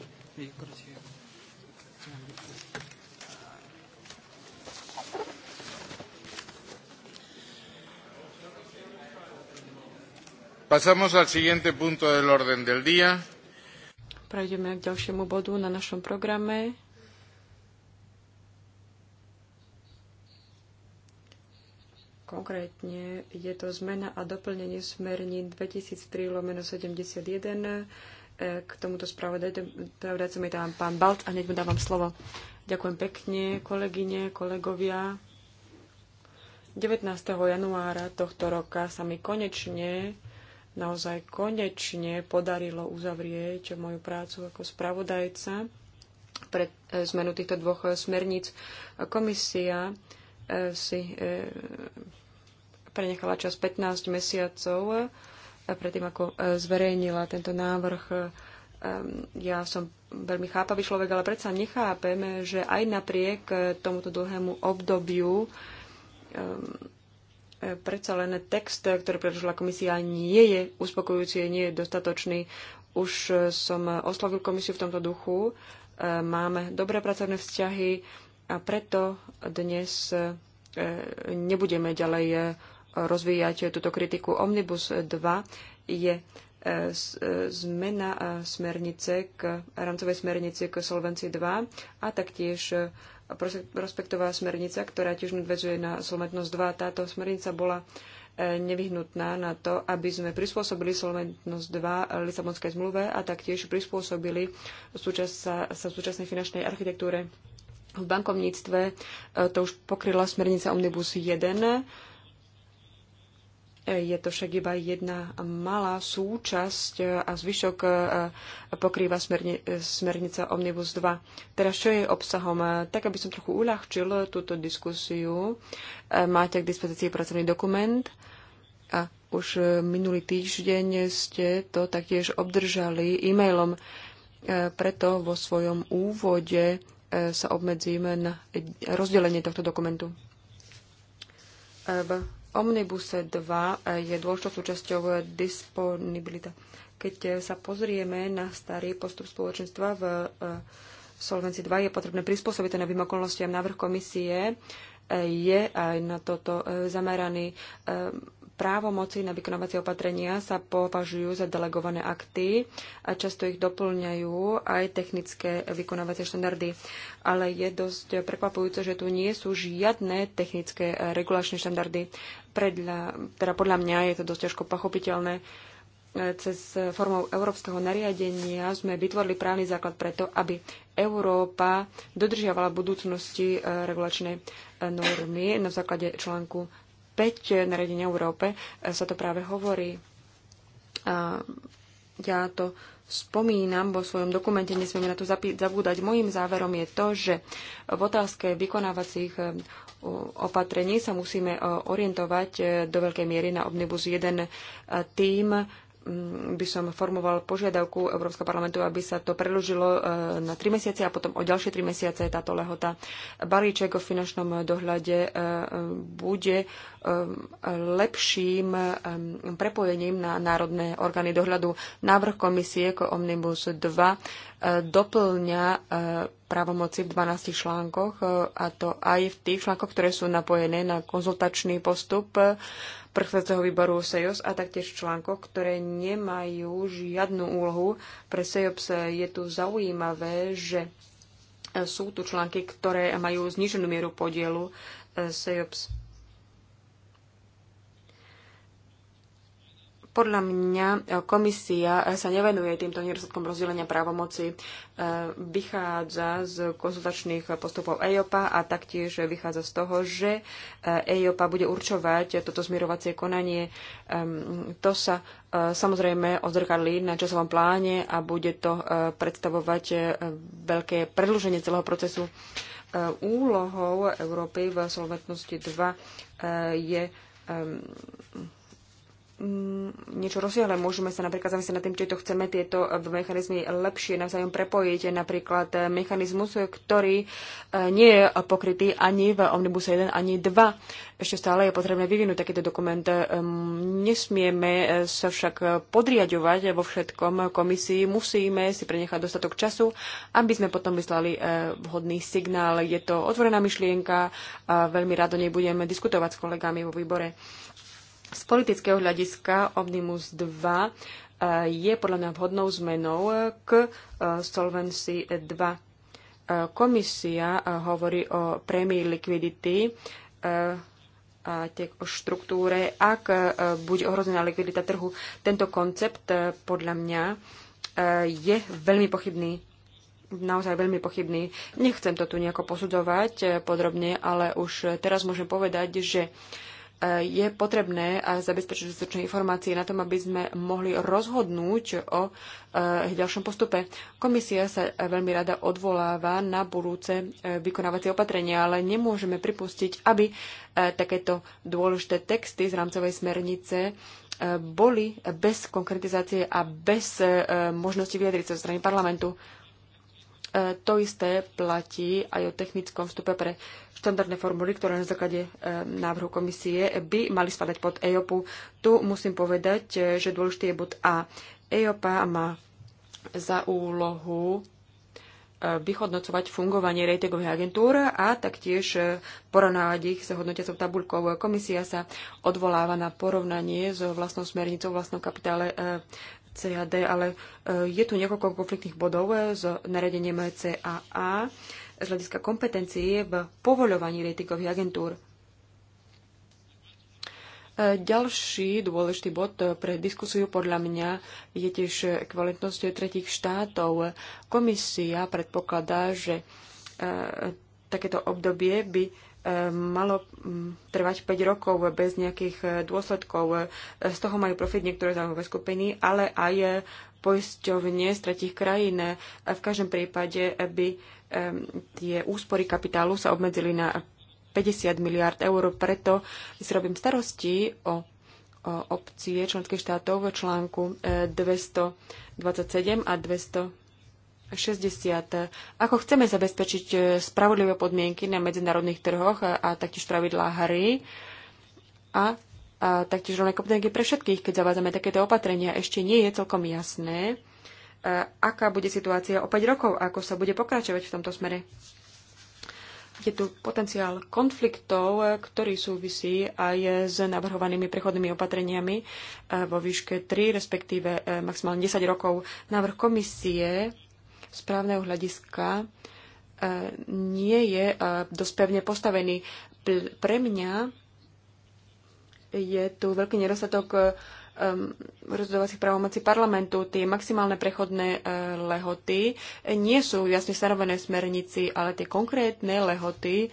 Pasamos al siguiente punto del orden del día. Prejdeme k ďalšiemu bodu na našom programe. Konkrétne je to zmena a doplnenie smerní 2003 71 E, k tomuto spravodajcom je tam pán Balc a hneď mu dávam slovo. Ďakujem pekne, kolegyne, kolegovia. 19. januára tohto roka sa mi konečne, naozaj konečne podarilo uzavrieť moju prácu ako spravodajca pre e, zmenu týchto dvoch e, smerníc. Komisia si prenechala čas 15 mesiacov predtým, ako e, zverejnila tento návrh. E, ja som veľmi chápavý človek, ale predsa nechápem, že aj napriek e, tomuto dlhému obdobiu predsa len text, ktorý predložila komisia, nie je uspokojujúci, nie je dostatočný. Už som oslovil komisiu v tomto duchu. Máme dobré pracovné vzťahy a preto dnes nebudeme ďalej rozvíjať túto kritiku. Omnibus 2 je e, e, zmena e, smernice k rámcovej smernici k Solvency 2 a taktiež prospektová smernica, ktorá tiež nadvezuje na Solventnosť 2. Táto smernica bola nevyhnutná na to, aby sme prispôsobili Solventnosť 2 Lisabonskej zmluve a taktiež prispôsobili sa, sa v súčasnej finančnej architektúre v bankovníctve. To už pokryla smernica Omnibus 1 je to však iba jedna malá súčasť a zvyšok e, pokrýva smerni- smernica Omnibus 2. Teraz čo je obsahom? Tak, aby som trochu uľahčil túto diskusiu, e, máte k dispozícii pracovný dokument a už e, minulý týždeň ste to taktiež obdržali e-mailom. Preto vo svojom úvode sa obmedzíme na rozdelenie tohto dokumentu. Omnibuse 2 eh, je dôležitou súčasťou eh, disponibilita. Keď eh, sa pozrieme na starý postup spoločenstva v Solvenci 2, je potrebné prispôsobiť to novým okolnostiam. Návrh komisie je aj na toto zameraný právomoci na vykonávacie opatrenia sa považujú za delegované akty a často ich doplňajú aj technické vykonávacie štandardy. Ale je dosť prekvapujúce, že tu nie sú žiadne technické regulačné štandardy. Predľa, teda podľa mňa je to dosť ťažko pochopiteľné. Cez formou európskeho nariadenia sme vytvorili právny základ preto, aby Európa dodržiavala budúcnosti eh, regulačné eh, normy na základe článku 5 nariadenia Európe e, sa to práve hovorí. A ja to spomínam vo svojom dokumente, nesmieme na to zabúdať. Mojím záverom je to, že v otázke vykonávacích e, opatrení sa musíme e, orientovať do veľkej miery na Omnibus 1 tým, mm, by som formoval požiadavku Európskeho parlamentu, aby sa to preložilo na tri mesiace a potom o ďalšie tri mesiace táto lehota. Balíček o finančnom dohľade bude lepším prepojením na národné orgány dohľadu. Návrh komisie ko Omnibus 2 e, doplňa e, právomoci v 12 článkoch, e, a to aj v tých článkoch, ktoré sú napojené na konzultačný postup prchleceho výboru SEJOS a taktiež článkoch, ktoré nemajú žiadnu úlohu. Pre SEJOPS je tu zaujímavé, že sú tu články, ktoré majú zniženú mieru podielu SEJOPS Podľa mňa e, komisia e, sa nevenuje týmto nedostatkom rozdelenia právomoci. E, vychádza z konzultačných postupov EIOPA a taktiež vychádza z toho, že EIOPA bude určovať toto zmierovacie konanie. Ehm, to sa samozrejme odzrkadlí na časovom pláne a bude to predstavovať veľké predlženie celého procesu. Úlohou Európy v solventnosti 2 je ehm, Mm, niečo rozsiahle. Môžeme sa napríklad zamyslieť nad tým, či to chceme tieto mechanizmy lepšie navzájom prepojiť. Napríklad eh, mechanizmus, ktorý eh, nie je pokrytý ani v Omnibuse 1, ani 2. Ešte stále je potrebné vyvinúť takýto dokument. Nesmieme eh, sa však podriadovať vo všetkom komisii. Musíme si prenechať dostatok času, aby sme potom vyslali vhodný signál. Je to otvorená myšlienka a veľmi rado nej budeme diskutovať s kolegami vo výbore. Z politického hľadiska Omnimus 2 e, je podľa mňa vhodnou zmenou e, k e, Solvency 2. Komisia hovorí o prémii likvidity a o štruktúre, ak bude ohrozená likvidita trhu. Tento koncept podľa mňa je veľmi pochybný naozaj veľmi pochybný. Nechcem to tu nejako posudzovať podrobne, ale už teraz môžem povedať, že je potrebné eh, zabezpečiť dostatočné informácie na tom, aby sme mohli rozhodnúť o eh, ďalšom postupe. Komisia sa eh, veľmi rada odvoláva na budúce vykonávacie opatrenia, ale nemôžeme pripustiť, aby takéto dôležité texty z rámcovej smernice boli bez konkretizácie a bez možnosti vyjadriť sa zo strany parlamentu. E, to isté platí aj o technickom vstupe pre štandardné formuly, ktoré na základe e, návrhu komisie by mali spadať pod EOPu. Tu musím povedať, e, že dôležitý je bod A. EOPA má za úlohu vyhodnocovať fungovanie ratingových agentúr a taktiež porovnávať ich s hodnotiacou tabuľkou. Komisia sa odvoláva na porovnanie s vlastnou smernicou, vlastnom kapitále CAD, ale e, je tu niekoľko konfliktných bodov e, s naredením CAA z hľadiska kompetencií v povoľovaní ratingových agentúr. E, ďalší dôležitý bod pre diskusiu podľa mňa je tiež kvalitnosť tretich štátov. Komisia predpokladá, že takéto obdobie by malo mm, trvať 5 rokov bez nejakých e, dôsledkov. E, z toho majú profit niektoré záujmové skupiny, ale aj e, poisťovne z tretich krajín. V každom prípade by tie úspory kapitálu sa obmedzili na 50 miliard eur. Preto si robím starosti o, obcie opcie členských štátov v článku 227 a 200 60. Ako chceme zabezpečiť eh, spravodlivé podmienky na medzinárodných trhoch a, taktiež pravidlá hry a, a taktiež rovnaké podmienky pre všetkých, keď zavádzame takéto opatrenia, ešte nie je celkom jasné, eh, aká bude situácia o 5 rokov, ako sa bude pokračovať v tomto smere. Je tu potenciál konfliktov, eh, ktorý súvisí aj s navrhovanými prechodnými opatreniami vo výške 3, respektíve maximálne 10 rokov. Návrh komisie právneho hľadiska e, nie je e, dosť pevne postavený. Pre mňa je tu veľký nedostatok e, rozhodovacích právomocí parlamentu. Tie maximálne prechodné lehoty nie sú jasne stanovené v smernici, ale tie konkrétne lehoty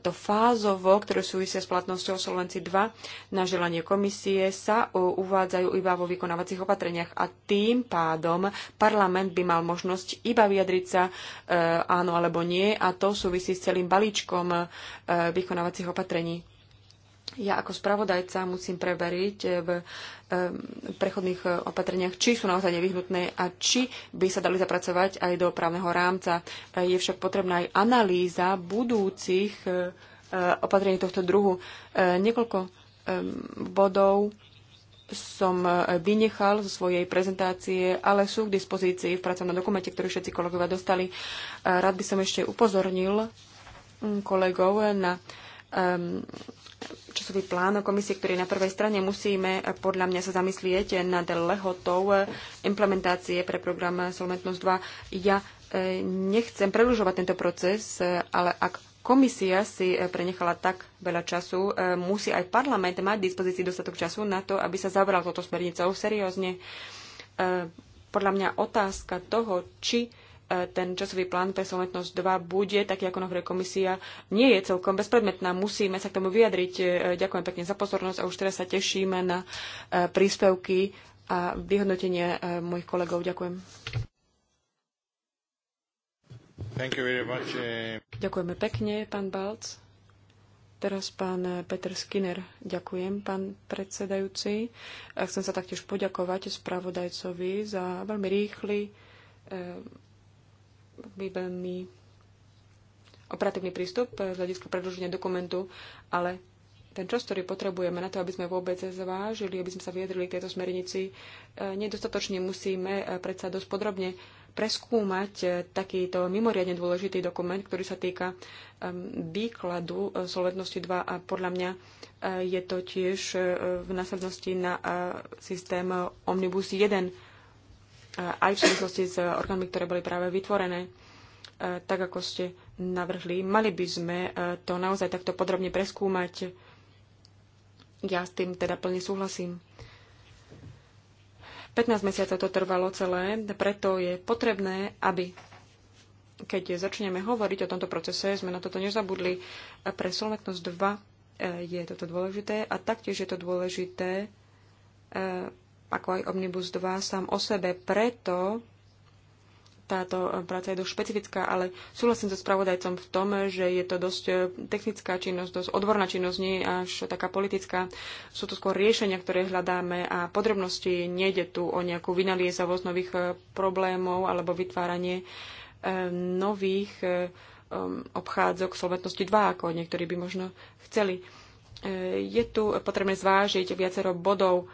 to fázovo, ktoré súvisia s platnosťou Solvency 2 na želanie komisie, sa uvádzajú iba vo vykonávacích opatreniach a tým pádom parlament by mal možnosť iba vyjadriť sa e, áno alebo nie a to súvisí s celým balíčkom e, vykonávacích opatrení ja ako spravodajca musím preveriť eh, eh, v prechodných eh, opatreniach, či sú naozaj nevyhnutné a či by sa dali zapracovať aj do právneho rámca. Je však potrebná aj analýza budúcich opatrení tohto druhu. Niekoľko bodov som vynechal zo svojej prezentácie, ale sú k dispozícii v pracovnom dokumente, ktorý všetci kolegovia dostali. Rád by som ešte upozornil hm, kolegov na um, časový plán komisie, ktorý na prvej strane, musíme eh, podľa mňa sa zamyslieť nad lehotou eh, implementácie pre program Solventnosť 2. Ja eh, nechcem predĺžovať tento proces, ale ak komisia si prenechala tak veľa času, musí aj parlament mať v dispozícii dostatok času na to, aby sa zabral toto smernicou seriózne. Podľa mňa otázka toho, či E, ten časový plán pre solventnosť 2 bude, taký ako navrhuje komisia, nie je celkom bezpredmetná. Musíme sa k tomu vyjadriť. E, ďakujem pekne za pozornosť a už teraz sa tešíme na e, príspevky a vyhodnotenie mojich kolegov. Ďakujem. Eh. Ďakujeme pekne, pán Balc. Teraz pán Peter Skinner. Ďakujem, pán predsedajúci. Chcem sa taktiež poďakovať spravodajcovi za veľmi rýchly eh, by veľmi operatívny prístup z hľadiska predĺženia dokumentu, ale ten čas, ktorý potrebujeme na to, aby sme vôbec zvážili, aby sme sa vyjadrili k tejto smernici, e, nedostatočne musíme e, predsa dosť podrobne preskúmať e, takýto mimoriadne dôležitý dokument, ktorý sa týka výkladu solventnosti 2 a podľa mňa je to tiež v následnosti na systém Omnibus 1 aj v súvislosti s eh, orgánmi, ktoré boli práve vytvorené, eh, tak ako ste navrhli. Mali by sme eh, to naozaj takto podrobne preskúmať. Ja s tým teda plne súhlasím. 15 mesiacov to trvalo celé, preto je potrebné, aby keď začneme hovoriť o tomto procese, sme na toto nezabudli. Pre Solventnosť 2 je toto dôležité a taktiež je to dôležité ako aj Omnibus 2 sám o sebe. Preto táto práca je dosť špecifická, ale súhlasím so spravodajcom v tom, že je to dosť technická činnosť, dosť odborná činnosť, nie až taká politická. Sú to skôr riešenia, ktoré hľadáme a podrobnosti nejde tu o nejakú vynaliezavosť nových eh, problémov alebo vytváranie eh, nových eh, um, obchádzok solventnosti 2, ako niektorí by možno chceli. Je tu potrebné zvážiť viacero bodov,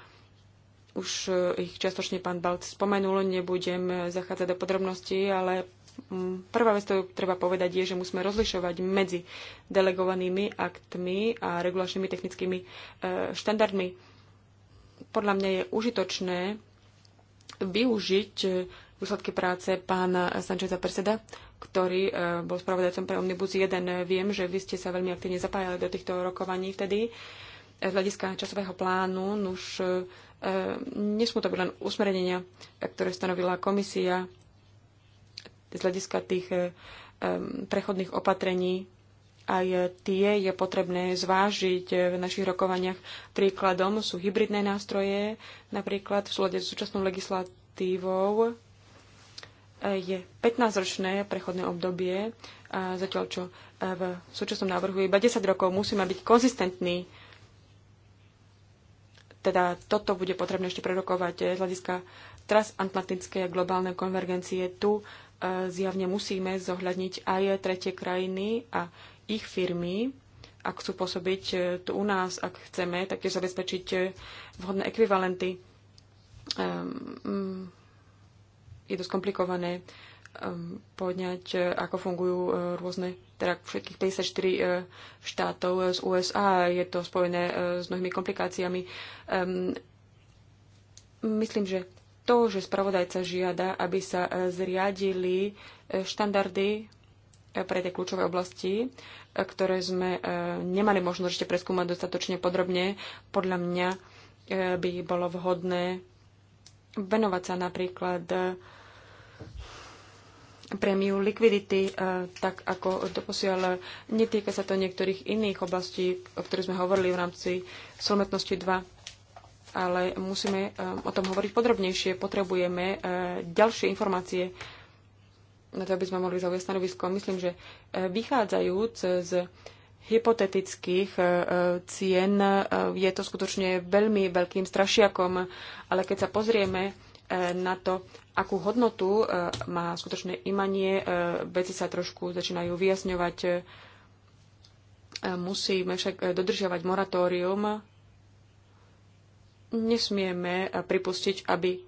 už e, ich čiastočne pán Balc spomenul, nebudem e, zachádzať do podrobností, ale mm, prvá vec, ktorú treba povedať, je, že musíme rozlišovať medzi delegovanými aktmi a regulačnými technickými e, štandardmi. Podľa mňa je užitočné využiť výsledky práce pána Sančeza Perseda, ktorý bol spravodajcom pre Omnibus 1. Viem, že vy ste sa veľmi aktívne zapájali do týchto rokovaní vtedy. Z hľadiska časového plánu už Ehm, nesmú to byť len usmerenia, ktoré stanovila komisia z hľadiska tých ehm, prechodných opatrení. Aj tie je potrebné zvážiť v našich rokovaniach. Príkladom sú hybridné nástroje, napríklad v súlade s súčasnou legislatívou e, je 15-ročné prechodné obdobie, zatiaľ čo e, v súčasnom návrhu je iba 10 rokov. Musíme byť konzistentní teda toto bude potrebné ešte prerokovať eh, z hľadiska transatlantickej a globálnej konvergencie. Tu eh, zjavne musíme zohľadniť aj tretie krajiny a ich firmy, ak chcú pôsobiť eh, tu u nás, ak chceme, taktiež zabezpečiť vhodné ekvivalenty. Um, je dosť komplikované Um, poňať, e, ako fungujú e, rôzne, teda všetkých 54 e, štátov z USA. Je to spojené s mnohými komplikáciami. Myslím, že to, že spravodajca žiada, aby sa zriadili štandardy pre tie kľúčové oblasti, ktoré sme nemali možnosť ešte preskúmať dostatočne podrobne, podľa mňa by bolo vhodné venovať sa napríklad prémiu likvidity, e, tak ako doposiaľ. Netýka sa to niektorých iných oblastí, o ktorých sme hovorili v rámci solmetnosti 2, ale musíme e, o tom hovoriť podrobnejšie. Potrebujeme e, ďalšie informácie na to, aby sme mohli zaujať stanovisko. Myslím, že vychádzajúc z hypotetických cien je to skutočne veľmi veľkým strašiakom, ale keď sa pozrieme E, na to, akú hodnotu e, má skutočné imanie. E, veci sa trošku začínajú vyjasňovať. Musíme však dodržiavať moratórium. Nesmieme pripustiť, aby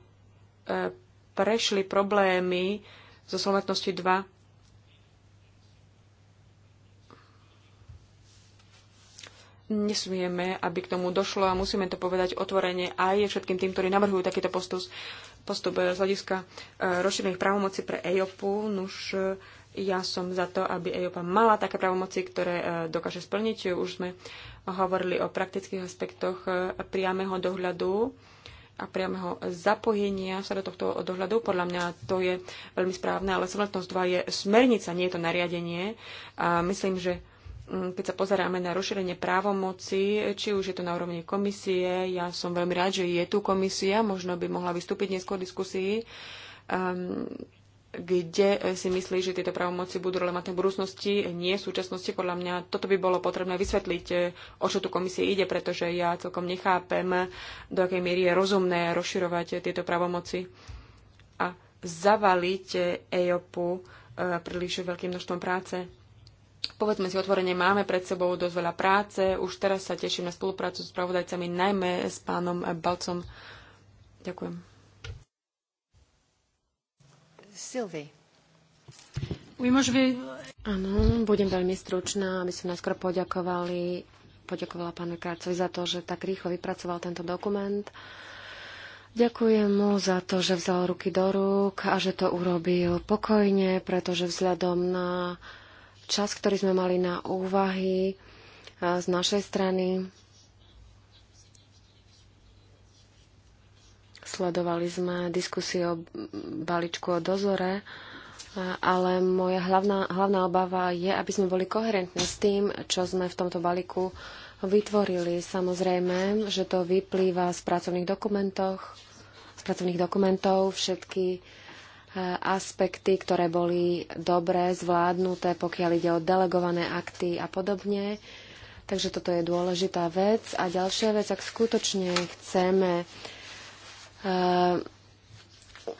prešli problémy zo solventnosti 2 nesmieme, aby k tomu došlo a musíme to povedať otvorene aj všetkým tým, ktorí navrhujú takýto postus postup e, z hľadiska e, rozšírených právomocí pre EIOPu. Nuž e, ja som za to, aby EIOPA mala také právomoci, ktoré dokáže splniť. Už sme hovorili o praktických aspektoch priameho dohľadu a priameho zapojenia sa do tohto dohľadu. Podľa mňa to je veľmi správne, ale solventnosť 2 je smernica, nie je to nariadenie. A myslím, že Mm, keď sa pozeráme na rozšírenie právomoci, či už je to na úrovni komisie, ja som veľmi rád, že je tu komisia, možno by mohla vystúpiť neskôr v diskusii, um, kde si myslí, že tieto právomoci budú relevantné v budúcnosti, nie v súčasnosti. Podľa mňa toto by bolo potrebné vysvetliť, eh, o čo tu komisie ide, pretože ja celkom nechápem, do akej miery je rozumné rozširovať tieto právomoci a zavaliť EOPu eh, príliš veľkým množstvom práce Povedzme si otvorene, máme pred sebou dosť veľa práce. Už teraz sa teším na spoluprácu s pravodajcami, najmä s pánom Balcom. Ďakujem. Sylvie. Áno, budem veľmi stručná, aby som najskôr poďakovali, poďakovala pánu Kárcovi za to, že tak rýchlo vypracoval tento dokument. Ďakujem mu za to, že vzal ruky do rúk a že to urobil pokojne, pretože vzhľadom na čas, ktorý sme mali na úvahy z našej strany. Sledovali sme diskusiu o balíčku o dozore, ale moja hlavná, hlavná obava je, aby sme boli koherentní s tým, čo sme v tomto balíku vytvorili. Samozrejme, že to vyplýva z pracovných dokumentov, z pracovných dokumentov všetky E, aspekty, ktoré boli dobre zvládnuté, pokiaľ ide o delegované akty a podobne. Takže toto je dôležitá vec. A ďalšia vec, ak skutočne chceme e,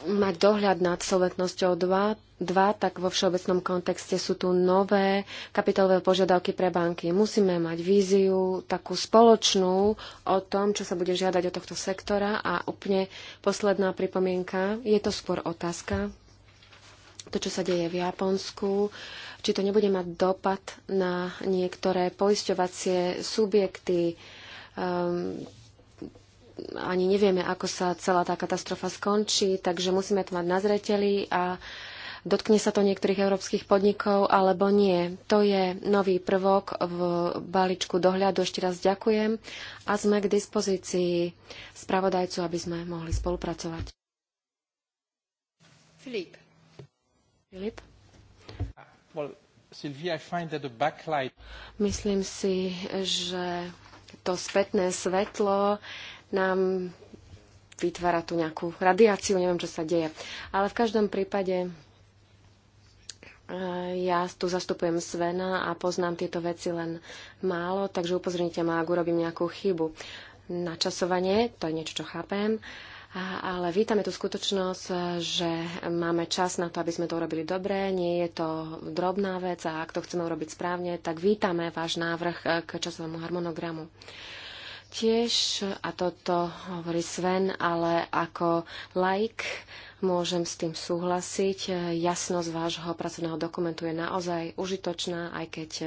mať dohľad nad solventnosťou 2, 2, tak vo všeobecnom kontexte sú tu nové kapitálové požiadavky pre banky. Musíme mať víziu takú spoločnú o tom, čo sa bude žiadať od tohto sektora. A úplne posledná pripomienka, je to skôr otázka, to, čo sa deje v Japonsku, či to nebude mať dopad na niektoré poisťovacie subjekty, um, ani nevieme, ako sa celá tá katastrofa skončí, takže musíme to mať na zreteli a dotkne sa to niektorých európskych podnikov alebo nie. To je nový prvok v balíčku dohľadu. Ešte raz ďakujem a sme k dispozícii spravodajcu, aby sme mohli spolupracovať. Filip. Filip. Well, Myslím si, že to spätné svetlo nám vytvára tu nejakú radiáciu, neviem, čo sa deje. Ale v každom prípade e, ja tu zastupujem Svena a poznám tieto veci len málo, takže upozornite ma, ak urobím nejakú chybu. Načasovanie, to je niečo, čo chápem, ale vítame tú skutočnosť, že máme čas na to, aby sme to urobili dobre, nie je to drobná vec a ak to chceme urobiť správne, tak vítame váš návrh e, k časovému harmonogramu. Tiež, a toto hovorí Sven, ale ako like, môžem s tým súhlasiť. Jasnosť vášho pracovného dokumentu je naozaj užitočná, aj keď e,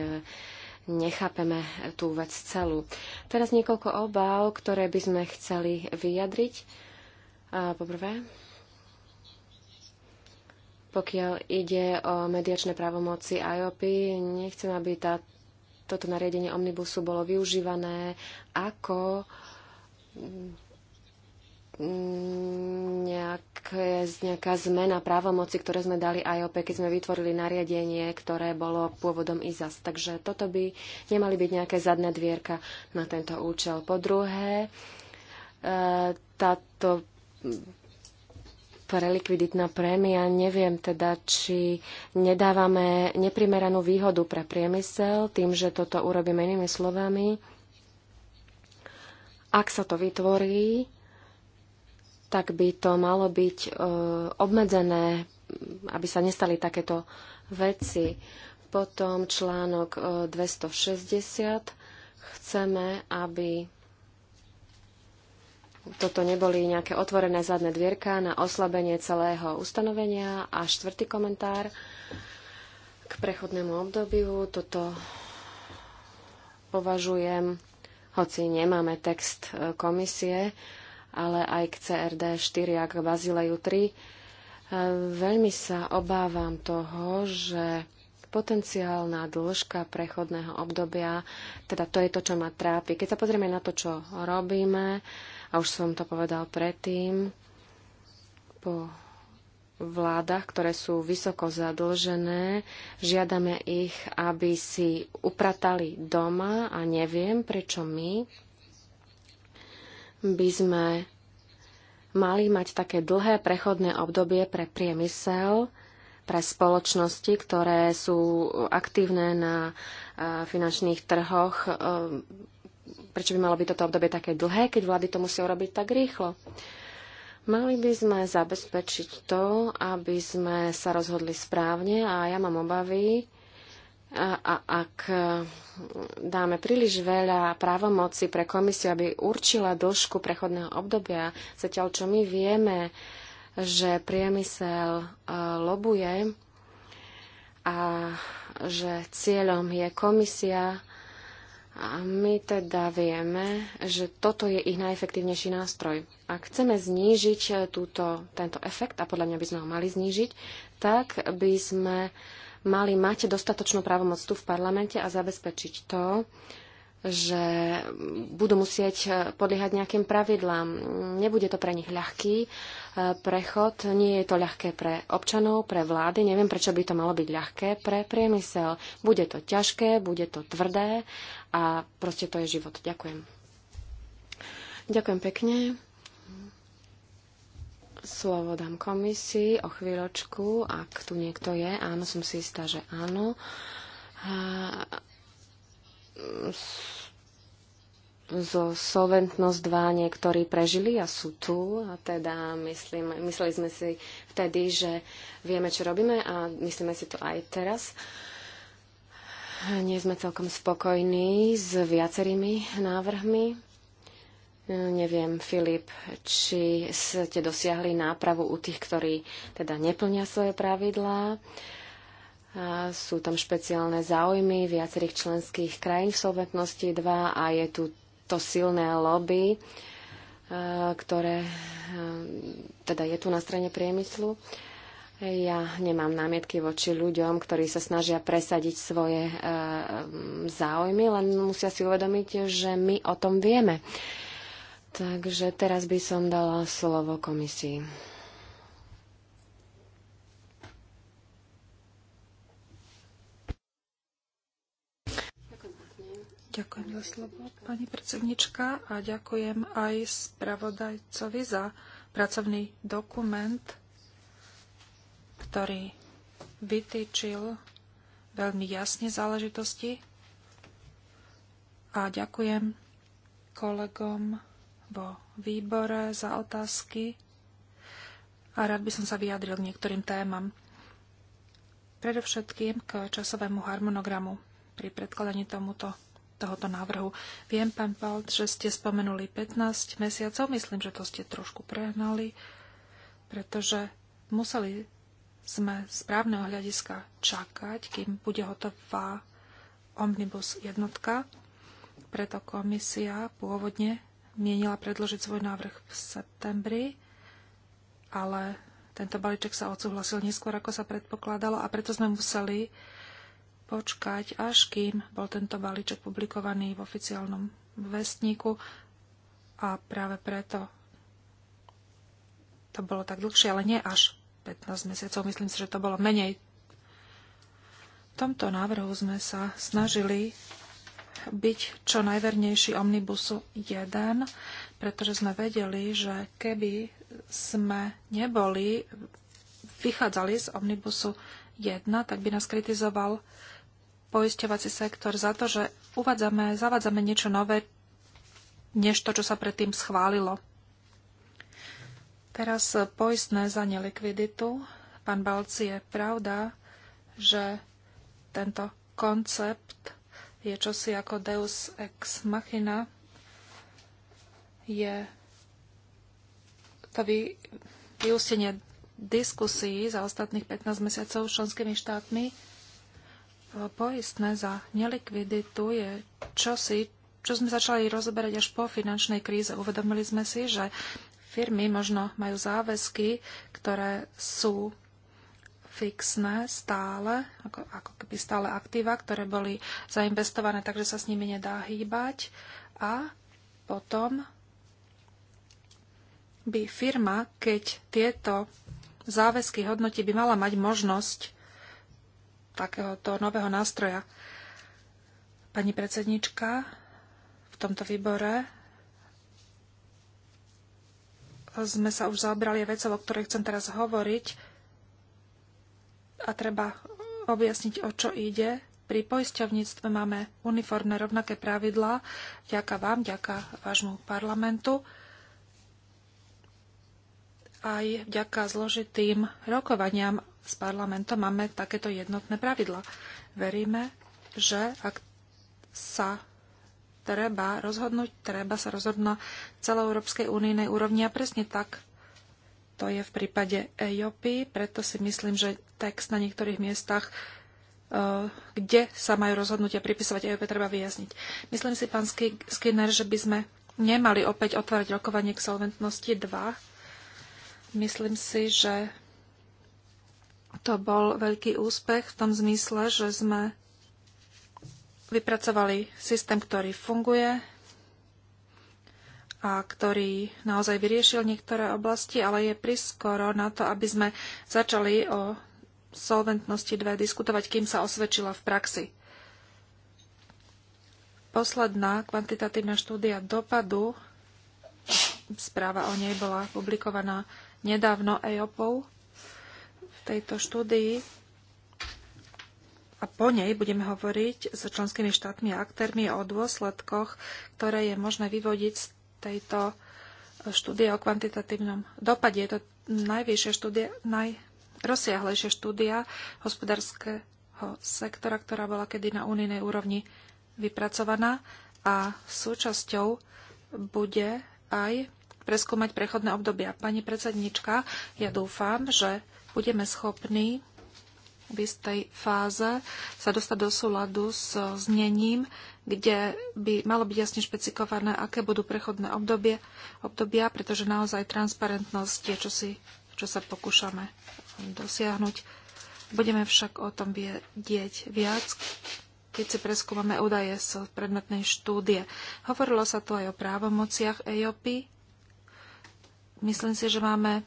nechápeme tú vec celú. Teraz niekoľko obáv, ktoré by sme chceli vyjadriť. Poprvé, pokiaľ ide o mediačné právomoci IOP, nechcem, aby tá, toto nariadenie omnibusu bolo využívané ako mm, mm, nejaké, nejaká zmena právomoci, ktoré sme dali IOP, keď sme vytvorili nariadenie, ktoré bolo pôvodom IZAS. Takže toto by nemali byť nejaké zadné dvierka na tento účel. Po druhé, e, táto likviditná prémia. Neviem teda, či nedávame neprimeranú výhodu pre priemysel tým, že toto urobíme inými slovami. Ak sa to vytvorí, tak by to malo byť e, obmedzené, aby sa nestali takéto veci. Potom článok 260. E, Chceme, aby toto neboli nejaké otvorené zadné dvierka na oslabenie celého ustanovenia. A štvrtý komentár k prechodnému obdobiu. Toto považujem, hoci nemáme text e, komisie, ale aj k CRD 4 a k Bazileju 3, e, veľmi sa obávam toho, že potenciálna dĺžka prechodného obdobia, teda to je to, čo ma trápi. Keď sa pozrieme na to, čo robíme, a už som to povedal predtým, po vládach, ktoré sú vysoko zadlžené, žiadame ich, aby si upratali doma a neviem, prečo my by sme mali mať také dlhé prechodné obdobie pre priemysel, pre spoločnosti, ktoré sú aktívne na eh, finančných trhoch eh, prečo by malo byť toto obdobie také dlhé, keď vlády to musia urobiť tak rýchlo. Mali by sme zabezpečiť to, aby sme sa rozhodli správne a ja mám obavy, a, a ak dáme príliš veľa právomoci pre komisiu, aby určila dĺžku prechodného obdobia, zatiaľ čo my vieme, že priemysel e, lobuje a že cieľom je komisia a my teda vieme, že toto je ich najefektívnejší nástroj. Ak chceme znížiť eh, túto, tento efekt, a podľa mňa by sme ho mali znížiť, tak by sme mali mať dostatočnú právomoc tu v parlamente a zabezpečiť to, že budú musieť podliehať nejakým pravidlám. Nebude to pre nich ľahký e, prechod, nie je to ľahké pre občanov, pre vlády, neviem prečo by to malo byť ľahké pre priemysel. Bude to ťažké, bude to tvrdé a proste to je život. Ďakujem. Ďakujem pekne. Slovo dám komisii o chvíľočku, ak tu niekto je. Áno, som si istá, že áno. A zo Solventnosť 2 niektorí prežili a sú tu. A teda myslím, mysleli sme si vtedy, že vieme, čo robíme a myslíme si to aj teraz. Nie sme celkom spokojní s viacerými návrhmi. Neviem, Filip, či ste dosiahli nápravu u tých, ktorí teda neplnia svoje pravidlá. Uh, sú tam špeciálne záujmy viacerých členských krajín v solventnosti 2 a je tu to silné lobby, e, ktoré e, teda je tu na strane priemyslu. Ja nemám námietky voči ľuďom, ktorí sa snažia presadiť svoje e, záujmy, len musia si uvedomiť, že my o tom vieme. Takže teraz by som dala slovo komisii. Ďakujem za slovo, pani predsednička, a ďakujem aj spravodajcovi za pracovný dokument, ktorý vytýčil veľmi jasne záležitosti. A ďakujem kolegom vo výbore za otázky a rád by som sa vyjadril k niektorým témam. Predovšetkým k časovému harmonogramu pri predkladaní tomuto tohoto návrhu. Viem, pán Palt, že ste spomenuli 15 mesiacov. Myslím, že to ste trošku prehnali, pretože museli sme z právneho hľadiska čakať, kým bude hotová Omnibus jednotka. Preto komisia pôvodne mienila predložiť svoj návrh v septembri, ale tento balíček sa odsúhlasil neskôr, ako sa predpokladalo a preto sme museli počkať, až kým bol tento balíček publikovaný v oficiálnom vestníku a práve preto to bolo tak dlhšie, ale nie až 15 mesiacov. Myslím si, že to bolo menej. V tomto návrhu sme sa snažili byť čo najvernejší omnibusu 1, pretože sme vedeli, že keby sme neboli, vychádzali z omnibusu 1, tak by nás kritizoval poisťovací sektor za to, že uvádzame, zavádzame niečo nové, než to, čo sa predtým schválilo. Teraz poistné za nelikviditu. Pán Balci, je pravda, že tento koncept je čosi ako deus ex machina. Je to vy, vyústenie diskusí za ostatných 15 mesiacov s členskými štátmi poistné za nelikviditu je čosi, čo sme začali rozoberať až po finančnej kríze. Uvedomili sme si, že firmy možno majú záväzky, ktoré sú fixné stále, ako, ako keby stále aktíva, ktoré boli zainvestované, takže sa s nimi nedá hýbať. A potom by firma, keď tieto záväzky hodnotí, by mala mať možnosť takéhoto nového nástroja. Pani predsednička v tomto výbore sme sa už zaobrali vecou, o ktorej chcem teraz hovoriť a treba objasniť, o čo ide. Pri poisťovníctve máme uniformné rovnaké pravidlá. Ďaká vám, ďaká vášmu parlamentu aj vďaka zložitým rokovaniam s parlamentom máme takéto jednotné pravidla. Veríme, že ak sa treba rozhodnúť, treba sa rozhodnúť na celoeurópskej unijnej úrovni a presne tak to je v prípade EIOPy, preto si myslím, že text na niektorých miestach, e, kde sa majú rozhodnutia pripisovať EIOP, treba vyjasniť. Myslím si, pán Skinner, že by sme nemali opäť otvárať rokovanie k solventnosti 2, Myslím si, že to bol veľký úspech v tom zmysle, že sme vypracovali systém, ktorý funguje a ktorý naozaj vyriešil niektoré oblasti, ale je priskoro na to, aby sme začali o solventnosti 2 diskutovať, kým sa osvedčila v praxi. Posledná kvantitatívna štúdia dopadu, správa o nej bola publikovaná nedávno EOPou v tejto štúdii a po nej budeme hovoriť s členskými štátmi a aktérmi o dôsledkoch, ktoré je možné vyvodiť z tejto štúdie o kvantitatívnom dopade. Je to najvyššia štúdia, najrozsiahlejšia štúdia hospodárskeho sektora, ktorá bola kedy na unijnej úrovni vypracovaná a súčasťou bude aj preskúmať prechodné obdobia. Pani predsednička, ja dúfam, že budeme schopní v istej fáze sa dostať do súladu s znením, kde by malo byť jasne špecifikované, aké budú prechodné obdobie, obdobia, pretože naozaj transparentnosť je čosi, čo sa pokúšame dosiahnuť. Budeme však o tom vedieť viac, keď si preskúmame údaje z predmetnej štúdie. Hovorilo sa tu aj o právomociach EIOPy Myslím si, že máme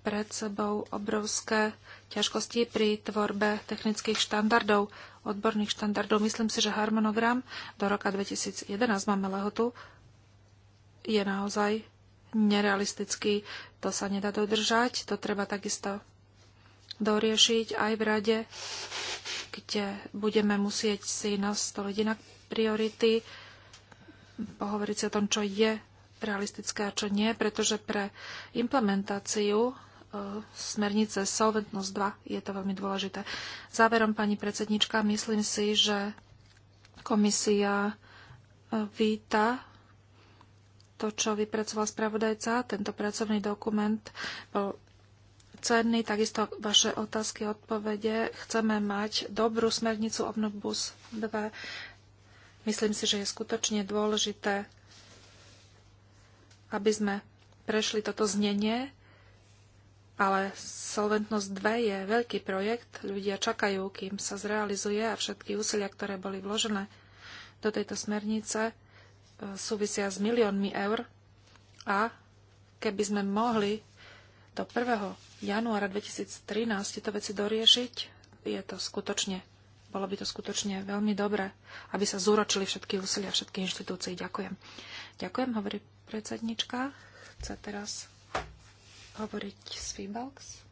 pred sebou obrovské ťažkosti pri tvorbe technických štandardov, odborných štandardov. Myslím si, že harmonogram do roka 2011 máme lehotu je naozaj nerealistický. To sa nedá dodržať, to treba takisto doriešiť aj v rade, kde budeme musieť si nastoliť inak priority, pohovoriť si o tom, čo je realistické a čo nie, pretože pre implementáciu e, smernice Solventnosť 2 je to veľmi dôležité. Záverom, pani predsednička, myslím si, že komisia e, víta to, čo vypracoval spravodajca. Tento pracovný dokument bol cenný, takisto vaše otázky a odpovede. Chceme mať dobrú smernicu Omnibus 2. Myslím si, že je skutočne dôležité aby sme prešli toto znenie, ale Solventnosť 2 je veľký projekt, ľudia čakajú, kým sa zrealizuje a všetky úsilia, ktoré boli vložené do tejto smernice, e, súvisia s miliónmi eur a keby sme mohli do 1. januára 2013 tieto veci doriešiť, je to skutočne, bolo by to skutočne veľmi dobré, aby sa zúročili všetky úsilia, všetky inštitúcie. Ďakujem. Ďakujem, hovorí podpredsednička chce teraz hovoriť s Feebox.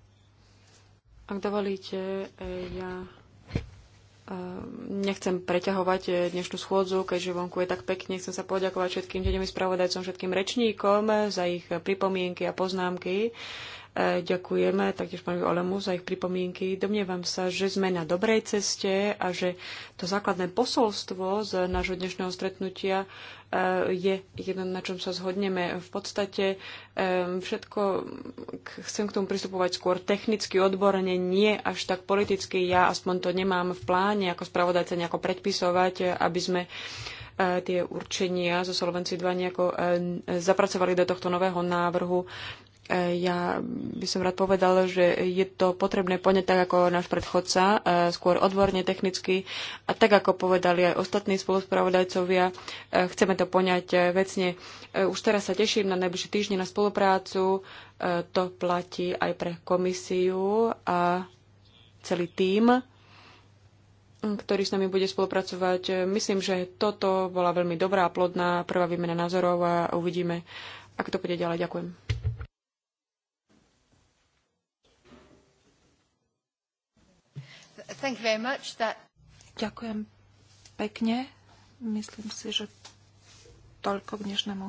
Ak dovolíte, e, ja e, nechcem preťahovať e, dnešnú schôdzu, keďže vonku je tak pekne. Chcem sa poďakovať všetkým deňovým spravodajcom, všetkým rečníkom za ich pripomienky a poznámky. Ďakujeme taktiež pánovi Olemu za ich pripomienky. Domnievam sa, že sme na dobrej ceste a že to základné posolstvo z nášho dnešného stretnutia eh, je jedno, na čom sa zhodneme. V podstate eh, všetko chcem k tomu pristupovať skôr technicky, odborne, nie až tak politicky. Ja aspoň to nemám v pláne ako spravodajca nejako predpisovať, aby sme eh, tie určenia zo Solvency 2 nejako zapracovali do tohto nového návrhu. E, ja by som rád povedal, že je to potrebné poňať tak ako náš predchodca, e, skôr odborne, technicky a tak ako povedali aj ostatní spoluspravodajcovia, e, chceme to poňať vecne. Už teraz sa teším na najbližšie týždne na spoluprácu, to platí aj pre komisiu a celý tým, ktorý s nami bude spolupracovať. Myslím, že toto bola veľmi dobrá a plodná prvá výmena názorov a uvidíme, ako to bude ďalej. Ďakujem. Thank you very much. That... Ďakujem pekne. Myslím si, že toľko k dnešnému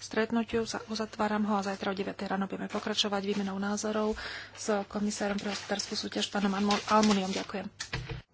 stretnutiu. Uzatváram ho a zajtra o 9. ráno budeme pokračovať výmenou názorov s komisárom pre hospodárskú súťaž pánom Almuniom. Ďakujem.